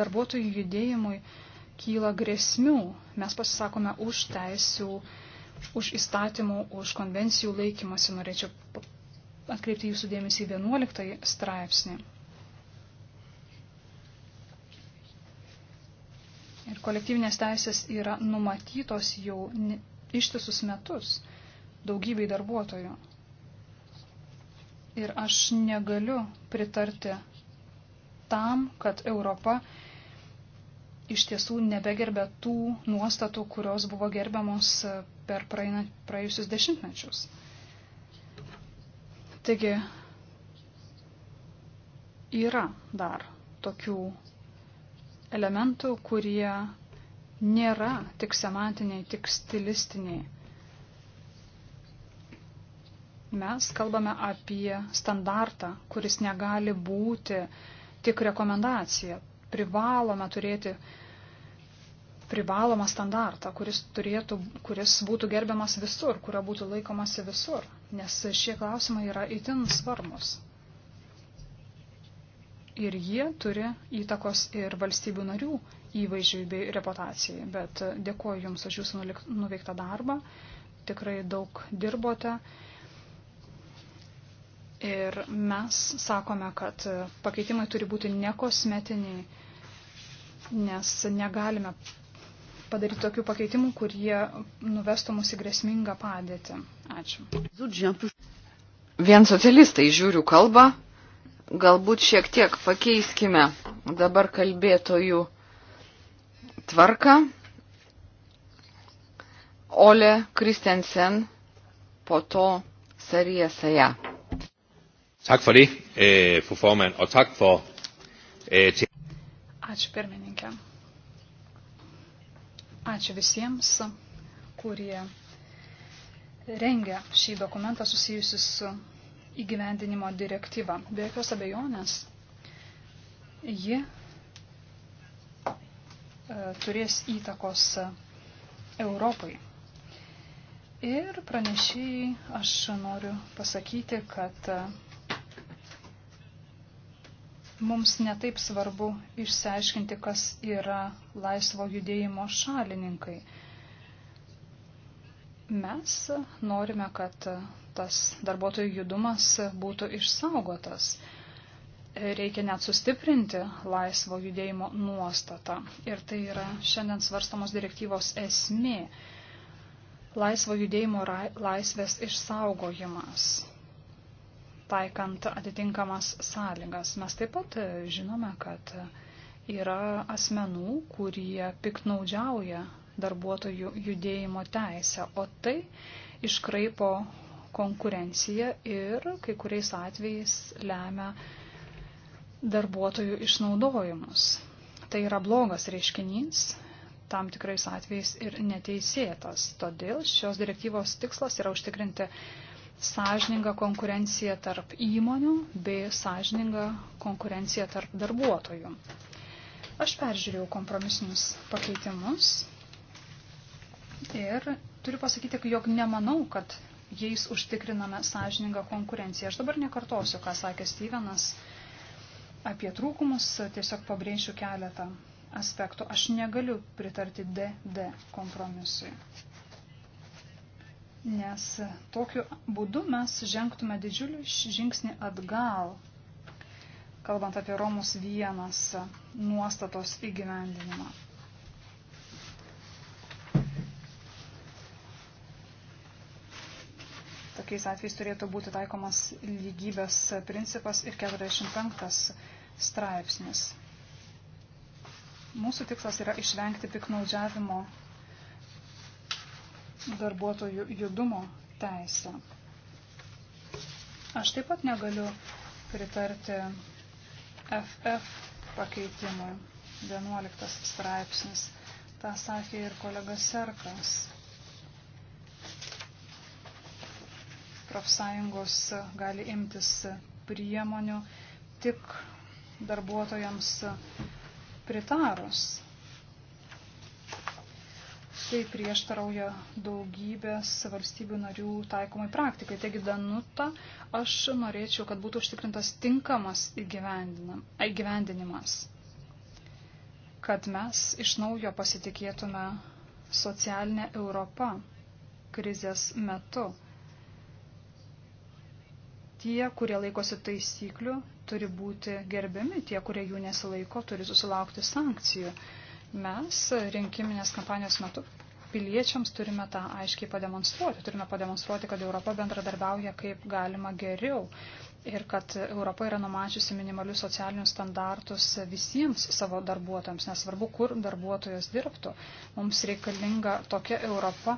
Darbuotojų judėjimui kyla grėsmių. Mes pasisakome už teisių, už įstatymų, už konvencijų laikymasi. Norėčiau atkreipti jūsų dėmesį į 11 straipsnį. Ir kolektyvinės teisės yra numatytos jau ištisus metus daugybei darbuotojų. Ir aš negaliu pritarti tam, kad Europa iš tiesų nebegerbė tų nuostatų, kurios buvo gerbiamos per praeina, praėjusius dešimtmečius. Taigi yra dar tokių elementų, kurie nėra tik semantiniai, tik stilistiniai. Mes kalbame apie standartą, kuris negali būti tik rekomendacija. Privalome turėti privalomą standartą, kuris, turėtų, kuris būtų gerbiamas visur, kurio būtų laikomasi visur nes šie klausimai yra itin svarbus. Ir jie turi įtakos ir valstybių narių įvaizdžiui bei reputacijai. Bet e, dėkuoju Jums už Jūsų nuveiktą darbą. Tikrai daug dirbote. Ir mes sakome, kad e, pakeitimai turi būti ne kosmetiniai, nes negalime padaryti tokių pakeitimų, kurie nuvestų mus į grėsmingą padėtį. Ačiū. Vien socialistai žiūriu kalbą, galbūt šiek tiek pakeiskime dabar kalbėtojų tvarką. Ole Kristensen, po to Saria Saja. Tak for det, eh, fru formand, og tak for... Eh, Ačiū pirmininkė. Ačiū visiems, kurie rengia šį dokumentą susijusi su įgyvendinimo direktyva. Be jokios abejonės, ji e, turės įtakos Europai. Ir pranešėjai aš noriu pasakyti, kad Mums netaip svarbu išsiaiškinti, kas yra laisvo judėjimo šalininkai. Mes norime, kad tas darbuotojų judumas būtų išsaugotas. Reikia net sustiprinti laisvo judėjimo nuostatą. Ir tai yra šiandien svarstamos direktyvos esmė laisvo judėjimo laisvės išsaugojimas taikant atitinkamas sąlygas. Mes taip pat e, žinome, kad e, yra asmenų, kurie piknaudžiauja darbuotojų judėjimo teisę, o tai iškraipo konkurenciją ir kai kuriais atvejais lemia darbuotojų išnaudojimus. Tai yra blogas reiškinys, tam tikrais atvejais ir neteisėtas. Todėl šios direktyvos tikslas yra užtikrinti sąžininga konkurencija tarp įmonių bei sąžininga konkurencija tarp darbuotojų. Aš peržiūrėjau kompromisinius pakeitimus ir turiu pasakyti, jog nemanau, kad jais užtikriname sąžiningą konkurenciją. Aš dabar nekartosiu, ką sakė Stevenas apie trūkumus, tiesiog pabrėšiu keletą aspektų. Aš negaliu pritarti DD kompromisui nes tokiu būdu mes žengtume didžiulį žingsnį atgal, kalbant apie Romus vienas nuostatos įgyvendinimą. Tokiais atvejais turėtų būti taikomas lygybės principas ir 45 straipsnis. Mūsų tikslas yra išvengti piknaudžiavimo darbuotojų judumo teisę. Aš taip pat negaliu pritarti FF pakeitimui 11 straipsnis. Ta sakė ir kolega Serkas. Profsąjungos gali imtis priemonių tik darbuotojams pritarus tai prieštarauja daugybės valstybių narių taikomai praktikai. Taigi, Danuta, aš norėčiau, kad būtų užtikrintas tinkamas įgyvendinimas, kad mes iš naujo pasitikėtume socialinę Europą krizės metu. Tie, kurie laikosi taisyklių, turi būti gerbiami, tie, kurie jų nesilaiko, turi susilaukti sankcijų. Mes rinkiminės kampanijos metu piliečiams turime tą aiškiai pademonstruoti. Turime pademonstruoti, kad Europa bendradarbiauja kaip galima geriau ir kad Europa yra numačiusi minimalius socialinius standartus visiems savo darbuotojams, nesvarbu, kur darbuotojas dirbtų. Mums reikalinga tokia Europa,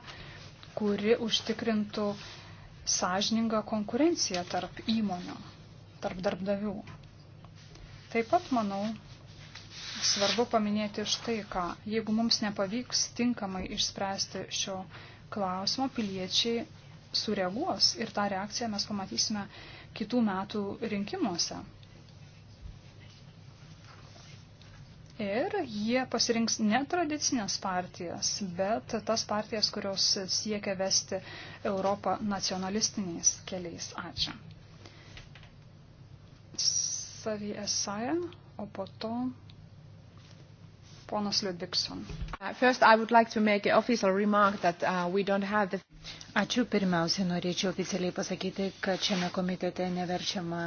kuri užtikrintų sąžiningą konkurenciją tarp įmonių, tarp darbdavių. Taip pat manau, svarbu paminėti štai ką. Jeigu mums nepavyks tinkamai išspręsti šio klausimo, piliečiai sureaguos ir tą reakciją mes pamatysime kitų metų rinkimuose. Ir jie pasirinks netradicinės partijas, bet tas partijas, kurios siekia vesti Europą nacionalistiniais keliais. Ačiū. Savi Esaja, o po to Ponas Ludvigson. Uh, like uh, the... Ačiū. Pirmiausia, norėčiau oficialiai pasakyti, kad šiame komitete neverčiama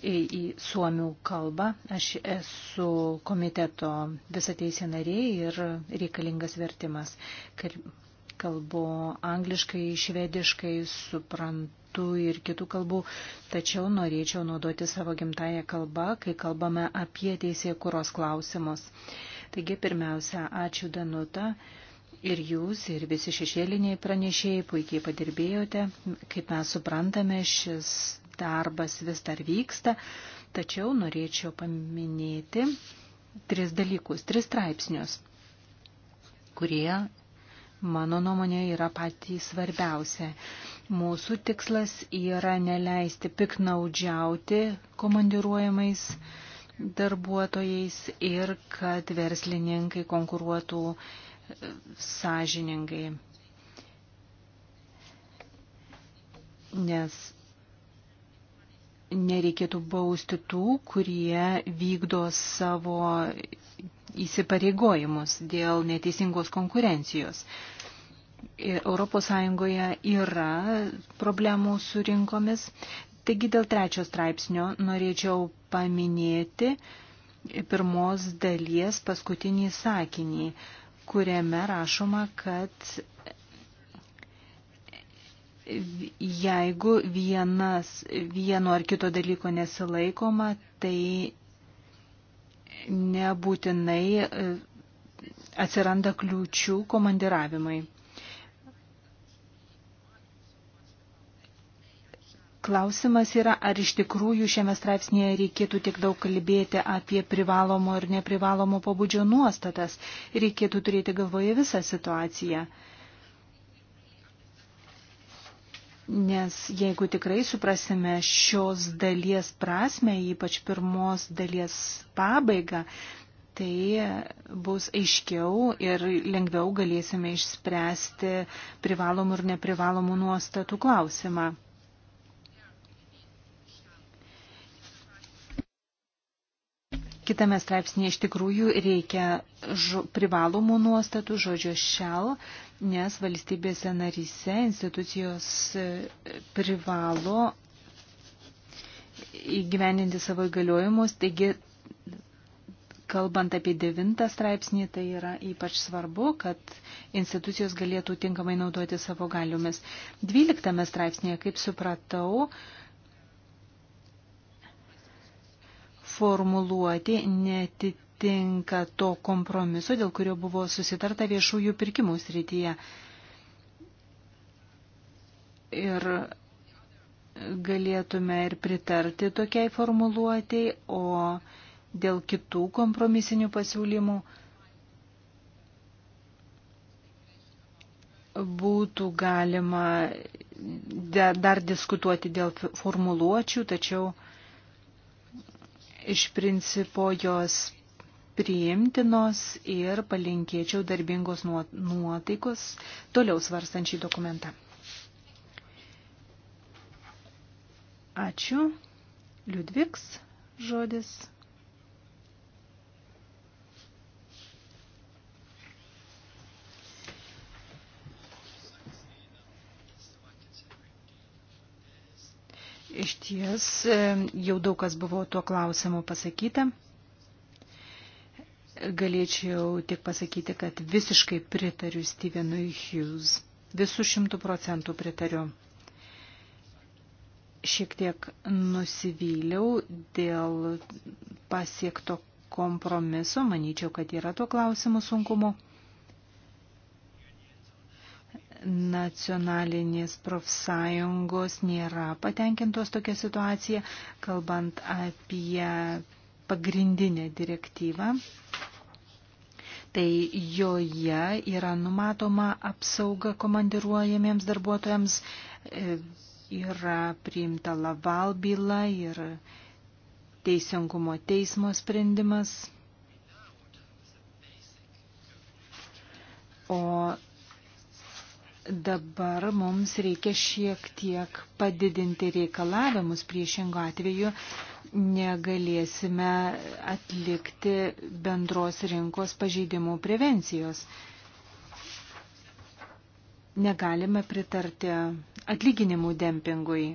į, į suomių kalbą. Aš esu komiteto visateisė narė ir reikalingas vertimas. Kalbu angliškai, švediškai, suprantu ir kitų kalbų, tačiau norėčiau naudoti savo gimtają kalbą, kai kalbame apie teisėkuros klausimus. klausimus Taigi, pirmiausia, ačiū Danuta. Ir jūs, ir visi šešėliniai pranešėjai puikiai padirbėjote. Kaip mes suprantame, šis darbas vis dar vyksta. Tačiau norėčiau paminėti tris dalykus, tris straipsnius, kurie, mano nuomonė, yra patys svarbiausia. Mūsų tikslas yra neleisti piknaudžiauti komandiruojamais darbuotojais ir kad verslininkai konkuruotų e, sąžiningai. Nes nereikėtų bausti tų, kurie vykdo savo įsipareigojimus dėl neteisingos konkurencijos. E, Europos Sąjungoje yra problemų su rinkomis, Taigi dėl trečio straipsnio norėčiau paminėti pirmos dalies paskutinį sakinį, kuriame rašoma, kad jeigu vienas, vieno ar kito dalyko nesilaikoma, tai nebūtinai e, atsiranda kliūčių komandiravimai. Klausimas yra, ar iš tikrųjų šiame straipsnėje reikėtų tiek daug kalbėti apie privalomo ir neprivalomo pobūdžio nuostatas. Reikėtų turėti galvoje visą situaciją. Nes jeigu tikrai suprasime šios dalies prasme, ypač pirmos dalies pabaigą, tai bus aiškiau ir lengviau galėsime išspręsti privalomų ir neprivalomų nuostatų klausimą. Kitame straipsnėje iš tikrųjų reikia žo, privalomų nuostatų žodžio šel, nes valstybėse narise institucijos e, privalo įgyveninti savo įgaliojimus, taigi kalbant apie devintą straipsnį, tai yra ypač svarbu, kad institucijos galėtų tinkamai naudoti savo galiomis. Dvyliktame straipsnėje, kaip supratau, formuluoti netitinka to kompromiso, dėl kurio buvo susitarta viešųjų pirkimų srityje. Ir galėtume ir pritarti tokiai formuluotėjai, o dėl kitų kompromisinių pasiūlymų būtų galima dar diskutuoti dėl formuluočių, tačiau Iš principo jos priimtinos ir palinkėčiau darbingos nuotaikos toliau svarstant šį dokumentą. Ačiū. Liudviks žodis. Iš ties e, jau daug kas buvo tuo klausimu pasakyta. Galėčiau tik pasakyti, kad visiškai pritariu Stevenui Hughes. Visų šimtų procentų pritariu. Šiek tiek nusivyliau dėl pasiekto kompromiso, manyčiau, kad yra tuo klausimu sunkumu nacionalinės profsąjungos nėra patenkintos tokia situacija, kalbant apie pagrindinę direktyvą. Tai joje yra numatoma apsauga komandiruojamiems darbuotojams, e, yra priimta laval byla ir teisingumo teismo sprendimas. O dabar mums reikia šiek tiek padidinti reikalavimus, priešingo atveju negalėsime atlikti bendros rinkos pažeidimų prevencijos. Negalime pritarti atlyginimų dempingui.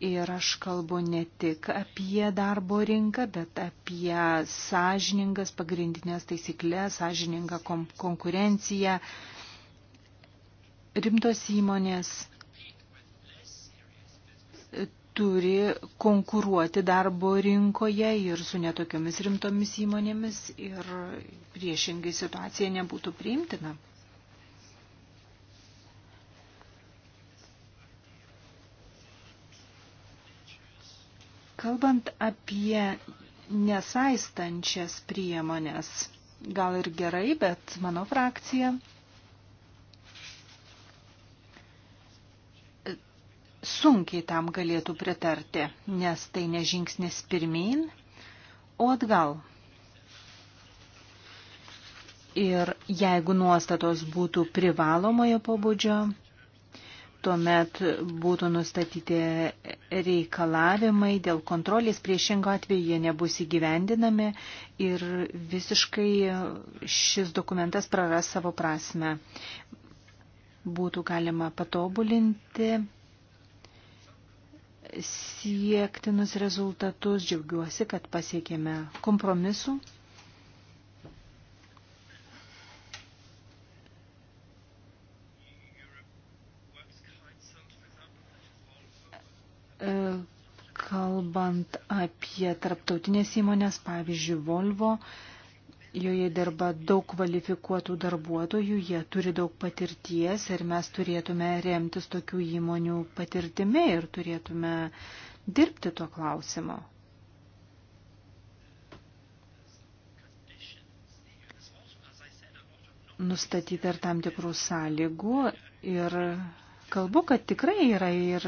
Ir aš kalbu ne tik apie darbo rinką, bet apie sąžiningas pagrindinės taisyklės, sąžiningą konkurenciją, rimtos įmonės turi konkuruoti darbo rinkoje ir su netokiomis rimtomis įmonėmis ir priešingai situacija nebūtų priimtina. Kalbant apie nesaistančias priemonės, gal ir gerai, bet mano frakcija sunkiai tam galėtų pritarti, nes tai ne žingsnis pirmin, o atgal. Ir jeigu nuostatos būtų privalomojo pobūdžio, tuomet būtų nustatyti reikalavimai dėl kontrolės, priešingo atveju jie nebus įgyvendinami ir visiškai šis dokumentas praras savo prasme. Būtų galima patobulinti siektinus rezultatus. Džiaugiuosi, kad pasiekėme kompromisų. E, kalbant apie tarptautinės įmonės, pavyzdžiui, Volvo, Joje dirba daug kvalifikuotų darbuotojų, jie turi daug patirties ir mes turėtume remtis tokių įmonių patirtimi ir turėtume dirbti tuo klausimu. Nustatyti ir tam tikrų sąlygų ir kalbu, kad tikrai yra ir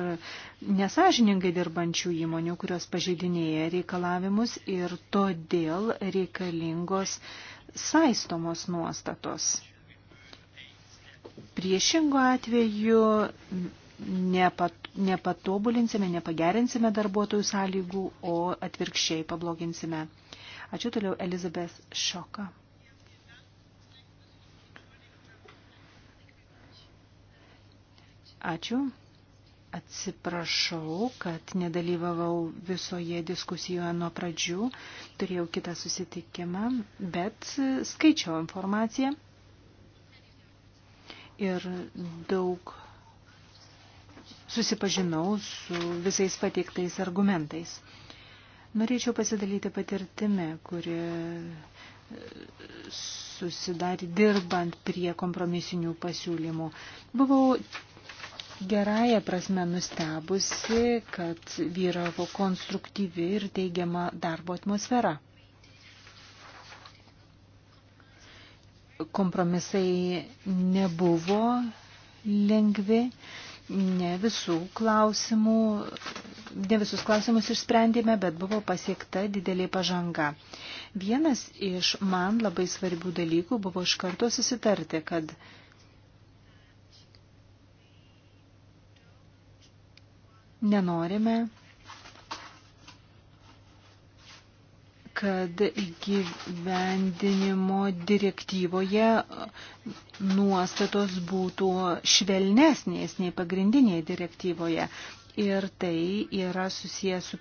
nesažiningai dirbančių įmonių, kurios pažeidinėja reikalavimus ir todėl reikalingos saistomos nuostatos. Priešingo atveju nepat, nepatobulinsime, nepagerinsime darbuotojų sąlygų, o atvirkščiai pabloginsime. Ačiū toliau Elizabeth Šoka. Ačiū. Atsiprašau, kad nedalyvavau visoje diskusijoje nuo pradžių, turėjau kitą susitikimą, bet skaičiau informaciją ir daug susipažinau su visais pateiktais argumentais. Norėčiau pasidalyti patirtimi, kuri susidarė dirbant prie kompromisinių pasiūlymų. Buvau gerąją prasme nustebusi, kad vyravo konstruktyvi ir teigiama darbo atmosfera. Kompromisai nebuvo lengvi, ne visų klausimų, ne visus klausimus išsprendėme, bet buvo pasiekta didelė pažanga. Vienas iš man labai svarbių dalykų buvo iš karto susitarti, kad Nenorime, kad gyvendinimo direktyvoje nuostatos būtų švelnesnės nei pagrindinėje direktyvoje. Ir tai yra susijęs su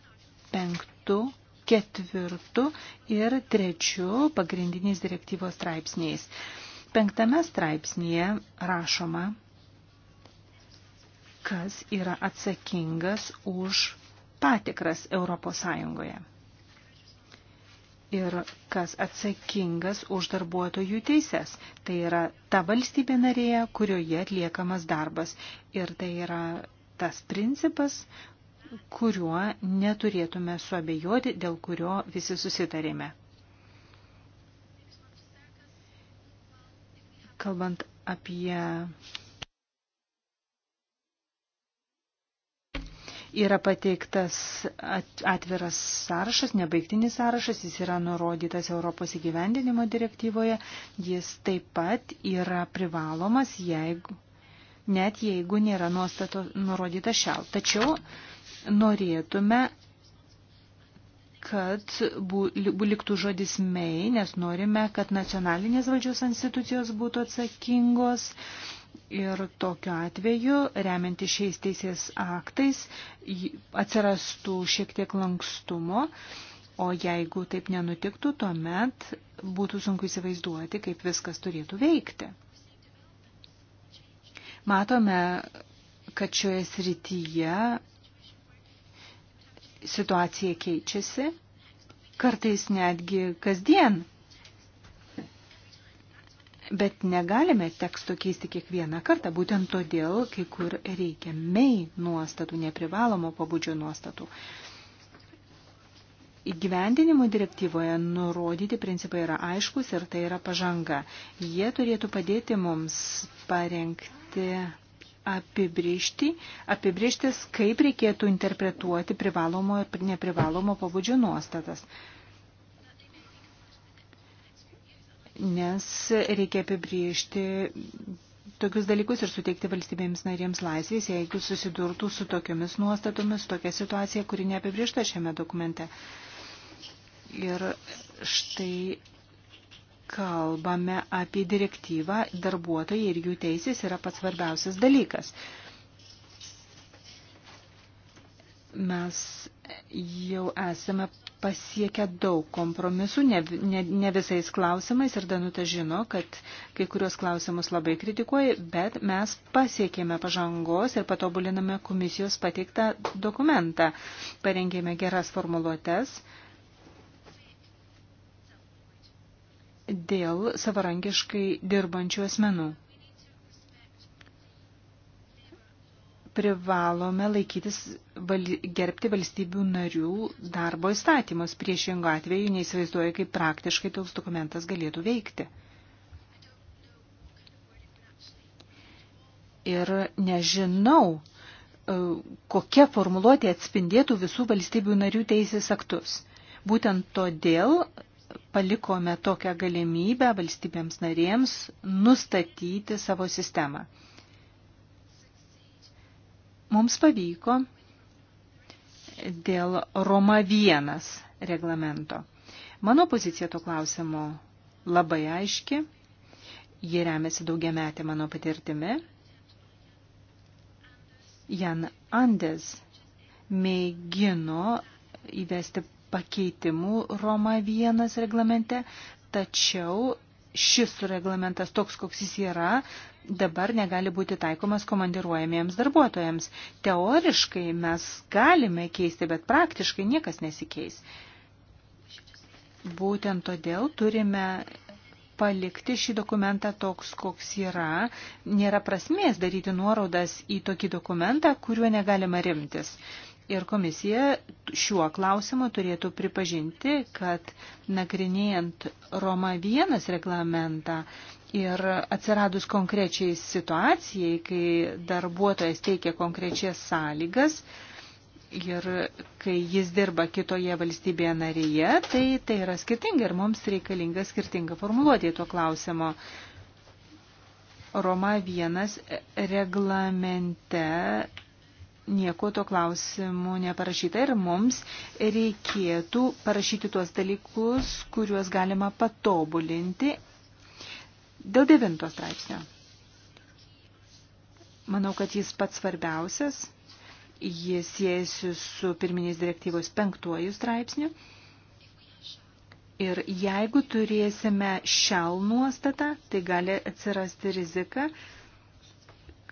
penktu, ketvirtu ir trečiu pagrindiniais direktyvos straipsniais. Penktame straipsnėje rašoma, kas yra atsakingas už patikras Europos Sąjungoje ir kas atsakingas už darbuotojų teises. Tai yra ta valstybė narėje, kurioje atliekamas darbas. Ir tai yra tas principas, kuriuo neturėtume suabejoti, dėl kurio visi susitarėme. Kalbant apie Yra pateiktas atviras sąrašas, nebaigtinis sąrašas, jis yra nurodytas Europos įgyvendinimo direktyvoje, jis taip pat yra privalomas, jeigu, net jeigu nėra nuostato nurodyta šial. Tačiau norėtume kad bu, liktų žodis mei, nes norime, kad nacionalinės valdžios institucijos būtų atsakingos Ir tokiu atveju, remianti šiais teisės aktais, atsirastų šiek tiek lankstumo, o jeigu taip nenutiktų, tuomet būtų sunku įsivaizduoti, kaip viskas turėtų veikti. Matome, kad šioje srityje situacija keičiasi, kartais netgi kasdien Bet negalime teksto keisti kiekvieną kartą, būtent todėl kai kur reikia mei nuostatų, neprivalomo pabudžio nuostatų. Įgyvendinimo direktyvoje nurodyti principai yra aiškus ir tai yra pažanga. Jie turėtų padėti mums parengti apibriežti, apibriežtis, kaip reikėtų interpretuoti privalomo ir neprivalomo pabudžio nuostatas. nes reikia apibriežti tokius dalykus ir suteikti valstybėms narėms laisvės, jeigu susidurtų su tokiomis nuostatomis, tokia situacija, kuri neapibriežta šiame dokumente. Ir štai kalbame apie direktyvą, darbuotojai ir jų teisės yra pats svarbiausias dalykas. Mes jau esame pasiekę daug kompromisų, ne, ne, ne visais klausimais ir Danuta žino, kad kai kurios klausimus labai kritikuoja, bet mes pasiekėme pažangos ir patobuliname komisijos pateiktą dokumentą. Parengėme geras formuluotės dėl savarankiškai dirbančių asmenų. privalome laikytis val, gerbti valstybių narių darbo įstatymus. Priešingo atveju neįsivaizduoju, kaip praktiškai toks dokumentas galėtų veikti. Ir nežinau, e, kokia formuluotė atspindėtų visų valstybių narių teisės aktus. Būtent todėl palikome tokią galimybę valstybėms narėms nustatyti savo sistemą mums pavyko dėl Roma 1 reglamento. Mano pozicija to klausimo labai aiški, jie remiasi daugiametė mano patirtimi. Jan Andes mėgino įvesti pakeitimų Roma 1 reglamente, tačiau šis reglamentas toks, koks jis yra, dabar negali būti taikomas komandiruojamiems darbuotojams. Teoriškai mes galime keisti, bet praktiškai niekas nesikeis. Būtent todėl turime palikti šį dokumentą toks, koks yra. Nėra prasmės daryti nuorodas į tokį dokumentą, kuriuo negalima rimtis ir komisija šiuo klausimu turėtų pripažinti, kad nagrinėjant Roma 1 reglamentą ir atsiradus konkrečiai situacijai, kai darbuotojas teikia konkrečias sąlygas ir kai jis dirba kitoje valstybėje narėje, tai tai yra skirtinga ir mums reikalinga skirtinga formuluoti tuo klausimu. Roma 1 reglamente nieko to klausimu neparašyta ir mums reikėtų parašyti tuos dalykus, kuriuos galima patobulinti dėl devinto straipsnio. Manau, kad jis pats svarbiausias. Jis siejasi su pirminės direktyvos penktuoju straipsniu. Ir jeigu turėsime šel nuostatą, tai gali atsirasti rizika,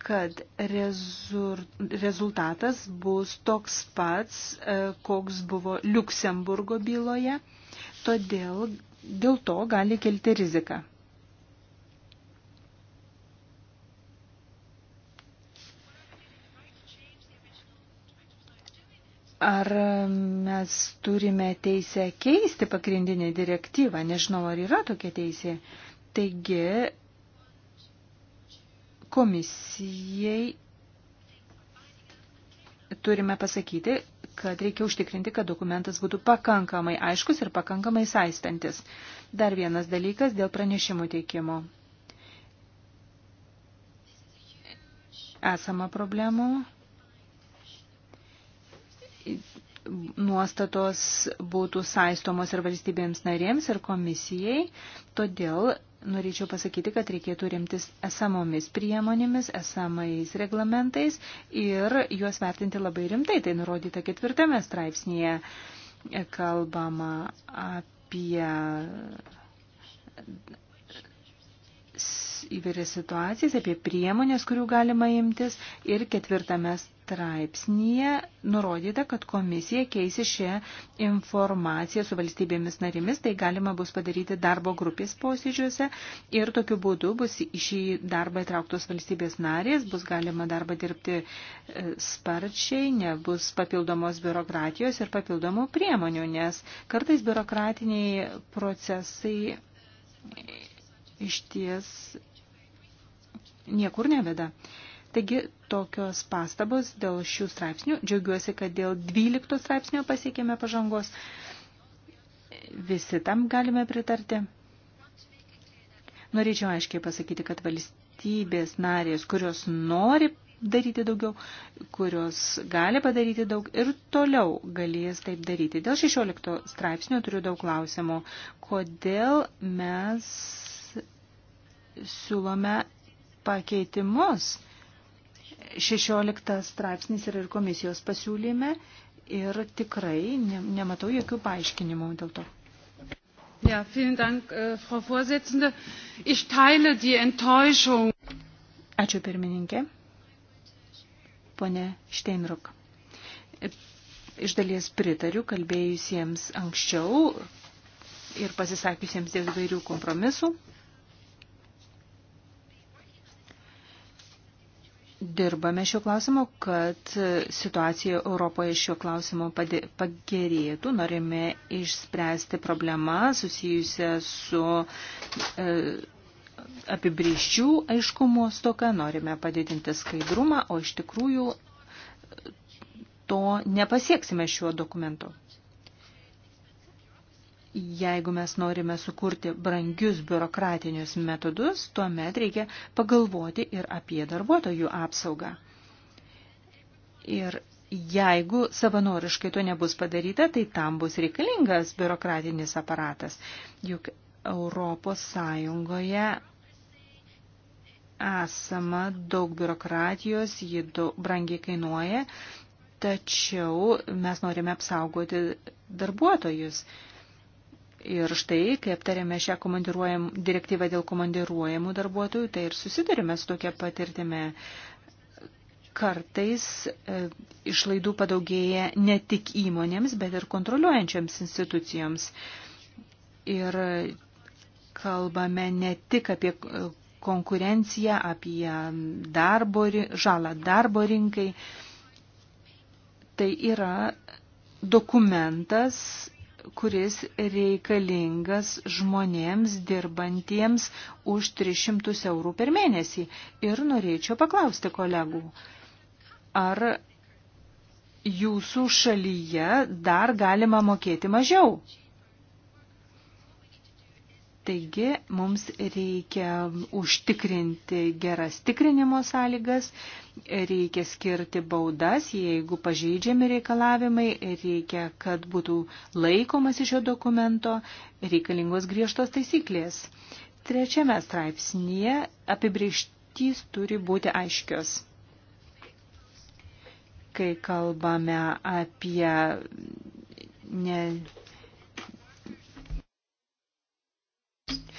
kad rezur, rezultatas bus toks pats, e, koks buvo Luksemburgo byloje, todėl dėl to gali kilti rizika. Ar e, mes turime teisę keisti pagrindinę direktyvą? Nežinau, ar yra tokia teisė. Taigi, Komisijai turime pasakyti, kad reikia užtikrinti, kad dokumentas būtų pakankamai aiškus ir pakankamai saistantis. Dar vienas dalykas dėl pranešimų teikimo. Esama problemų. Nuostatos būtų saistomos ir valstybėms narėms ir komisijai, todėl norėčiau pasakyti, kad reikėtų rimtis esamomis priemonėmis, esamais reglamentais ir juos vertinti labai rimtai. Tai nurodyta ketvirtame straipsnėje kalbama apie įvairias situacijas, apie priemonės, kurių galima imtis ir ketvirtame straipsnėje straipsnėje nurodyta, kad komisija keisi šią informaciją su valstybėmis narimis, tai galima bus padaryti darbo grupės posėdžiuose ir tokiu būdu bus į šį darbą įtrauktos valstybės narės, bus galima darbą dirbti e, sparčiai, nebus papildomos biurokratijos ir papildomų priemonių, nes kartais biurokratiniai procesai iš ties niekur neveda. Taigi tokios pastabos dėl šių straipsnių. Džiaugiuosi, kad dėl 12 straipsnio pasiekėme pažangos. Visi tam galime pritarti. Norėčiau aiškiai pasakyti, kad valstybės narės, kurios nori daryti daugiau, kurios gali padaryti daug ir toliau galės taip daryti. Dėl 16 straipsnio turiu daug klausimų. Kodėl mes siūlome pakeitimus? 16 straipsnis yra ir komisijos pasiūlyme ir tikrai ne, nematau jokių paaiškinimų dėl to. Ja, vielen Dank, äh, Frau Vorsitzende. Ich teile die Enttäuschung. Ačiū pirmininkė. Pone Steinruk. Iš dalies pritariu kalbėjusiems anksčiau ir pasisakiusiems dėl vairių kompromisų. dirbame šiuo klausimu, kad situacija Europoje šiuo klausimu pagerėtų. Norime išspręsti problemą susijusią su e, apibrieščių aiškumo stoka, norime padidinti skaidrumą, o iš tikrųjų to nepasieksime šiuo dokumentu. Jeigu mes norime sukurti brangius biurokratinius metodus, tuomet reikia pagalvoti ir apie darbuotojų apsaugą. Ir jeigu savanoriškai to nebus padaryta, tai tam bus reikalingas biurokratinis aparatas. Juk Europos Sąjungoje esama daug biurokratijos, ji daug, brangiai kainuoja, tačiau mes norime apsaugoti darbuotojus. Ir štai, kai aptarėme šią direktyvą dėl komandiruojamų darbuotojų, tai ir susidarėme su tokia patirtime. Kartais e, išlaidų padaugėja ne tik įmonėms, bet ir kontroliuojančiams institucijoms. Ir kalbame ne tik apie e, konkurenciją, apie darbo, žalą darbo rinkai. Tai yra dokumentas kuris reikalingas žmonėms dirbantiems už 300 eurų per mėnesį. Ir norėčiau paklausti kolegų, ar jūsų šalyje dar galima mokėti mažiau? Taigi mums reikia užtikrinti geras tikrinimo sąlygas reikia skirti baudas, jeigu pažeidžiami reikalavimai, reikia, kad būtų laikomas iš jo dokumento, reikalingos griežtos taisyklės. Trečiame straipsnėje apibrieštys turi būti aiškios. Kai kalbame apie ne,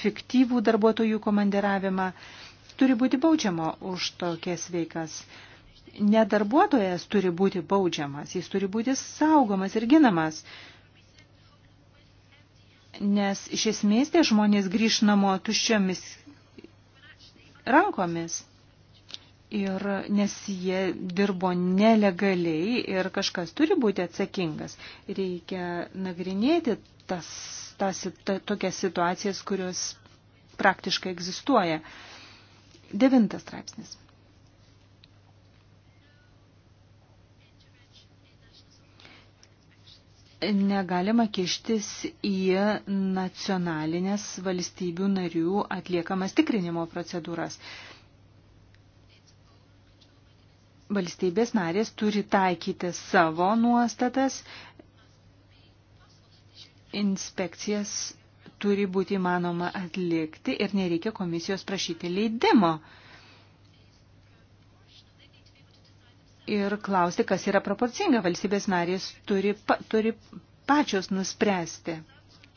fiktyvų darbuotojų komandiravimą, turi būti baudžiama už tokias veikas. Ne darbuotojas turi būti baudžiamas, jis turi būti saugomas ir ginamas. Nes iš esmės tie žmonės grįž namo tuščiomis rankomis. Ir nes jie dirbo nelegaliai ir kažkas turi būti atsakingas. Reikia nagrinėti tas, tas, ta, tokias situacijas, kurios praktiškai egzistuoja. Uh, Devintas straipsnis. negalima kištis į nacionalinės valstybių narių atliekamas tikrinimo procedūras. Valstybės narės turi taikyti savo nuostatas, inspekcijas turi būti įmanoma atlikti ir nereikia komisijos prašyti leidimo. Ir klausti, kas yra proporcinga. Valstybės narės turi, pa, turi pačios nuspręsti,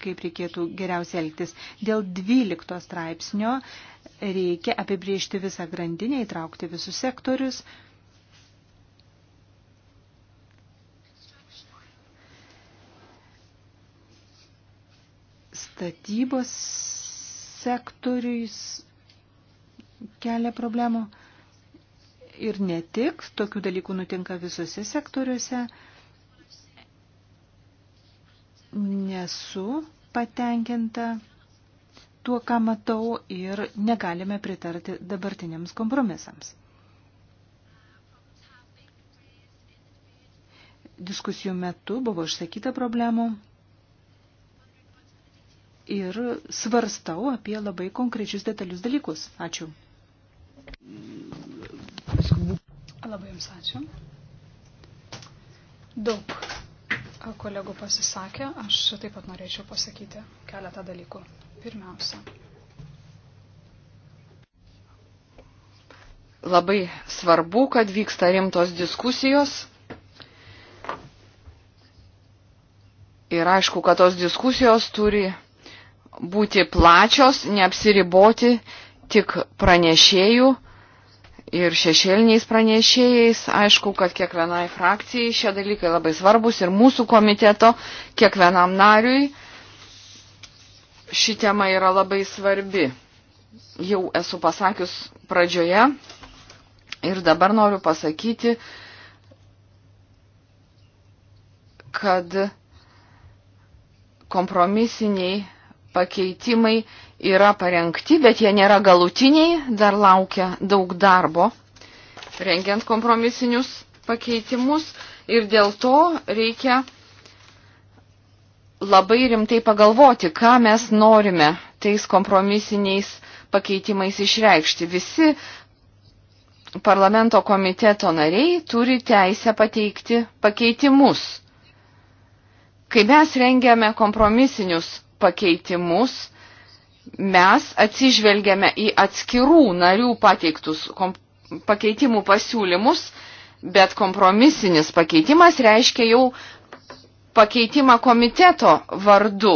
kaip reikėtų geriausiai elgtis. Dėl 12 straipsnio reikia apibriežti visą grandinę, įtraukti visus sektorius. statybos sektorius kelia problemų. Ir ne tik, tokių dalykų nutinka visose sektoriuose. Nesu patenkinta tuo, ką matau ir negalime pritarti dabartiniams kompromisams. Diskusijų metu buvo išsakyta problemų ir svarstau apie labai konkrečius detalius dalykus. Ačiū. Labai Jums ačiū. Daug kolegų pasisakė, aš taip pat norėčiau pasakyti keletą dalykų. Pirmiausia. Labai svarbu, kad vyksta rimtos diskusijos. Ir aišku, kad tos diskusijos turi būti plačios, neapsiriboti tik pranešėjų ir šešėliniais pranešėjais. Aišku, kad kiekvienai frakcijai šie dalykai labai svarbus ir mūsų komiteto, kiekvienam nariui ši tema yra labai svarbi. Jau esu pasakius pradžioje ir dabar noriu pasakyti, kad kompromisiniai pakeitimai yra parengti, bet jie nėra galutiniai, dar laukia daug darbo, rengiant kompromisinius pakeitimus ir dėl to reikia labai rimtai pagalvoti, ką mes norime tais kompromisiniais pakeitimais išreikšti. Visi parlamento komiteto nariai turi teisę pateikti pakeitimus. Kai mes rengiame kompromisinius pakeitimus mes atsižvelgiame į atskirų narių pateiktus pakeitimų pasiūlymus, bet kompromisinis pakeitimas reiškia jau pakeitimą komiteto vardu.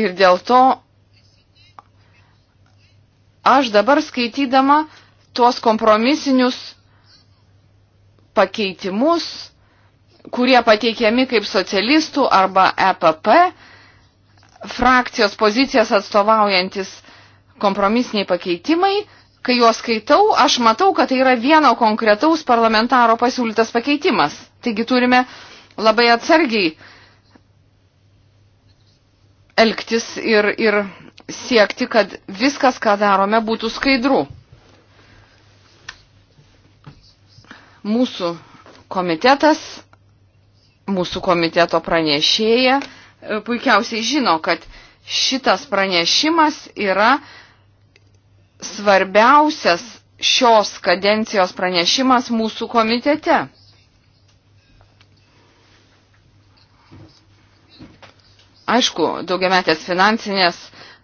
Ir dėl to aš dabar skaitydama tuos kompromisinius pakeitimus kurie pateikiami kaip socialistų arba EPP frakcijos pozicijas atstovaujantis kompromisiniai pakeitimai, kai juos skaitau, aš matau, kad tai yra vieno konkretaus parlamentaro pasiūlytas pakeitimas. Taigi turime labai atsargiai elgtis ir, ir siekti, kad viskas, ką darome, būtų skaidru. Mūsų komitetas mūsų komiteto pranešėja e, puikiausiai žino, kad šitas pranešimas yra svarbiausias šios kadencijos pranešimas mūsų komitete. Aišku, daugiametės finansinės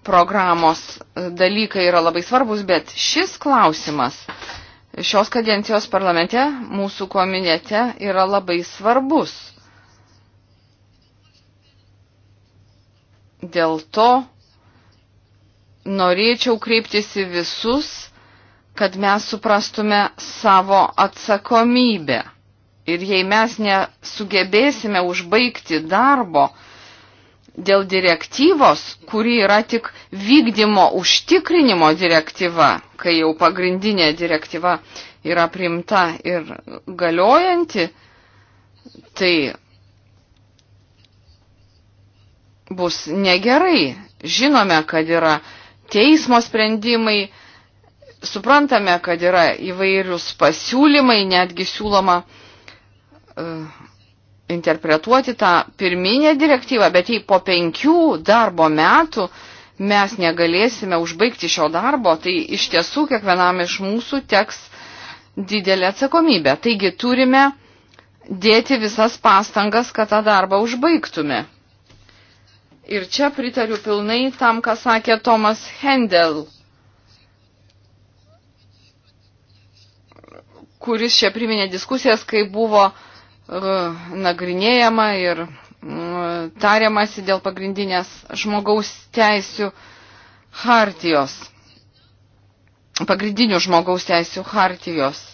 programos dalykai yra labai svarbus, bet šis klausimas šios kadencijos parlamente mūsų komitete yra labai svarbus. Dėl to norėčiau kreiptis į visus, kad mes suprastume savo atsakomybę. Ir jei mes nesugebėsime užbaigti darbo dėl direktyvos, kuri yra tik vykdymo užtikrinimo direktyva, kai jau pagrindinė direktyva yra primta ir galiojanti, tai bus negerai. Žinome, kad yra teismo sprendimai, suprantame, kad yra įvairius pasiūlymai, netgi siūloma uh, interpretuoti tą pirminę direktyvą, bet jei po penkių darbo metų mes negalėsime užbaigti šio darbo, tai iš tiesų kiekvienam iš mūsų teks didelė atsakomybė. Taigi turime dėti visas pastangas, kad tą darbą užbaigtume. Ir čia pritariu pilnai tam, ką sakė Tomas Hendel, kuris čia priminė diskusijas, kai buvo uh, nagrinėjama ir uh, tariamasi dėl pagrindinės žmogaus teisių hartijos, pagrindinių žmogaus teisių hartijos.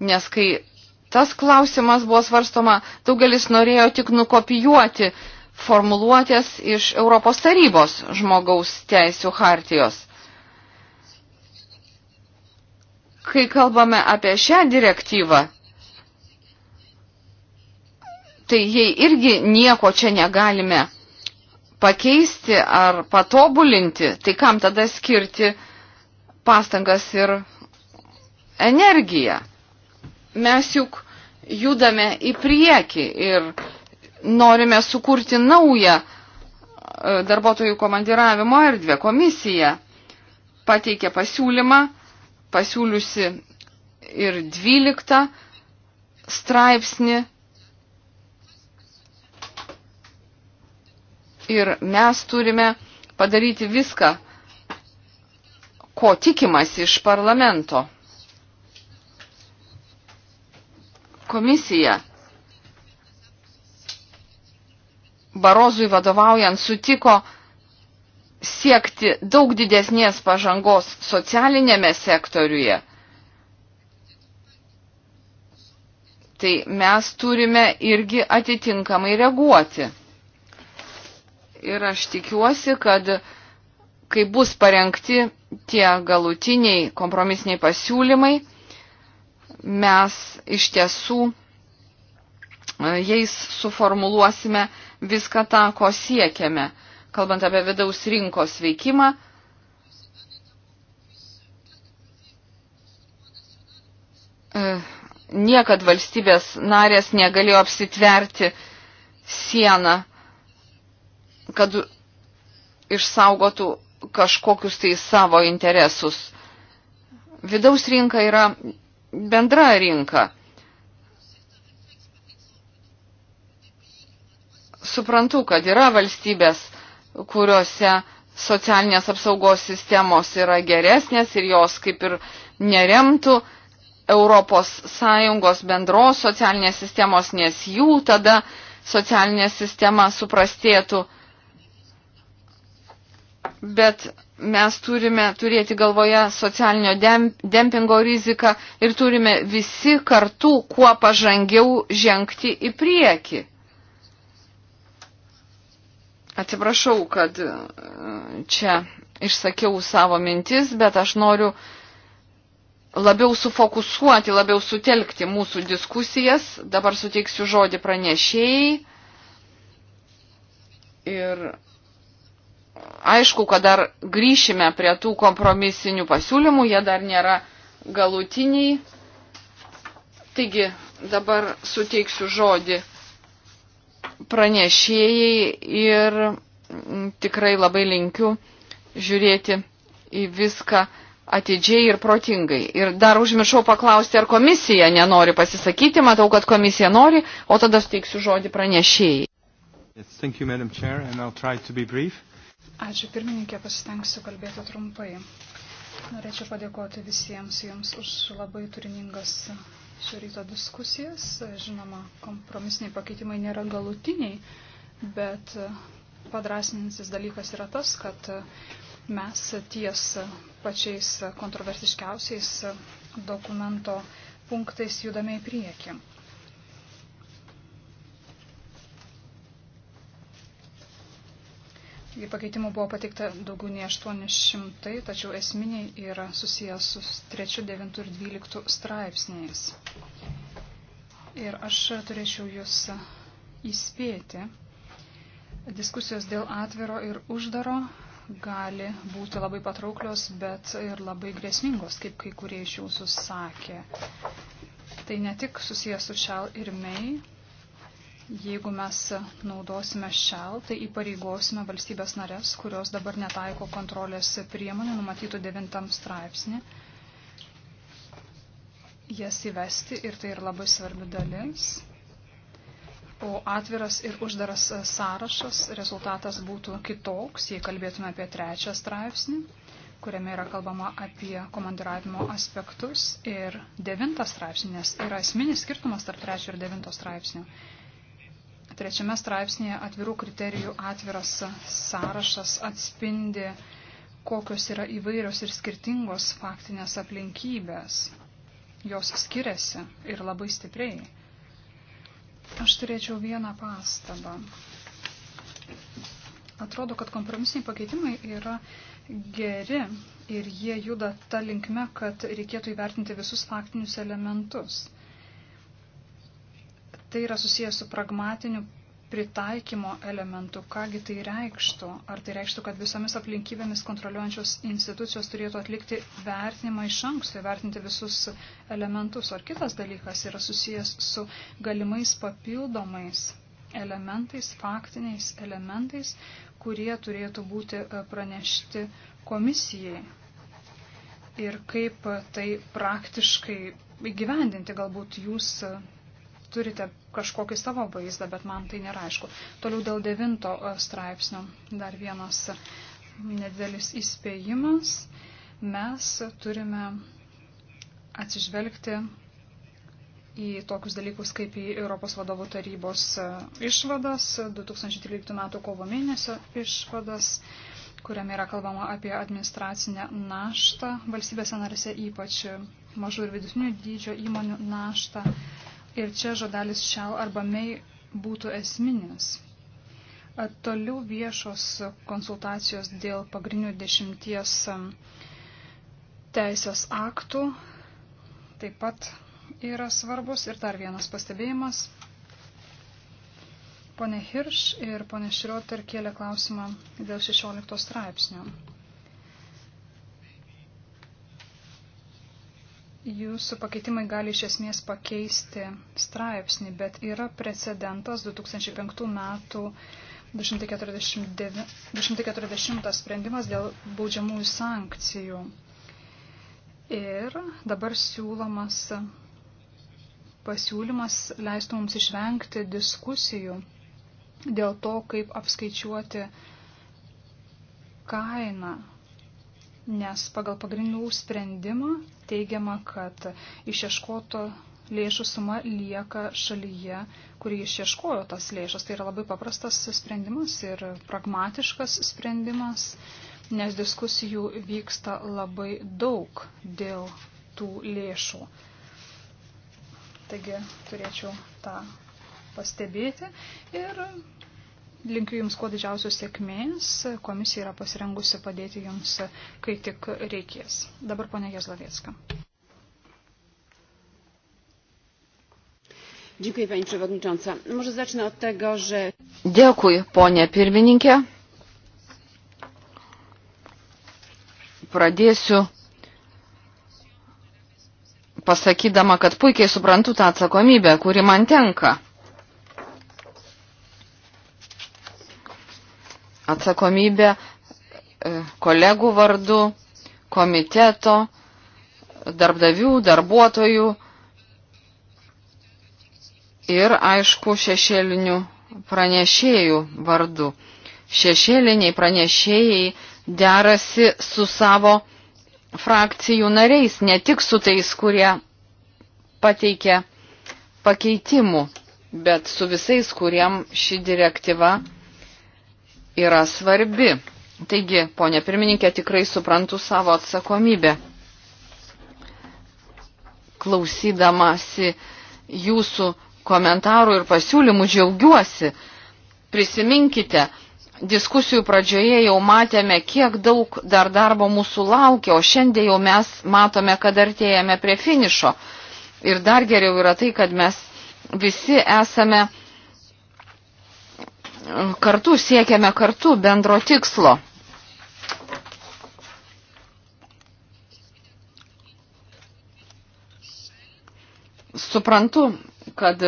Nes kai tas klausimas buvo svarstoma, daugelis norėjo tik nukopijuoti uh, formuluotės iš Europos tarybos žmogaus teisų hartijos. Kai kalbame apie šią direktyvą, tai jei irgi nieko čia negalime pakeisti ar patobulinti, tai kam tada skirti pastangas ir energiją? Mes juk judame į priekį ir norime sukurti naują e, darbuotojų komandiravimo erdvę. Komisija pateikė pasiūlymą, pasiūliusi ir 12 straipsnį. Ir mes turime padaryti viską, ko tikimas iš parlamento. Komisija Barozui vadovaujant sutiko siekti daug didesnės pažangos socialinėme sektoriuje, tai mes turime irgi atitinkamai reaguoti. Ir aš tikiuosi, kad kai bus parengti tie galutiniai kompromisiniai pasiūlymai, mes iš tiesų e, jais suformuluosime viską tą, ko siekiame, kalbant apie vidaus rinkos veikimą. E, niekad valstybės narės negalėjo apsitverti sieną, kad išsaugotų kažkokius tai savo interesus. Vidaus rinka yra bendra rinka suprantu, kad yra valstybės, kuriuose socialinės apsaugos sistemos yra geresnės ir jos kaip ir neremtų Europos Sąjungos bendros socialinės sistemos, nes jų tada socialinė sistema suprastėtų. Bet mes turime turėti galvoje socialinio dempingo riziką ir turime visi kartu kuo pažangiau žengti į priekį. Atsiprašau, kad e, čia išsakiau savo mintis, bet aš noriu labiau sufokusuoti, labiau sutelkti mūsų diskusijas. Dabar suteiksiu žodį pranešėjai. Ir aišku, kad dar grįšime prie tų kompromisinių pasiūlymų, jie dar nėra galutiniai. Taigi dabar suteiksiu žodį pranešėjai ir mm, tikrai labai linkiu žiūrėti į viską atidžiai ir protingai. Ir dar užmiršau paklausti, ar komisija nenori pasisakyti, matau, kad komisija nori, o tada steiksiu žodį pranešėjai. Yes, thank you, Madam Chair, and I'll try to be brief. Ačiū pirmininkė, pasistengsiu kalbėti trumpai. Norėčiau padėkoti visiems jums už labai turiningas šio ryto diskusijas. Žinoma, kompromisiniai pakeitimai nėra galutiniai, bet padrasinantis dalykas yra tas, kad mes ties pačiais kontroversiškiausiais dokumento punktais judame į priekį. Pakeitimų buvo pateikta daugiau nei 800, tačiau esminiai yra susijęs su 3, 9 ir 12 straipsniais. Ir aš turėčiau jūs įspėti. Diskusijos dėl atviro ir uždaro gali būti labai patrauklios, bet ir labai grėsmingos, kaip kai kurie iš jūsų sakė. Tai ne tik susijęs su Shell ir May, jeigu mes naudosime šel, tai įpareigosime valstybės narės, kurios dabar netaiko kontrolės priemonių numatytų devintam straipsnį, jas įvesti ir tai yra labai svarbi dalis. O atviras ir uždaras sąrašas rezultatas būtų kitoks, jei kalbėtume apie trečią straipsnį, kuriame yra kalbama apie komandiravimo aspektus ir devintą straipsnį, nes yra esminis skirtumas tarp trečio ir devinto straipsnio. Trečiame straipsnėje atvirų kriterijų atviras sąrašas atspindi, kokios yra įvairios ir skirtingos faktinės aplinkybės. Jos skiriasi ir labai stipriai. Aš turėčiau vieną pastabą. Atrodo, kad kompromisiniai pakeitimai yra geri ir jie juda tą linkme, kad reikėtų įvertinti visus faktinius elementus tai yra susijęs su pragmatiniu pritaikymo elementu. Kągi tai reikštų? Ar tai reikštų, kad visomis aplinkybėmis kontroliuojančios institucijos turėtų atlikti vertinimą iš anksto, įvertinti visus elementus? Ar kitas dalykas yra susijęs su galimais papildomais elementais, faktiniais elementais, kurie turėtų būti e, pranešti komisijai? Ir kaip tai praktiškai įgyvendinti, galbūt jūs e, turite kažkokį savo vaizdą, bet man tai nėra aišku. Toliau dėl devinto e, straipsnio dar vienas nedėlis įspėjimas. Mes turime atsižvelgti į tokius dalykus kaip į Europos vadovų tarybos e, išvadas, 2013 m. kovo mėnesio išvadas, kuriame yra kalbama apie administracinę naštą valstybėse narėse, ypač mažų ir vidutinių dydžio įmonių naštą. Ir čia žodelis šiau arba mei būtų esminis. Toliau viešos konsultacijos dėl pagrindinių dešimties teisės aktų taip pat yra svarbus. Ir dar vienas pastebėjimas. Pone Hirš ir pone Šrioter kėlė klausimą dėl 16 straipsnio. Jūsų pakeitimai gali iš esmės pakeisti straipsnį, bet yra precedentas 2005 metų 249, 240 sprendimas dėl baudžiamųjų sankcijų. Ir dabar siūlomas pasiūlymas leistų mums išvengti diskusijų dėl to, kaip apskaičiuoti kainą nes pagal pagrindų sprendimą teigiama, kad išieškoto lėšų suma lieka šalyje, kuri išieškojo tas lėšas. Tai yra labai paprastas sprendimas ir pragmatiškas sprendimas, nes diskusijų vyksta labai daug dėl tų lėšų. Taigi turėčiau tą pastebėti ir Linkiu Jums kuo didžiausios sėkmės. Komisija yra pasirengusi padėti Jums, kai tik reikės. Dabar ponė Jezlovietska. Dziękuję Pani Przewodnicząca. Może zacznę od tego, że... Dziękuję Ponie Pirmininkė. Pradėsiu pasakydama, kad puikiai suprantu tą atsakomybę, kuri man tenka. atsakomybę e, kolegų vardu, komiteto, darbdavių, darbuotojų ir, aišku, šešėlinių pranešėjų vardu. Šešėliniai pranešėjai derasi su savo frakcijų nariais, ne tik su tais, kurie pateikė pakeitimų, bet su visais, kuriem ši direktyva yra svarbi. Taigi, ponė pirmininkė, tikrai suprantu savo atsakomybę. Klausydamasi jūsų komentarų ir pasiūlymų džiaugiuosi. Prisiminkite, diskusijų pradžioje jau matėme, kiek daug dar darbo mūsų laukia, o šiandien jau mes matome, kad artėjame prie finišo. Ir dar geriau yra tai, kad mes visi esame kartu siekiame kartu bendro tikslo. Suprantu, kad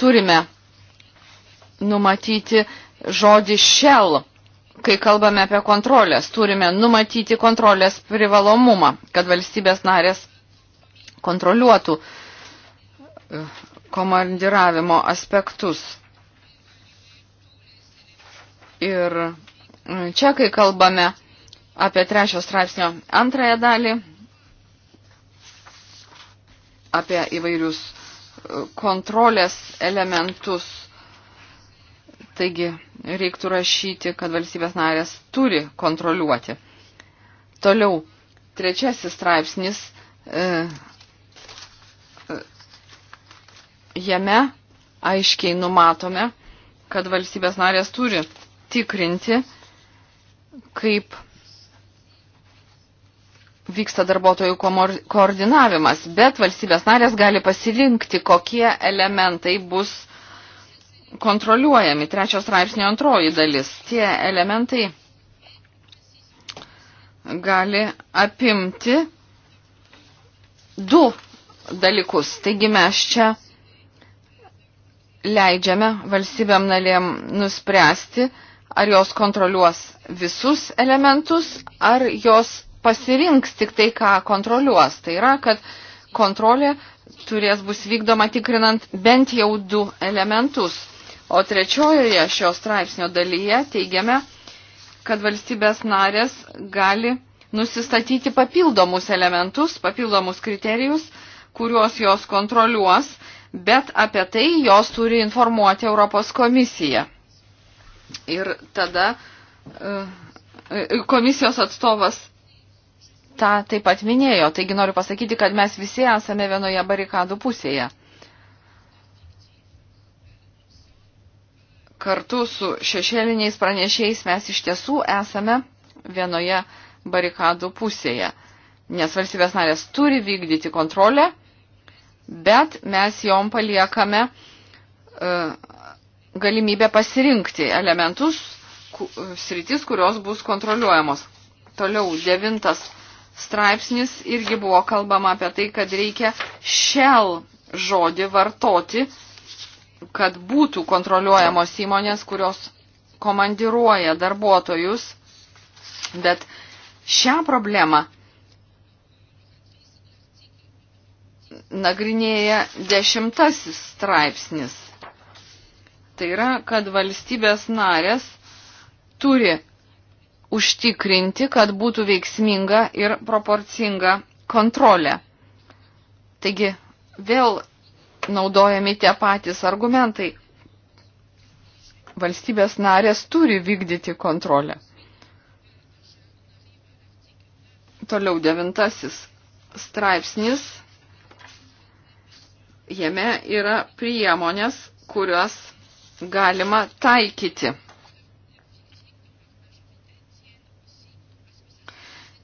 turime numatyti žodį shell, kai kalbame apie kontrolės. Turime numatyti kontrolės privalomumą, kad valstybės narės kontroliuotų e, komandiravimo aspektus ir čia, kai kalbame apie trečio straipsnio antrąją dalį, apie įvairius e, kontrolės elementus. Taigi reiktų rašyti, kad valstybės narės turi kontroliuoti. Toliau, trečiasis straipsnis, e, e jame aiškiai numatome, kad valstybės narės turi tikrinti, kaip vyksta darbuotojų koordinavimas, bet valstybės narės gali pasirinkti, kokie elementai bus kontroliuojami. Trečios straipsnio antroji dalis. Tie elementai gali apimti du dalykus. Taigi mes čia leidžiame valstybėm narėm nuspręsti, Ar jos kontroliuos visus elementus, ar jos pasirinks tik tai, ką kontroliuos. Tai yra, kad kontrolė turės bus vykdoma tikrinant bent jau du elementus. O trečiojoje šio straipsnio dalyje teigiame, kad valstybės narės gali nusistatyti papildomus elementus, papildomus kriterijus, kuriuos jos kontroliuos, bet apie tai jos turi informuoti Europos komisiją. Ir tada e, e, komisijos atstovas tą taip pat minėjo. Taigi noriu pasakyti, kad mes visi esame vienoje barikadų pusėje. Kartu su šešėliniais pranešėjais mes iš tiesų esame vienoje barikadų pusėje, nes valstybės narės turi vykdyti kontrolę, bet mes jom paliekame uh, galimybę pasirinkti elementus, sritis, kurios bus kontroliuojamos. Toliau devintas straipsnis irgi buvo kalbama apie tai, kad reikia shell žodį vartoti, kad būtų kontroliuojamos įmonės, kurios komandiruoja darbuotojus, bet šią problemą nagrinėja dešimtasis straipsnis. Tai yra, kad valstybės narės turi užtikrinti, kad būtų veiksminga ir proporcinga kontrolė. Taigi vėl naudojami tie patys argumentai. Valstybės narės turi vykdyti kontrolę. Toliau devintasis straipsnis. Jame yra priemonės, kurios galima taikyti.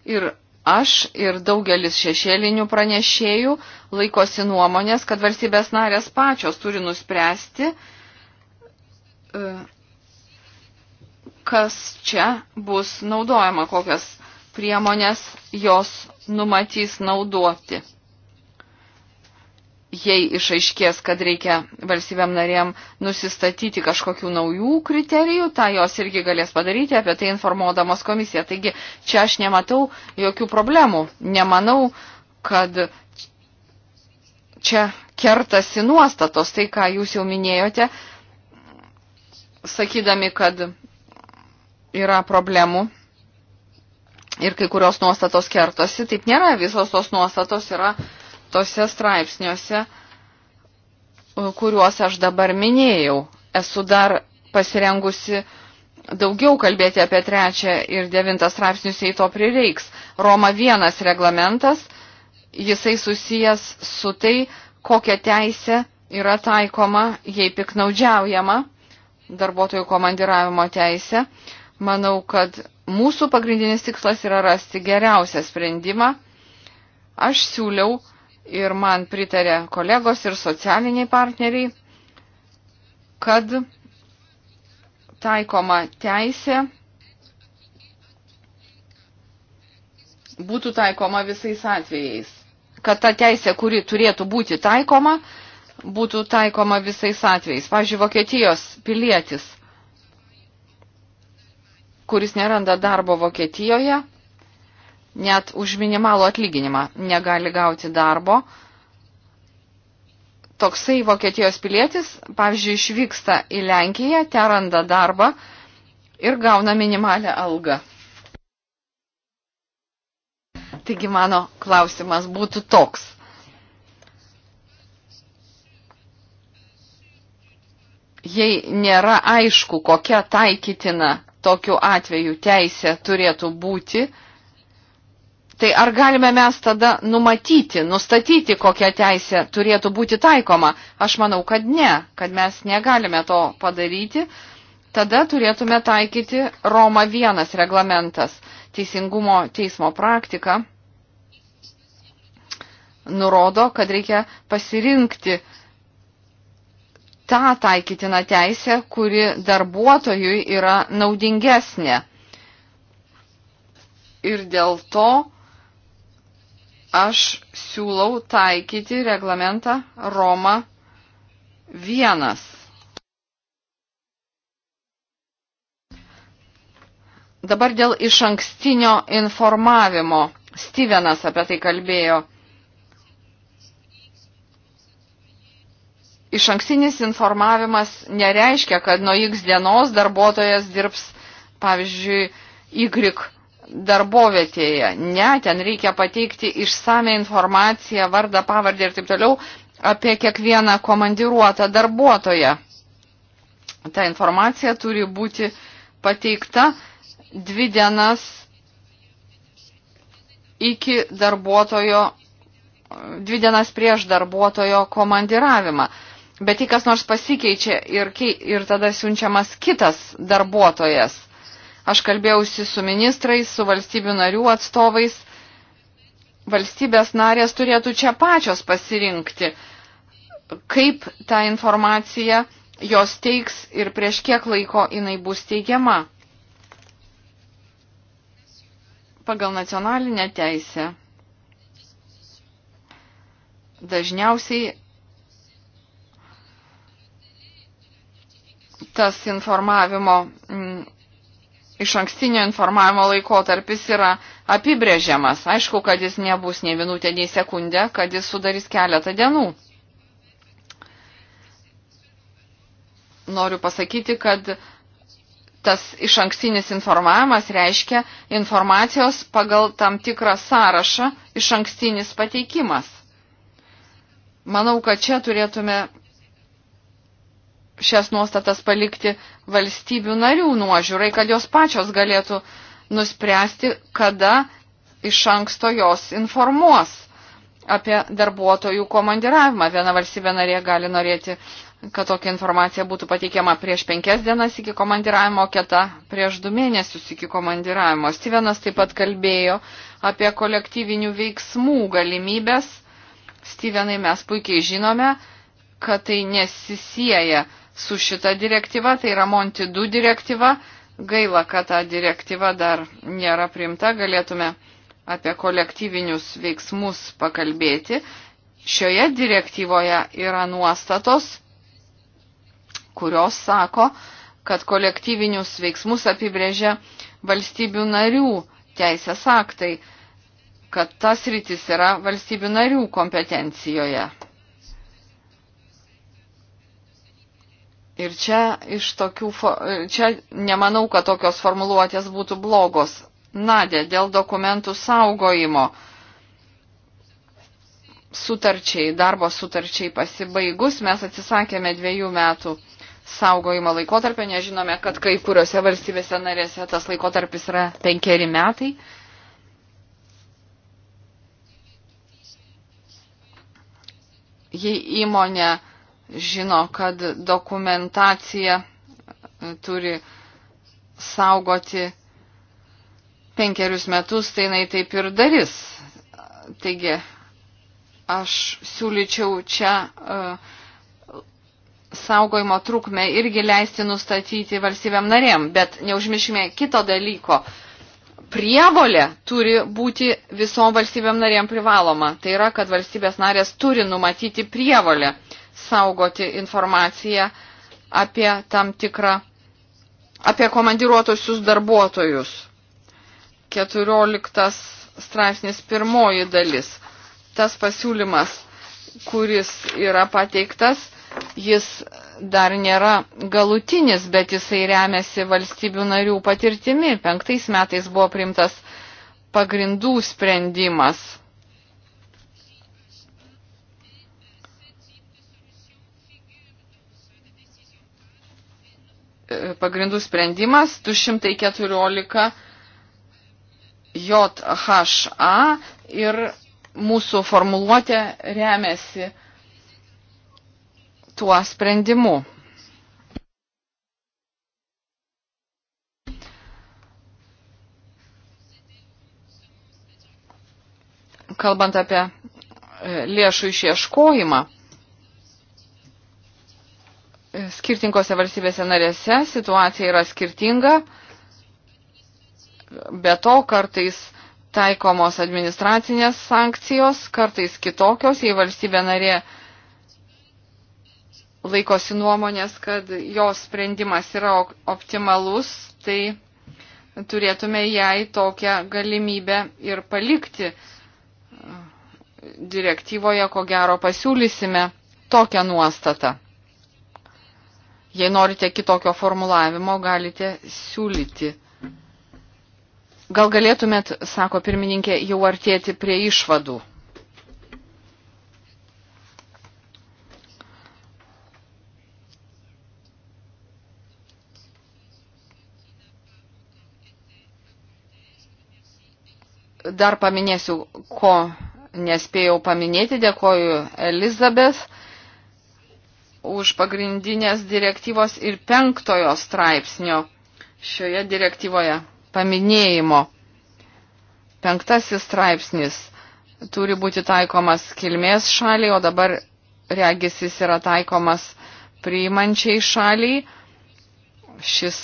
Ir aš ir daugelis šešėlinių pranešėjų laikosi nuomonės, kad valstybės narės pačios turi nuspręsti, e, kas čia bus naudojama, kokias priemonės jos numatys naudoti jei išaiškės, kad reikia valstybėm narėm nusistatyti kažkokių naujų kriterijų, tą jos irgi galės padaryti, apie tai informuodamos komisija. Taigi čia aš nematau jokių problemų. Nemanau, kad čia kertasi nuostatos, tai ką jūs jau minėjote, sakydami, kad yra problemų. Ir kai kurios nuostatos kertosi, taip nėra, visos tos nuostatos yra uh, tose straipsniuose, kuriuos aš dabar minėjau. Esu dar pasirengusi daugiau kalbėti apie trečią ir devintą straipsnius, jei to prireiks. Roma vienas reglamentas, jisai susijęs su tai, kokia teisė yra taikoma, jei piknaudžiaujama darbuotojų komandiravimo teisė. Manau, kad mūsų pagrindinis tikslas yra rasti geriausią sprendimą. Aš siūliau ir man pritarė kolegos ir socialiniai partneriai, kad taikoma teisė būtų taikoma visais atvejais. Kad ta teisė, kuri turėtų būti taikoma, būtų taikoma visais atvejais. Pavyzdžiui, Vokietijos pilietis, kuris neranda darbo Vokietijoje, net už minimalų atlyginimą negali gauti darbo. Toksai Vokietijos pilietis, pavyzdžiui, išvyksta į Lenkiją, ten randa darbą ir gauna minimalę algą. Taigi mano klausimas būtų toks. Jei nėra aišku, kokia taikytina tokiu atveju teisė turėtų būti, Tai ar galime mes tada numatyti, nustatyti, kokia teisė turėtų būti taikoma? Aš manau, kad ne, kad mes negalime to padaryti. Tada turėtume taikyti Roma 1 reglamentas teisingumo teismo praktika. Nurodo, kad reikia pasirinkti tą taikytiną teisę, kuri darbuotojui yra naudingesnė. Ir dėl to, aš siūlau taikyti reglamentą Roma 1. Dabar dėl iš ankstinio informavimo. Stevenas apie tai kalbėjo. Iš ankstinis informavimas nereiškia, kad nuo X dienos darbuotojas dirbs, pavyzdžiui, Y darbovietėje. Ne, ten reikia pateikti išsame informaciją, vardą, pavardę ir taip toliau apie kiekvieną komandiruotą darbuotoją. Ta informacija turi būti pateikta dvi dienas iki darbuotojo, dvi dienas prieš darbuotojo komandiravimą. Bet jei kas nors pasikeičia ir, ir tada siunčiamas kitas darbuotojas. Aš kalbėjausi su ministrais, su valstybių narių atstovais. Valstybės narės turėtų čia pačios pasirinkti, kaip tą informaciją jos teiks ir prieš kiek laiko jinai bus teigiama pagal nacionalinę teisę. Dažniausiai tas informavimo mm, iš ankstinio informavimo laikotarpis yra apibrėžiamas. Aišku, kad jis nebus nei minutė, nei sekundė, kad jis sudarys keletą dienų. Noriu pasakyti, kad tas iš ankstinis informavimas reiškia informacijos pagal tam tikrą sąrašą iš ankstinis pateikimas. Manau, kad čia turėtume šias nuostatas palikti valstybių narių nuožiūrai, kad jos pačios galėtų nuspręsti, kada iš anksto jos informuos apie darbuotojų komandiravimą. Viena valstybė narė gali norėti, kad tokia informacija būtų pateikiama prieš penkias dienas iki komandiravimo, kita prieš du mėnesius iki komandiravimo. Stevenas taip pat kalbėjo apie kolektyvinių veiksmų galimybės. Stevenai mes puikiai žinome, kad tai nesisieja su šita direktyva, tai yra Monti 2 direktyva. Gaila, kad ta direktyva dar nėra priimta, galėtume apie kolektyvinius veiksmus pakalbėti. Šioje direktyvoje yra nuostatos, kurios sako, kad kolektyvinius veiksmus apibrėžia valstybių narių teisės aktai, kad tas rytis yra valstybių narių kompetencijoje. Ir čia, iš tokių, čia nemanau, kad tokios formuluotės būtų blogos. Nadė, dėl dokumentų saugojimo sutarčiai, darbo sutarčiai pasibaigus, mes atsisakėme dviejų metų saugojimo laikotarpio, nežinome, kad kai kuriuose valstybėse narėse tas laikotarpis yra penkeri metai. Jei įmonė žino, kad dokumentacija e, turi saugoti penkerius metus, tai jinai taip ir darys. Taigi, aš siūlyčiau čia uh, saugojimo trukmę irgi leisti nustatyti valstybėm narėm, bet neužmiršime kito dalyko. Prievolė turi būti visom valstybėm narėm privaloma. Tai yra, kad valstybės narės turi numatyti prievolę saugoti informaciją apie tam tikrą, apie komandiruotusius darbuotojus. 14 straipsnis pirmoji dalis. Tas pasiūlymas, kuris yra pateiktas, jis dar nėra galutinis, bet jisai remiasi valstybių narių patirtimi. Penktais metais buvo primtas pagrindų sprendimas pagrindų sprendimas 214 JHA ir mūsų formuluotė remiasi tuo sprendimu. Kalbant apie lėšų išieškojimą, skirtingose valstybėse narėse situacija yra skirtinga, be to kartais taikomos administracinės sankcijos, kartais kitokios, jei valstybė narė laikosi nuomonės, kad jos sprendimas yra optimalus, tai turėtume jai tokią galimybę ir palikti. Direktyvoje, ko gero, pasiūlysime tokią nuostatą. Jei norite kitokio formulavimo, galite siūlyti. Gal galėtumėt, sako pirmininkė, jau artėti prie išvadų. Dar paminėsiu, ko nespėjau paminėti. Dėkoju Elizabeth už pagrindinės direktyvos ir penktojo straipsnio šioje direktyvoje paminėjimo. Penktasis straipsnis turi būti taikomas kilmės šaliai, o dabar regis jis yra taikomas priimančiai šaliai. Šis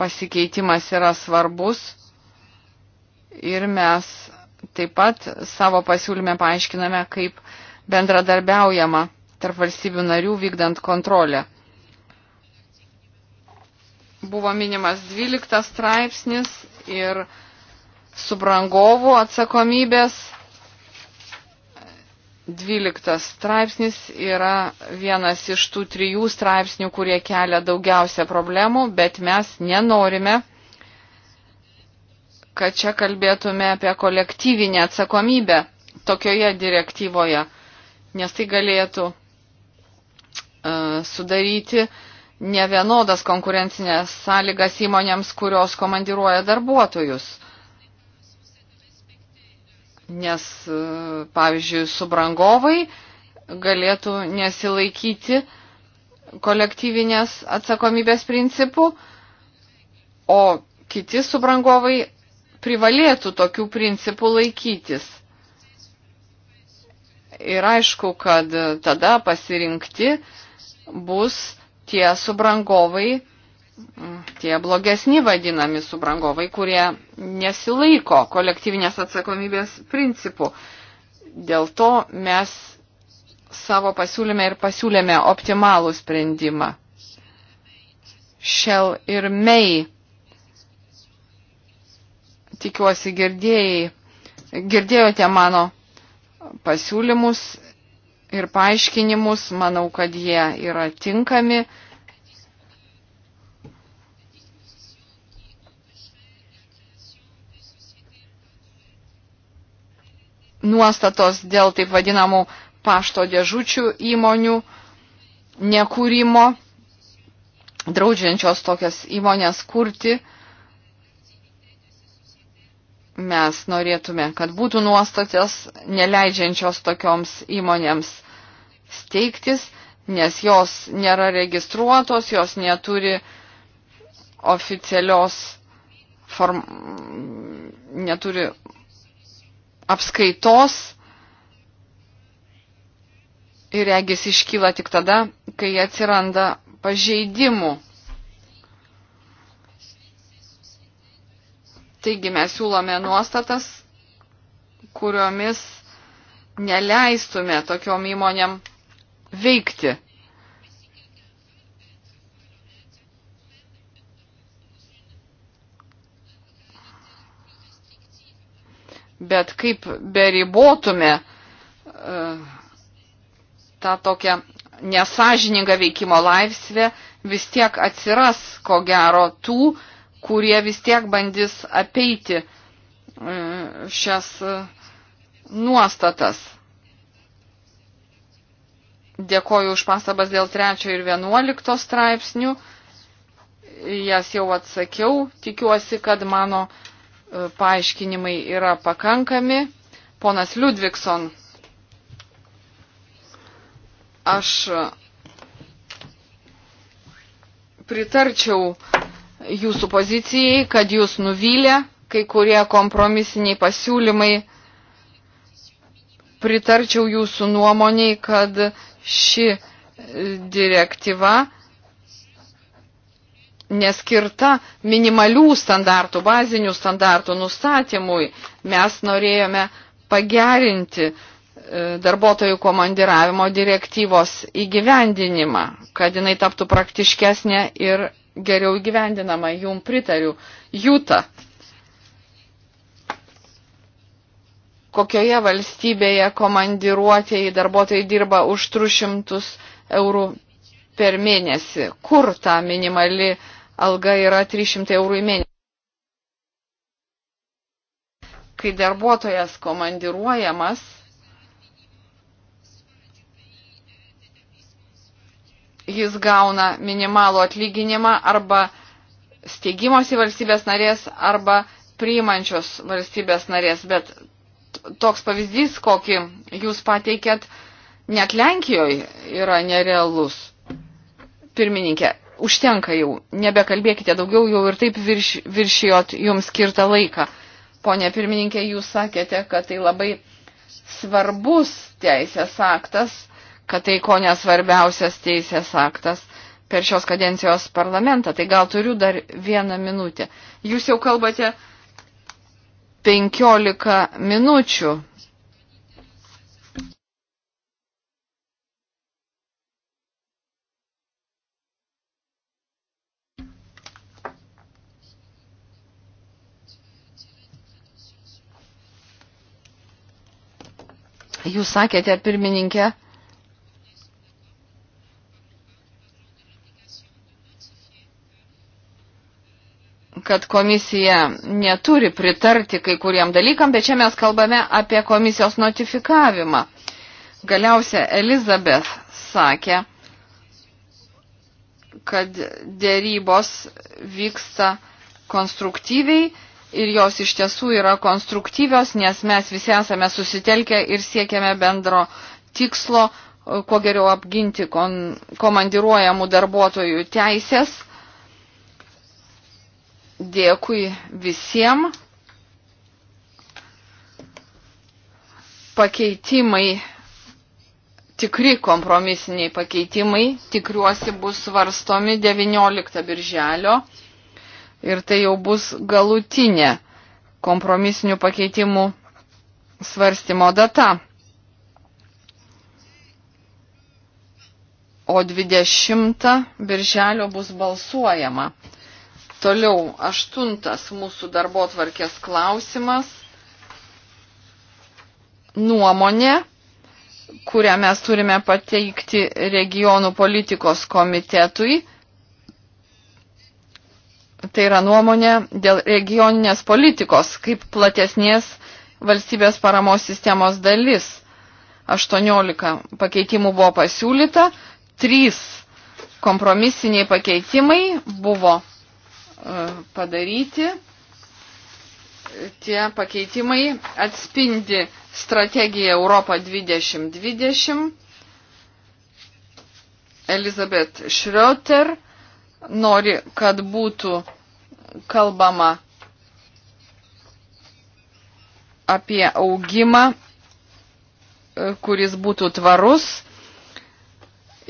pasikeitimas yra svarbus ir mes taip pat savo pasiūlyme paaiškiname, kaip bendradarbiaujama tarp valstybių narių vykdant kontrolę. Buvo minimas 12 straipsnis ir subrangovų atsakomybės. 12 straipsnis yra vienas iš tų trijų straipsnių, kurie kelia daugiausia problemų, bet mes nenorime, kad čia kalbėtume apie kolektyvinę atsakomybę tokioje direktyvoje, nes tai galėtų sudaryti ne vienodas konkurencinės sąlygas įmonėms, kurios komandiruoja darbuotojus. Nes, e, pavyzdžiui, subrangovai galėtų nesilaikyti kolektyvinės atsakomybės principų, o kiti subrangovai privalėtų tokių principų laikytis. Ir aišku, kad tada pasirinkti uh, bus tie subrangovai, tie blogesni vadinami subrangovai, kurie nesilaiko kolektyvinės atsakomybės principų. Dėl to mes savo pasiūlyme ir pasiūlėme optimalų sprendimą. Shell ir May. Tikiuosi girdėjai, girdėjote mano pasiūlymus ir paaiškinimus. Manau, kad jie yra tinkami. Nuostatos dėl taip vadinamų pašto dėžučių įmonių nekūrimo, draudžiančios tokias įmonės kurti, mes norėtume, kad būtų nuostatas neleidžiančios tokioms įmonėms steigtis, nes jos nėra registruotos, jos neturi oficialios form... neturi apskaitos ir regis iškyla tik tada, kai atsiranda pažeidimų Taigi mes siūlome nuostatas, kuriomis neleistume tokiom įmonėm veikti. Bet kaip beribotume e, tą tokią nesažiningą veikimo laisvę, vis tiek atsiras, ko gero, tų, kurie vis tiek bandys apeiti e, šias e, nuostatas. Dėkoju už pastabas dėl 3 ir 11 straipsnių. Jas jau atsakiau. Tikiuosi, kad mano e, paaiškinimai yra pakankami. Ponas Ludvikson, aš pritarčiau jūsų pozicijai, kad jūs nuvylė, kai kurie kompromisiniai pasiūlymai. Pritarčiau jūsų nuomoniai, kad ši direktyva neskirta minimalių standartų, bazinių standartų nustatymui. Mes norėjome pagerinti e, darbuotojų komandiravimo direktyvos įgyvendinimą, kad jinai taptų praktiškesnė ir geriau įgyvendinama, jum pritariu. Jūta. Kokioje valstybėje komandiruotėjai darbuotojai dirba už 300 eurų per mėnesį? Kur ta minimali alga yra 300 eurų į mėnesį? Kai darbuotojas komandiruojamas, jis gauna minimalų atlyginimą arba steigimosi valstybės narės arba priimančios valstybės narės. Bet toks pavyzdys, kokį jūs pateikėt, net Lenkijoje yra nerealus. Pirmininkė, užtenka jau, nebekalbėkite daugiau, jau ir taip virš, viršijot jums skirtą laiką. Pone pirmininkė, jūs sakėte, kad tai labai svarbus teisės aktas kad tai ko nesvarbiausias teisės aktas per šios kadencijos parlamentą. Tai gal turiu dar vieną minutę. Jūs jau kalbate 15 minučių. Jūs sakėte, pirmininkė, kad komisija neturi pritarti kai kuriem dalykam, bet čia mes kalbame apie komisijos notifikavimą. Galiausia, Elizabeth sakė, kad dėrybos vyksta konstruktyviai ir jos iš tiesų yra konstruktyvios, nes mes visi esame susitelkę ir siekiame bendro tikslo, kuo geriau apginti kon, komandiruojamų darbuotojų teisės Dėkui visiems. Pakeitimai, tikri kompromisiniai pakeitimai, tikiuosi bus svarstomi 19 birželio ir tai jau bus galutinė kompromisinių pakeitimų svarstymo data. O 20 birželio bus balsuojama. Toliau, aštuntas mūsų darbo tvarkės klausimas. Nuomonė, kurią mes turime pateikti regionų politikos komitetui. Tai yra nuomonė dėl regioninės politikos kaip platesnės valstybės paramos sistemos dalis. 18 pakeitimų buvo pasiūlyta, 3 kompromisiniai pakeitimai buvo E, padaryti. Tie pakeitimai atspindi strategiją Europą 2020. Elizabeth Schroeter nori, kad būtų kalbama apie augimą, e, kuris būtų tvarus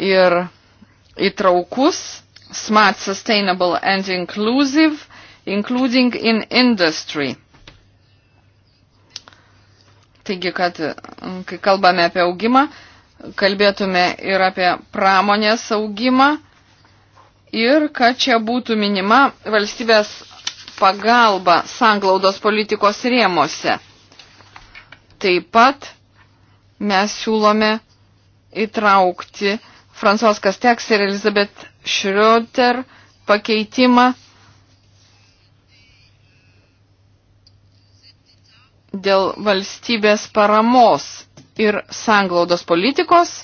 ir įtraukus smart, sustainable and inclusive, including in industry. Taigi, kad mm, kai kalbame apie augimą, kalbėtume ir apie pramonės augimą ir kad čia būtų minima valstybės pagalba sanglaudos politikos rėmose. Taip pat mes siūlome įtraukti Fransos Kasteks ir Elizabeth Schroeder pakeitimą dėl valstybės paramos ir sanglaudos politikos,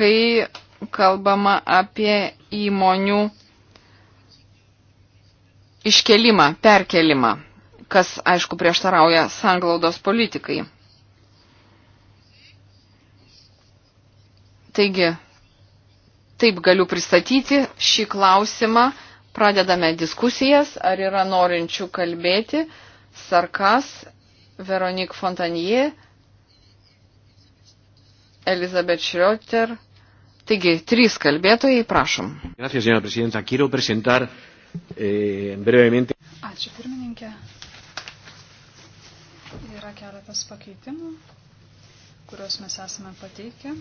kai kalbama apie įmonių iškelimą, perkelimą, kas, aišku, prieštarauja sanglaudos politikai. Taigi, taip galiu pristatyti šį klausimą. Pradedame diskusijas, ar yra norinčių kalbėti. Sarkas, Veronik Fontanie, Elizabeth Schroeter. Taigi, trys kalbėtojai, prašom. Gracias, señora presidenta. Quiero presentar eh, brevemente. Ačiū, pirmininkė. Yra keletas pakeitimų, kuriuos mes esame pateikę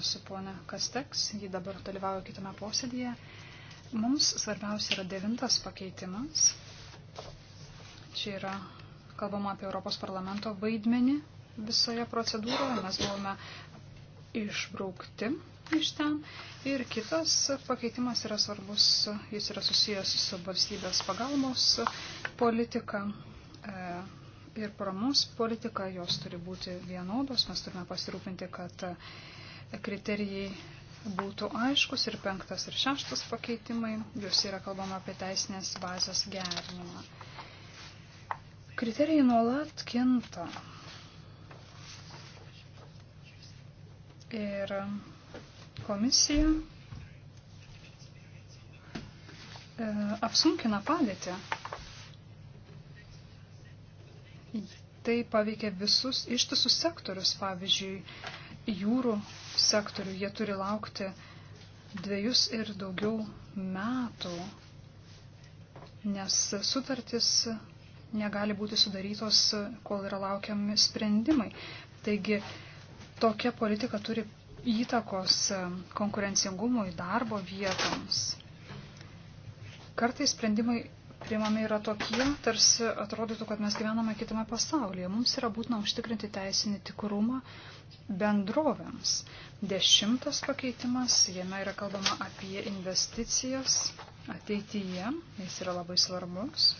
su pone Kasteks, ji dabar dalyvauja kitame posėdėje. Mums svarbiausia yra devintas pakeitimas. Čia yra kalbama apie Europos parlamento vaidmenį visoje procedūroje. Mes buvome išbraukti iš ten. Ir kitas pakeitimas yra svarbus, jis yra susijęs su valstybės pagalbos politika. E, ir paramos politika, jos turi būti vienodos, mes turime pasirūpinti, kad kriterijai būtų aiškus ir penktas ir šeštas pakeitimai, jūs yra kalbama apie teisinės bazės gerinimą. Kriterijai nuolat kinta. Ir komisija e, apsunkina padėtį. Tai paveikia visus ištisus sektorius, pavyzdžiui, jūrų sektorių. Jie turi laukti dviejus ir daugiau metų, nes sutartis negali būti sudarytos, kol yra laukiami sprendimai. Taigi tokia politika turi įtakos konkurencingumui darbo vietoms. Kartais sprendimai priimami yra tokie, tarsi atrodytų, kad mes gyvename kitame pasaulyje. Mums yra būtina užtikrinti teisinį tikrumą bendrovėms. Dešimtas pakeitimas, jame yra kalbama apie investicijas ateityje, jis yra labai svarbus.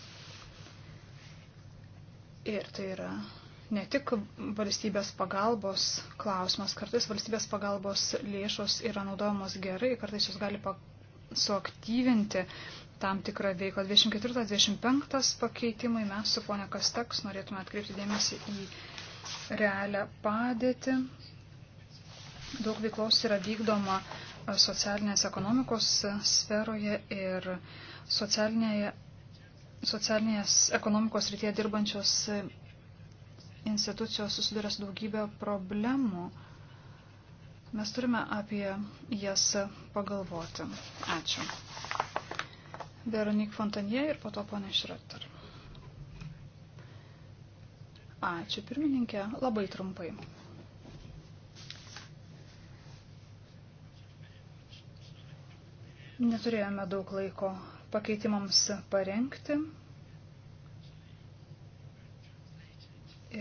Ir tai yra ne tik valstybės pagalbos klausimas, kartais valstybės pagalbos lėšos yra naudojamos gerai, kartais jos gali suaktyvinti tam tikrą veiklą. 24-25 pakeitimai mes su ponia Kasteks norėtume atkreipti dėmesį į realią padėtį. Daug veiklos yra vykdoma socialinės ekonomikos sferoje ir socialinėje, socialinės ekonomikos rytyje dirbančios institucijos susiduria su daugybė problemų. Mes turime apie jas pagalvoti. Ačiū. Veronik Fontanie ir po to ponė Šretter. Ačiū pirmininkė, labai trumpai. Neturėjome daug laiko pakeitimams parengti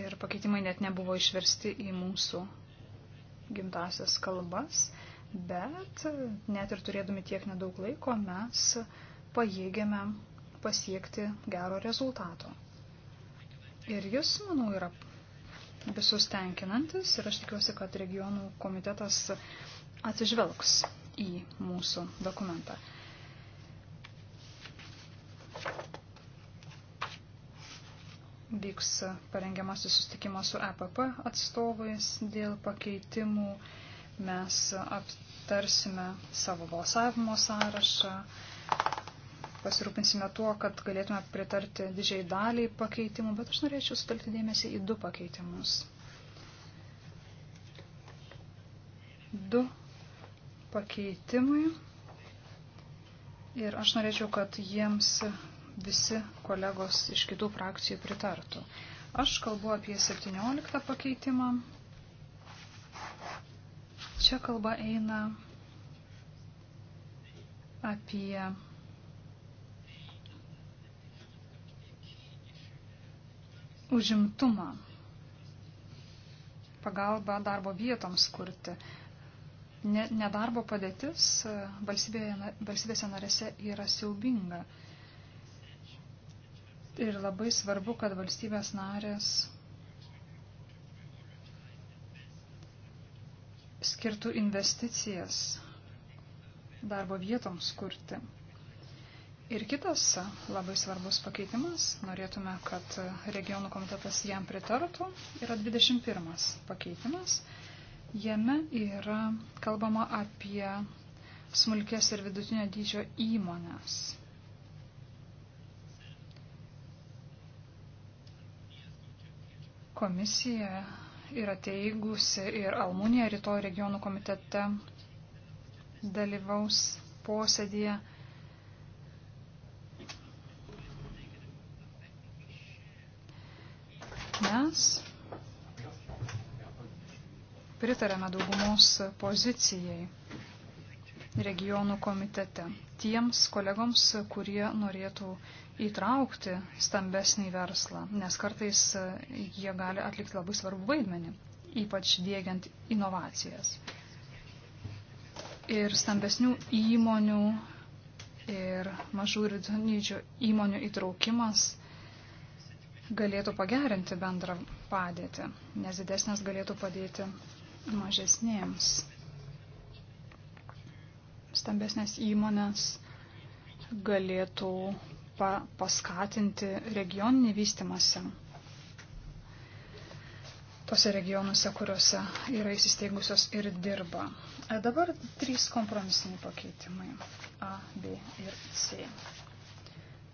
ir pakeitimai net nebuvo išversti į mūsų gimtasias kalbas, bet net ir turėdami tiek nedaug laiko mes uh, pajėgėme pasiekti gero rezultato. Ir jis, manau, yra visus tenkinantis ir aš tikiuosi, kad regionų komitetas atsižvelgs į mūsų dokumentą. Vyks parengiamasis sustikimas su EPP atstovais dėl pakeitimų. Mes aptarsime savo balsavimo sąrašą, pasirūpinsime tuo, kad galėtume pritarti didžiai daliai pakeitimų, bet aš norėčiau sutelkti dėmesį į du pakeitimus. Du pakeitimai ir aš norėčiau, kad jiems visi kolegos iš kitų frakcijų pritartų. Aš kalbu apie 17 pakeitimą. Čia kalba eina apie užimtumą, pagalbą darbo vietoms kurti. Nedarbo padėtis e, valstybėse narėse yra siaubinga. Ir labai svarbu, kad valstybės narės skirtų investicijas darbo vietoms kurti. Ir kitas labai svarbus pakeitimas, norėtume, kad regionų komitetas jam pritartų, yra 21 pakeitimas. Jame yra kalbama apie smulkės ir vidutinio dydžio įmonės. Komisija yra teigusi ir Almunija rytoj regionų komitete dalyvaus posėdėje Mes pritarėme daugumos pozicijai regionų komitete tiems kolegoms, kurie norėtų įtraukti stambesnį verslą, nes kartais jie gali atlikti labai svarbų vaidmenį, ypač dėgiant inovacijas. Ir stambesnių įmonių ir mažų ir didžių įmonių įtraukimas galėtų pagerinti bendrą padėtį, nes didesnės galėtų padėti mažesnėms. Stambesnės įmonės galėtų pa paskatinti regioninį vystimąsi tose regionuose, kuriuose yra įsisteigusios ir dirba. E, dabar trys kompromisiniai pakeitimai A, B ir C.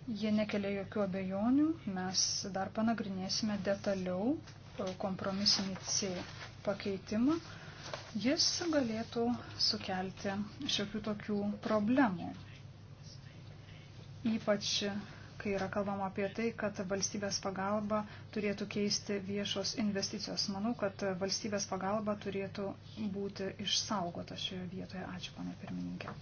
Jie nekelia jokių abejonių, mes dar panagrinėsime detaliau kompromisinį C pakeitimą. Jis galėtų sukelti šiokių tokių problemų. Ypač kai yra kalbama apie tai, kad valstybės pagalba turėtų keisti viešos investicijos. Manau, kad valstybės pagalba turėtų būti išsaugota šioje vietoje. Ačiū, pane pirmininkė.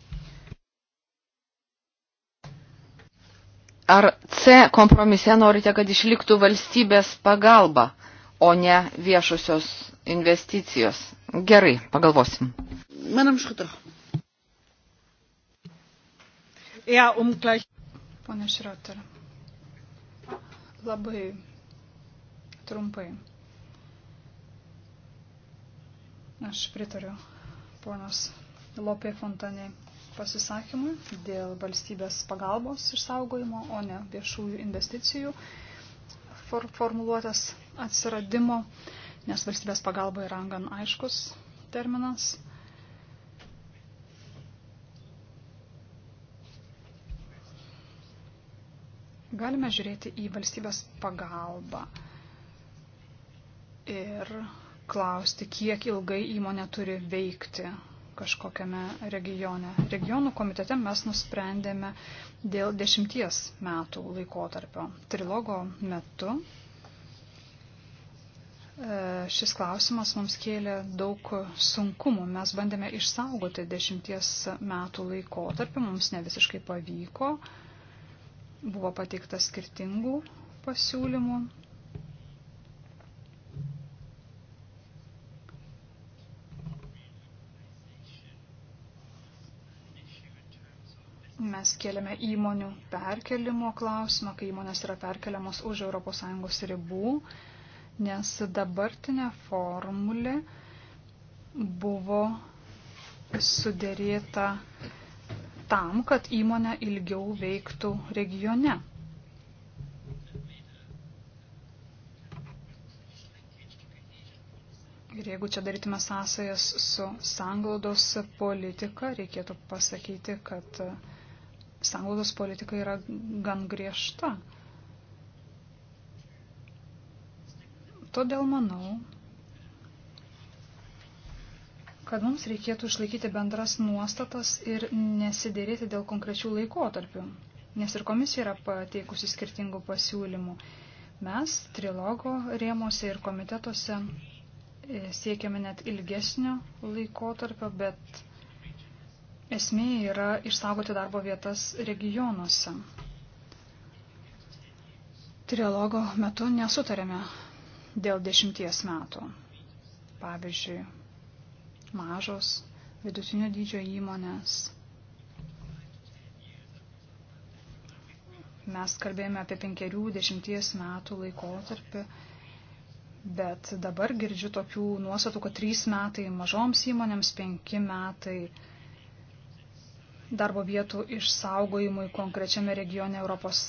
Ar C kompromise norite, kad išliktų valstybės pagalba, o ne viešusios investicijos? Gerai, pagalvosim. Manam šito. Ja, umgleich. Pane Šrotar, labai trumpai. Aš pritariu ponas Lopė Fontanė pasisakymui dėl valstybės pagalbos išsaugojimo, o ne viešųjų investicijų for, formuluotės atsiradimo, nes valstybės pagalba yra gan aiškus terminas. Galime žiūrėti į valstybės pagalbą ir klausti, kiek ilgai įmonė turi veikti kažkokiame regione. Regionų komitete mes nusprendėme dėl dešimties metų laikotarpio. Trilogo metu e, šis klausimas mums kėlė daug sunkumų. Mes bandėme išsaugoti dešimties metų laikotarpį, mums ne visiškai pavyko. Buvo pateikta skirtingų pasiūlymų. Mes keliame įmonių perkelimo klausimą, kai įmonės yra perkeliamos už ES ribų, nes dabartinė formulė buvo sudėrėta tam, kad įmonė ilgiau veiktų regione. Ir jeigu čia darytume sąsajas su sanglaudos politika, reikėtų pasakyti, kad uh, sanglaudos politika yra gan griežta. Todėl manau, kad mums reikėtų išlaikyti bendras nuostatas ir nesidėrėti dėl konkrečių laikotarpių, nes ir komisija yra pateikusi skirtingų pasiūlymų. Mes trilogo rėmose ir komitetuose e, siekiame net ilgesnio laikotarpio, bet Esmė yra išsaugoti darbo vietas regionuose. Trialogo metu nesutarėme dėl dešimties metų. Pavyzdžiui, mažos, vidutinio dydžio įmonės. Mes kalbėjome apie penkerių, dešimties metų laikotarpį, bet dabar girdžiu tokių nuostatų, kad trys metai mažoms įmonėms, penki metai darbo vietų išsaugojimui konkrečiame regione ES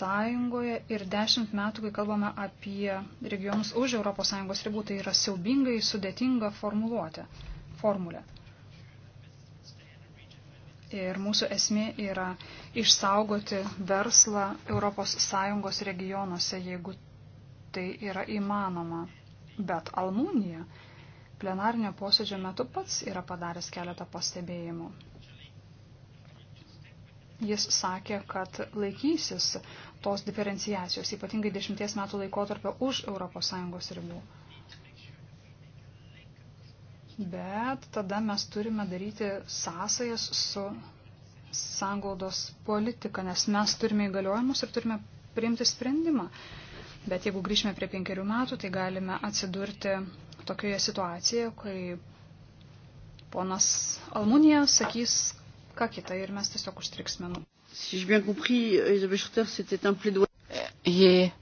ir 10 metų, kai kalbame apie regionus už ES ribų, tai yra siaubingai sudėtinga formuluotė, formulė. Ir mūsų esmė yra išsaugoti verslą ES regionuose, jeigu tai yra įmanoma. Bet Almūnija plenarnio posėdžio metu pats yra padaręs keletą pastebėjimų jis sakė, kad laikysis tos diferenciacijos, ypatingai dešimties metų laikotarpio už ES ribų. Bet tada mes turime daryti sąsajas su sangaudos politika, nes mes turime įgaliojimus ir turime priimti sprendimą. Bet jeigu grįžime prie penkerių metų, tai galime atsidurti tokioje situacijoje, kai ponas Almunija sakys, ką kitą ir mes tiesiog užstriksime. Jei nu.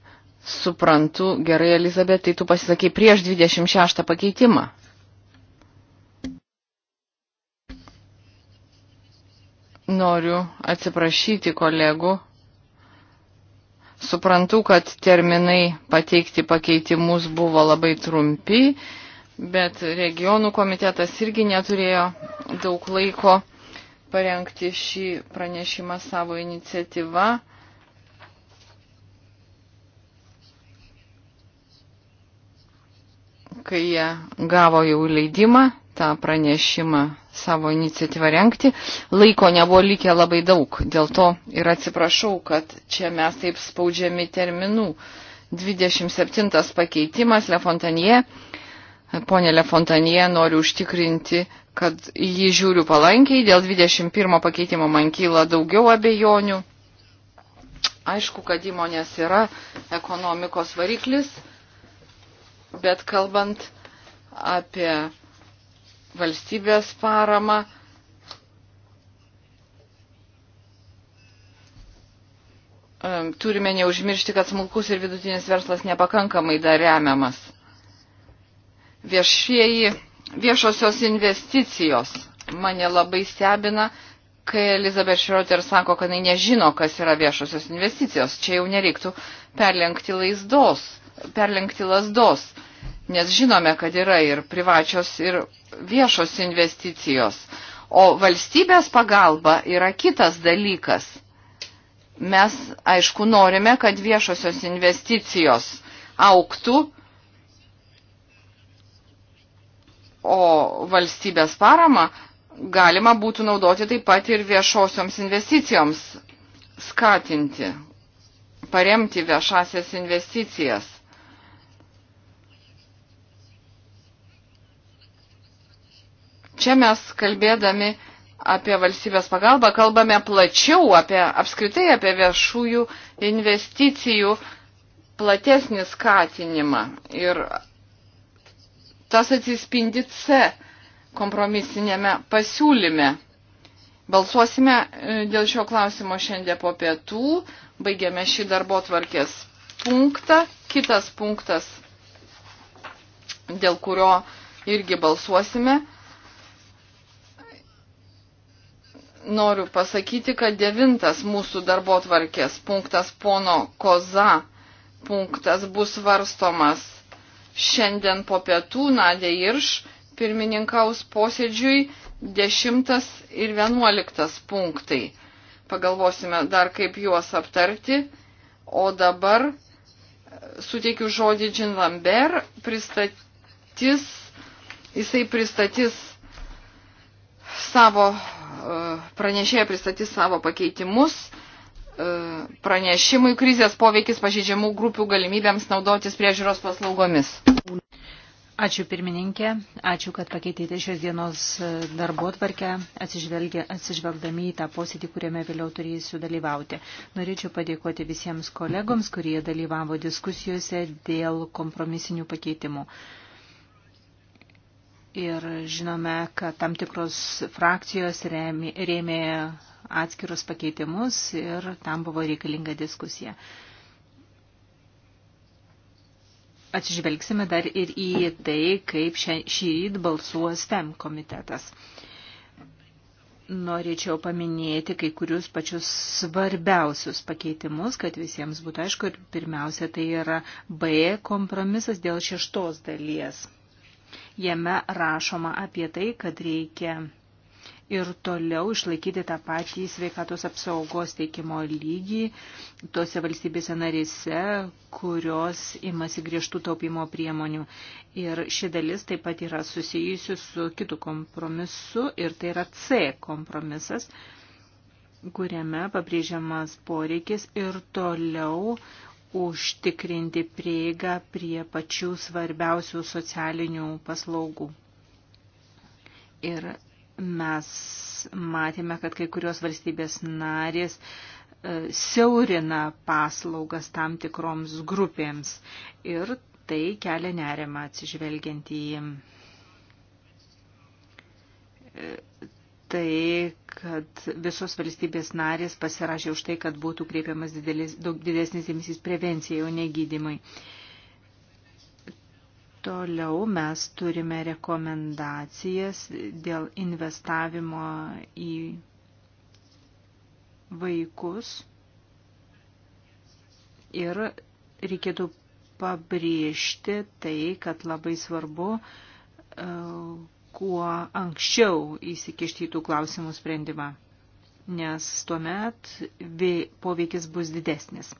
suprantu, gerai, Elizabet, tai tu pasisakai prieš 26 pakeitimą. Noriu atsiprašyti kolegų. Suprantu, kad terminai pateikti pakeitimus buvo labai trumpi, bet regionų komitetas irgi neturėjo daug laiko parengti šį pranešimą savo iniciatyvą. Kai jie gavo jau leidimą tą pranešimą savo iniciatyvą renkti, laiko nebuvo likę labai daug. Dėl to ir atsiprašau, kad čia mes taip spaudžiami terminų. 27 pakeitimas Lefontanie. Pone Lefontanie, noriu užtikrinti kad jį žiūriu palankiai, dėl 21 pakeitimo man kyla daugiau abejonių. Aišku, kad įmonės yra ekonomikos variklis, bet kalbant apie valstybės paramą, turime neužmiršti, kad smulkus ir vidutinis verslas nepakankamai dar remiamas. Viešieji viešosios investicijos. Mane labai stebina, kai Elizabeth Schroeder sako, kad jinai nežino, kas yra viešosios investicijos. Čia jau nereiktų perlenkti, laizdos, perlenkti lasdos, nes žinome, kad yra ir privačios, ir viešos investicijos. O valstybės pagalba yra kitas dalykas. Mes, aišku, norime, kad viešosios investicijos auktų, O valstybės parama galima būtų naudoti taip pat ir viešosioms investicijoms skatinti, paremti viešasias investicijas. Čia mes kalbėdami apie valstybės pagalbą kalbame plačiau, apie, apskritai apie viešųjų investicijų platesnį skatinimą. Ir Tas atsispindi C kompromisinėme pasiūlyme. Balsuosime e, dėl šio klausimo šiandien po pietų. Baigėme šį darbo tvarkės punktą. Kitas punktas, dėl kurio irgi balsuosime. Noriu pasakyti, kad devintas mūsų darbo tvarkės punktas pono Koza punktas bus varstomas Šiandien po pietų Nadė Irš pirmininkaus posėdžiui 10 ir 11 punktai. Pagalvosime dar, kaip juos aptarti. O dabar e, suteikiu žodį Jean Lambert, pristatys, jisai pristatys savo, e, pranešėja pristatys savo pakeitimus E, pranešimui krizės poveikis pažeidžiamų grupių galimybėms naudotis priežiūros paslaugomis. Ačiū pirmininkė, ačiū, kad pakeitėte šios dienos e, darbo tvarkę, atsižvelgdami į tą posėdį, kuriame vėliau turėsiu dalyvauti. Norėčiau padėkoti visiems kolegoms, kurie dalyvavo diskusijose dėl kompromisinių pakeitimų. Ir žinome, kad tam tikros frakcijos rėmė atskirus pakeitimus ir tam buvo reikalinga diskusija. Atsižvelgsime dar ir į tai, kaip šį ryt balsuos FEM komitetas. Norėčiau paminėti kai kurius pačius svarbiausius pakeitimus, kad visiems būtų aišku. Ir pirmiausia, tai yra B kompromisas dėl šeštos dalies. Jame rašoma apie tai, kad reikia ir toliau išlaikyti tą patį sveikatos apsaugos teikimo lygį tose valstybėse narėse, kurios imasi griežtų taupimo priemonių. Ir ši dalis taip pat yra susijusi su kitu kompromisu ir tai yra C kompromisas kuriame pabrėžiamas poreikis ir toliau užtikrinti prieigą prie pačių svarbiausių socialinių paslaugų. Ir Mes matėme, kad kai kurios valstybės narės e, siaurina paslaugas tam tikroms grupėms ir tai kelia nerimą atsižvelgiant į e, tai, kad visos valstybės narės pasirašė už tai, kad būtų kreipiamas didelis, daug didesnis dėmesys prevencijai, o ne gydymai. Uh, Toliau mes turime rekomendacijas dėl investavimo į vaikus ir reikėtų pabrėžti tai, kad labai svarbu e, kuo anksčiau įsikišti į tų klausimų sprendimą, nes tuomet poveikis bus didesnis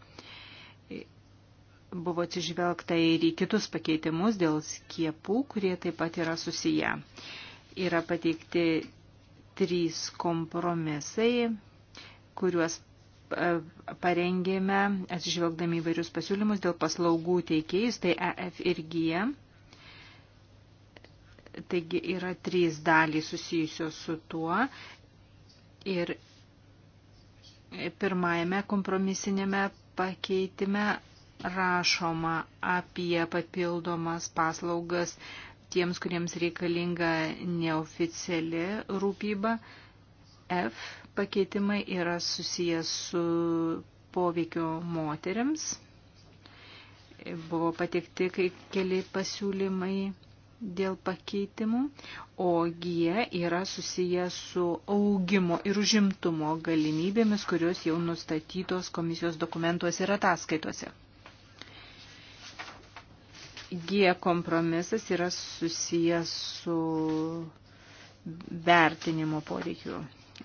buvo atsižvelgta ir į kitus pakeitimus dėl skiepų, kurie taip pat yra susiję. Yra pateikti trys kompromisai, kuriuos e, parengėme atsižvelgdami įvairius pasiūlymus dėl paslaugų teikėjus, tai EF ir GIE. Taigi yra trys dalys susijusios su tuo ir pirmajame kompromisinėme pakeitime rašoma apie papildomas paslaugas tiems, kuriems reikalinga neoficiali rūpyba. F pakeitimai yra susijęs su poveikiu moteriams. Buvo patikti kai keli pasiūlymai dėl pakeitimų, o G yra susiję su augimo ir užimtumo galimybėmis, kurios jau nustatytos komisijos dokumentuose ir ataskaitose. G kompromisas yra susijęs su vertinimo poreikiu.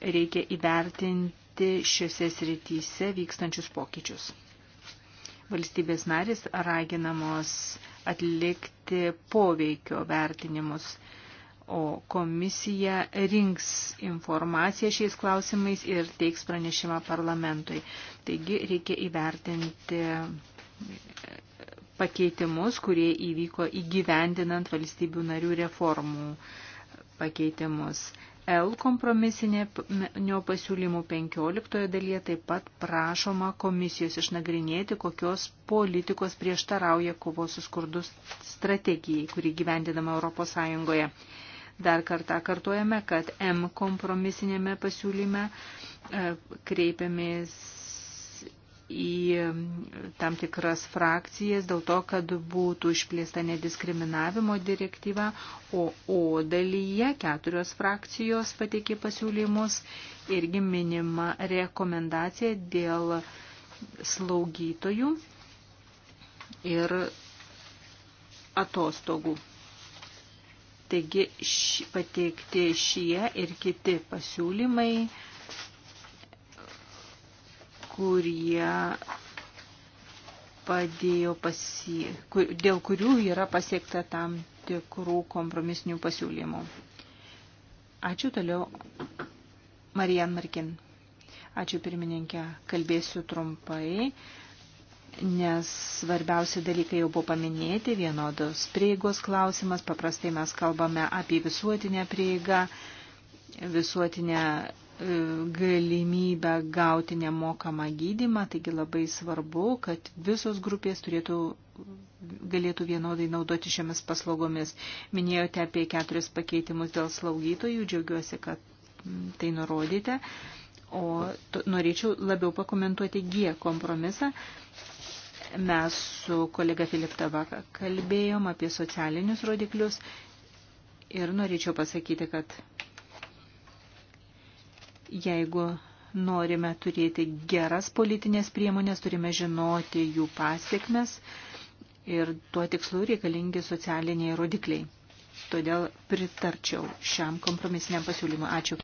Reikia įvertinti šiuose srityse vykstančius pokyčius. Valstybės narys raginamos atlikti poveikio vertinimus, o komisija rinks informaciją šiais klausimais ir teiks pranešimą parlamentui. Taigi reikia įvertinti pakeitimus, kurie įvyko įgyvendinant valstybių narių reformų pakeitimus. L kompromisinio pasiūlymų 15 dalyje taip pat prašoma komisijos išnagrinėti, kokios politikos prieštarauja kovos su skurdus strategijai, kuri gyvendinama ES. Dar kartą kartuojame, kad M kompromisinėme pasiūlyme e, kreipiamės į tam tikras frakcijas dėl to, kad būtų išplėsta nediskriminavimo direktyva, o O dalyje keturios frakcijos pateikė pasiūlymus irgi minima rekomendacija dėl slaugytojų ir atostogų. Taigi pateikti šie ir kiti pasiūlymai kurie padėjo pasi, kur, dėl kurių yra pasiekta tam tikrų kompromisinių pasiūlymų. Ačiū toliau, Marijan Markin. Ačiū pirmininkė, kalbėsiu trumpai, nes svarbiausi dalykai jau buvo paminėti, vienodos prieigos klausimas, paprastai mes kalbame apie visuotinę prieigą, visuotinę galimybę gauti nemokamą gydimą, taigi labai svarbu, kad visos grupės turėtų, galėtų vienodai naudoti šiomis paslaugomis. Minėjote apie keturis pakeitimus dėl slaugytojų, džiaugiuosi, kad tai nurodėte. O norėčiau labiau pakomentuoti G kompromisą. Mes su kolega Filip Tabaka kalbėjom apie socialinius rodiklius ir norėčiau pasakyti, kad jeigu norime turėti geras politinės priemonės, turime žinoti jų pasiekmes ir tuo tikslu reikalingi socialiniai rodikliai. Todėl pritarčiau šiam kompromisiniam pasiūlymui. Ačiū.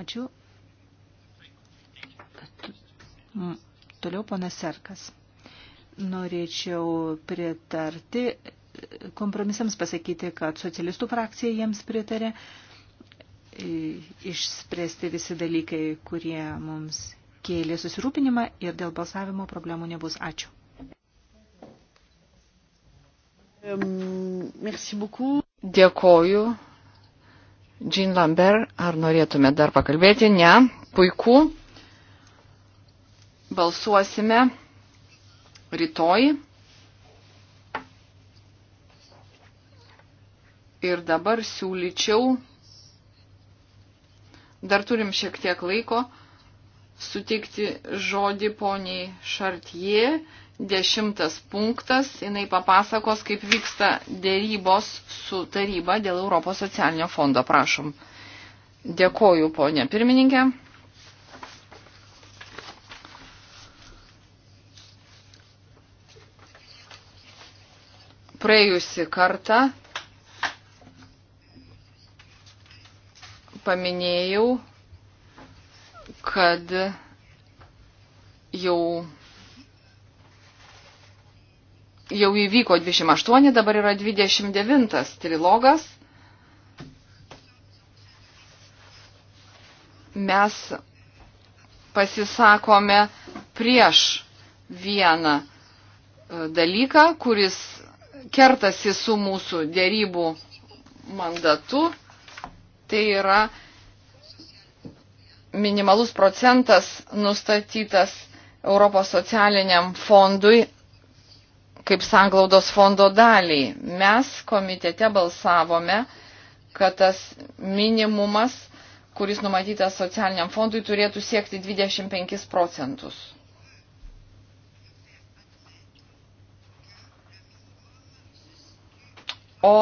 Ačiū. Toliau ponas Serkas. Norėčiau pritarti kompromisams pasakyti, kad socialistų frakcija jiems pritarė, e, išspręsti visi dalykai, kurie mums kėlė susirūpinimą ir dėl balsavimo problemų nebus. Ačiū. Dėkoju. Jean Lambert, ar norėtume dar pakalbėti? Ne. Puiku. Balsuosime rytoj. Ir dabar siūlyčiau, dar turim šiek tiek laiko, sutikti žodį poniai Šartie, dešimtas punktas, jinai papasakos, kaip vyksta dėrybos su taryba dėl Europos socialinio fondo, prašom. Dėkoju, ponė pirmininkė. praėjusi kartą paminėjau, kad jau, jau įvyko 28, dabar yra 29 trilogas. Mes pasisakome prieš vieną e, dalyką, kuris kertasi su mūsų dėrybų mandatu tai yra minimalus procentas nustatytas Europos socialiniam fondui kaip sanglaudos fondo daliai. Mes komitete balsavome, kad tas minimumas, kuris numatytas socialiniam fondui, turėtų siekti 25 procentus. O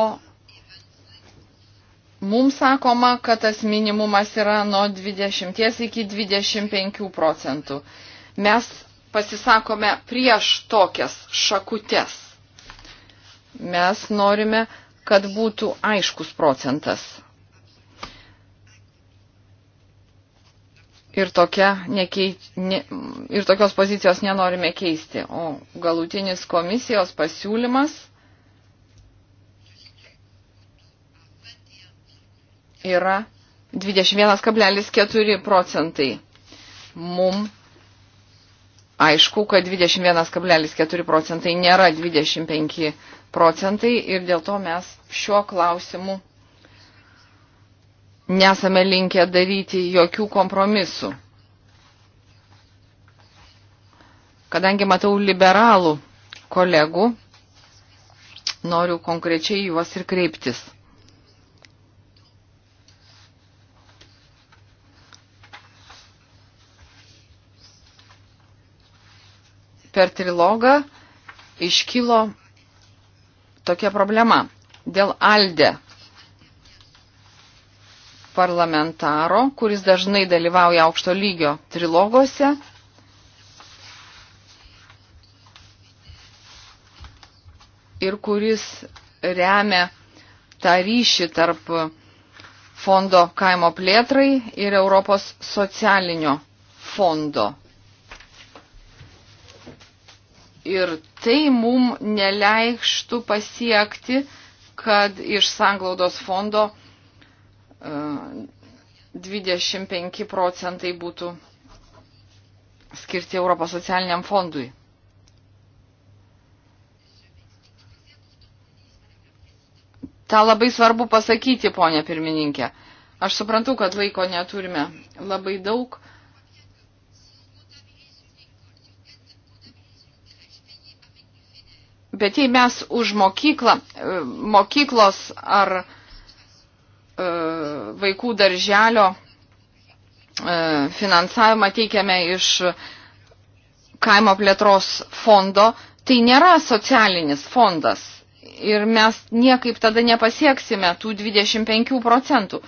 Mums sakoma, kad tas minimumas yra nuo 20 iki 25 procentų. Mes pasisakome prieš tokias šakutes. Mes norime, kad būtų aiškus procentas. ir, tokia, nekei, ne, ir tokios pozicijos nenorime keisti. O galutinis komisijos pasiūlymas yra 21,4 procentai. Mum aišku, kad 21,4 procentai nėra 25 procentai ir dėl to mes šiuo klausimu nesame linkę daryti jokių kompromisų. Kadangi matau liberalų kolegų, noriu konkrečiai juos ir kreiptis. per trilogą iškilo tokia problema dėl Alde parlamentaro, kuris dažnai dalyvauja aukšto lygio trilogose. Ir kuris remia tą ryšį tarp fondo kaimo plėtrai ir Europos socialinio fondo. Ir tai mum neleikštų pasiekti, kad iš sanglaudos fondo 25 e, procentai būtų skirti Europos socialiniam fondui. Ta labai svarbu pasakyti, ponė pirmininkė. Aš suprantu, kad laiko neturime labai daug. Bet jei mes už mokyklą, e, mokyklos ar e, vaikų darželio e, finansavimą teikiame iš kaimo plėtros fondo, tai nėra socialinis fondas ir mes niekaip tada nepasieksime tų 25 procentų.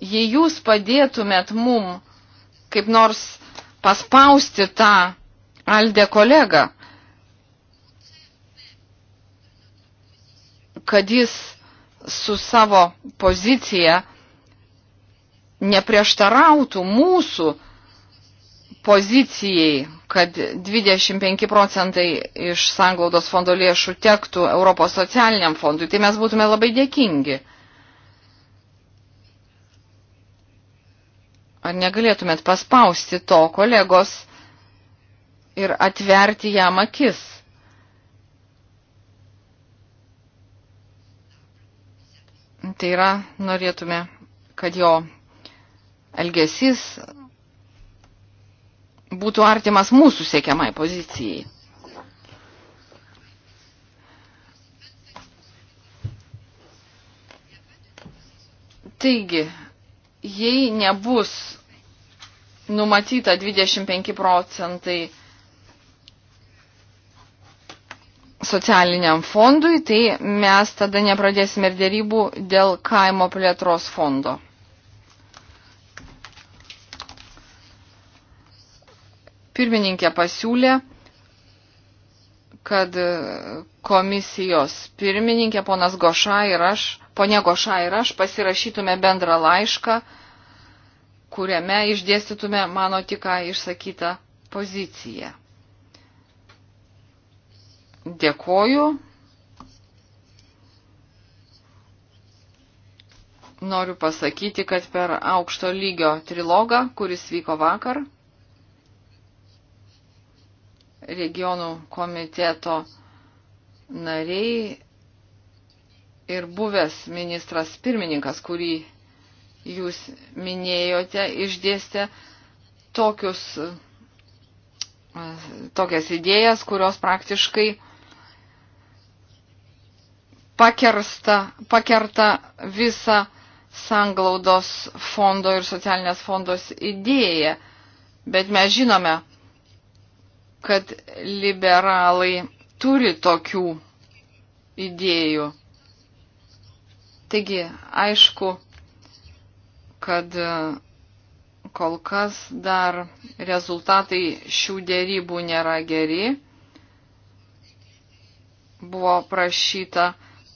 Jei jūs padėtumėt mum kaip nors paspausti tą Alde kolegą, kad jis su savo pozicija neprieštarautų mūsų pozicijai, kad 25 procentai iš sanglaudos fondo lėšų tektų Europos socialiniam fondui, tai mes būtume labai dėkingi. Ar negalėtumėt paspausti to kolegos ir atverti jam akis? Tai yra, norėtume, kad jo elgesys būtų artimas mūsų siekiamai pozicijai. Taigi, jei nebus numatyta 25 procentai socialiniam fondui, tai mes tada nepradėsime ir dėrybų dėl kaimo plėtros fondo. Pirmininkė pasiūlė, kad komisijos pirmininkė ponas Goša ir aš, ponė Goša ir aš pasirašytume bendrą laišką, kuriame išdėstytume mano tik ką išsakytą poziciją. Dėkoju. Noriu pasakyti, kad per aukšto lygio trilogą, kuris vyko vakar, regionų komiteto nariai ir buvęs ministras pirmininkas, kurį jūs minėjote, išdėstė tokius, tokias idėjas, kurios praktiškai pakersta, pakerta visą sanglaudos fondo ir socialinės fondos idėją. Bet mes žinome, kad liberalai turi tokių idėjų. Taigi, aišku, kad e, kol kas dar rezultatai šių dėrybų nėra geri. Buvo prašyta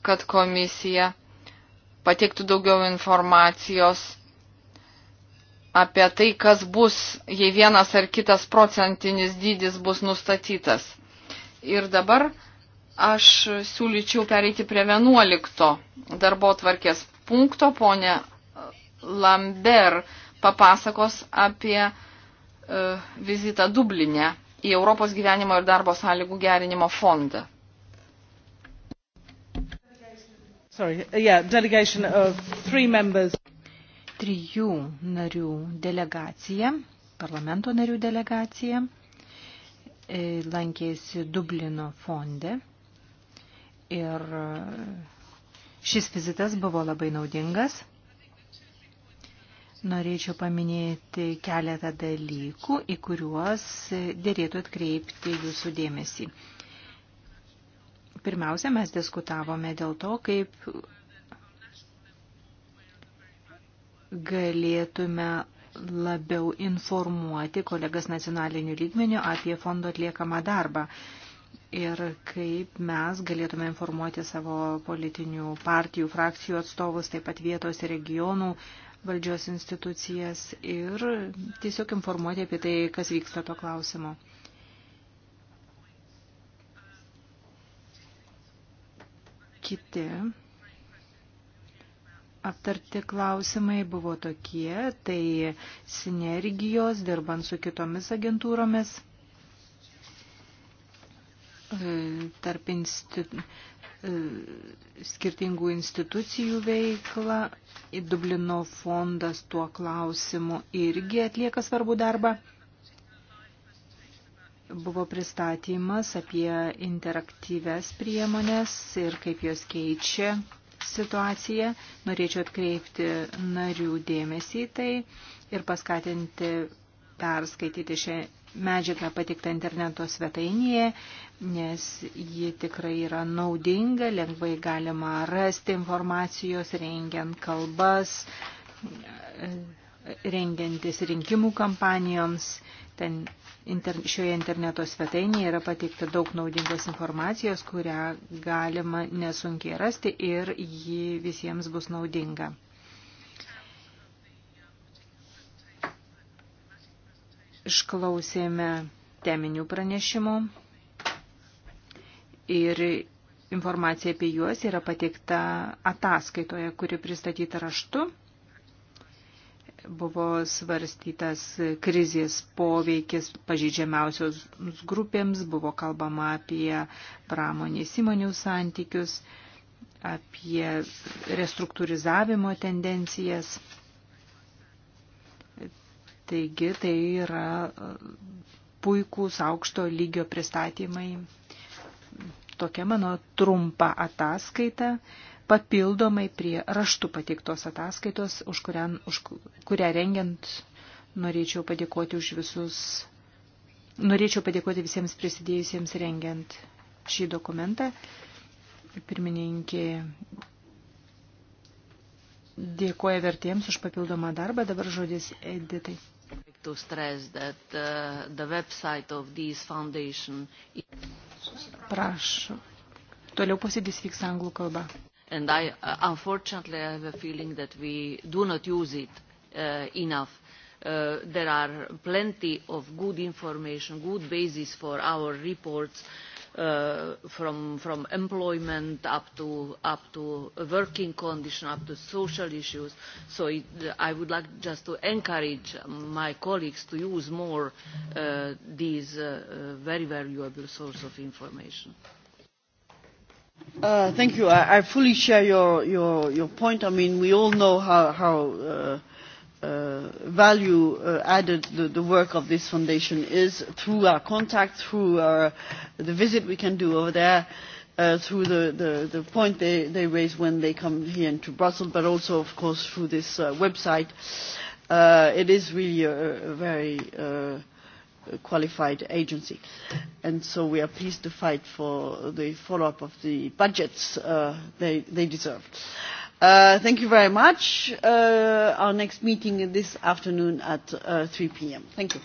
kad komisija pateiktų daugiau informacijos apie tai, kas bus, jei vienas ar kitas procentinis dydis bus nustatytas. Ir dabar aš siūlyčiau pereiti prie 11 darbo tvarkės punkto. Pone Lambert papasakos apie e, vizitą Dublinę į Europos gyvenimo ir darbo sąlygų gerinimo fondą. Sorry, uh, yeah, delegation of three members. Trijų narių delegacija, parlamento narių delegacija, e, lankėsi Dublino fonde ir e, šis vizitas buvo labai naudingas. Norėčiau paminėti keletą dalykų, į kuriuos e, dėrėtų atkreipti jūsų dėmesį. Pirmiausia, mes diskutavome dėl to, kaip galėtume labiau informuoti kolegas nacionaliniu lygmeniu apie fondo atliekamą darbą ir kaip mes galėtume informuoti savo politinių partijų, frakcijų atstovus, taip pat vietos ir regionų valdžios institucijas ir tiesiog informuoti apie tai, kas vyksta to klausimo. kiti aptarti klausimai buvo tokie, tai sinergijos, dirbant su kitomis agentūromis, e, tarp institu, e, skirtingų institucijų veikla, Dublino fondas tuo klausimu irgi atlieka svarbu darbą buvo pristatymas apie interaktyves priemonės ir kaip jos keičia situaciją. Norėčiau atkreipti narių dėmesį į tai ir paskatinti perskaityti šią medžiagą patiktą interneto svetainėje, nes ji tikrai yra naudinga, lengvai galima rasti informacijos, rengiant kalbas, rengiantis rinkimų kampanijoms. Ten inter, šioje interneto svetainėje yra pateikta daug naudingos informacijos, kurią galima nesunkiai rasti ir ji visiems bus naudinga. Išklausėme teminių pranešimų ir informacija apie juos yra pateikta ataskaitoje, kuri pristatyta raštu buvo svarstytas krizės poveikis pažydžiamiausios grupėms, buvo kalbama apie pramonės įmonių santykius, apie restruktūrizavimo tendencijas. Taigi tai yra puikūs aukšto lygio pristatymai. Tokia mano trumpa ataskaita papildomai prie raštų patiktos ataskaitos, už, kuriam, už kurią rengiant norėčiau padėkoti už visus, norėčiau padėkoti visiems prisidėjusiems rengiant šį dokumentą. Pirmininkė dėkoja vertiems už papildomą darbą, dabar žodis Editai. To stress that uh, the website of this foundation. Prašau. Toliau posėdis vyks anglų kalba and I, uh, unfortunately I have a feeling that we do not use it uh, enough. Uh, there are plenty of good information, good basis for our reports uh, from, from employment up to, up to working condition, up to social issues. So it, I would like just to encourage my colleagues to use more uh, these uh, uh very valuable source of information. Uh, Uh, thank you. I, I fully share your, your, your point. I mean, we all know how, how uh, uh, value uh, added the, the work of this foundation is through our contact, through our, the visit we can do over there, uh, through the, the, the point they, they raise when they come here into Brussels, but also, of course, through this uh, website. Uh, it is really a, a very uh, qualified agency. And so we are pleased to fight for the follow-up of the budgets uh, they, they deserve. Uh, thank you very much. Uh, our next meeting this afternoon at uh, 3 p.m. Thank you.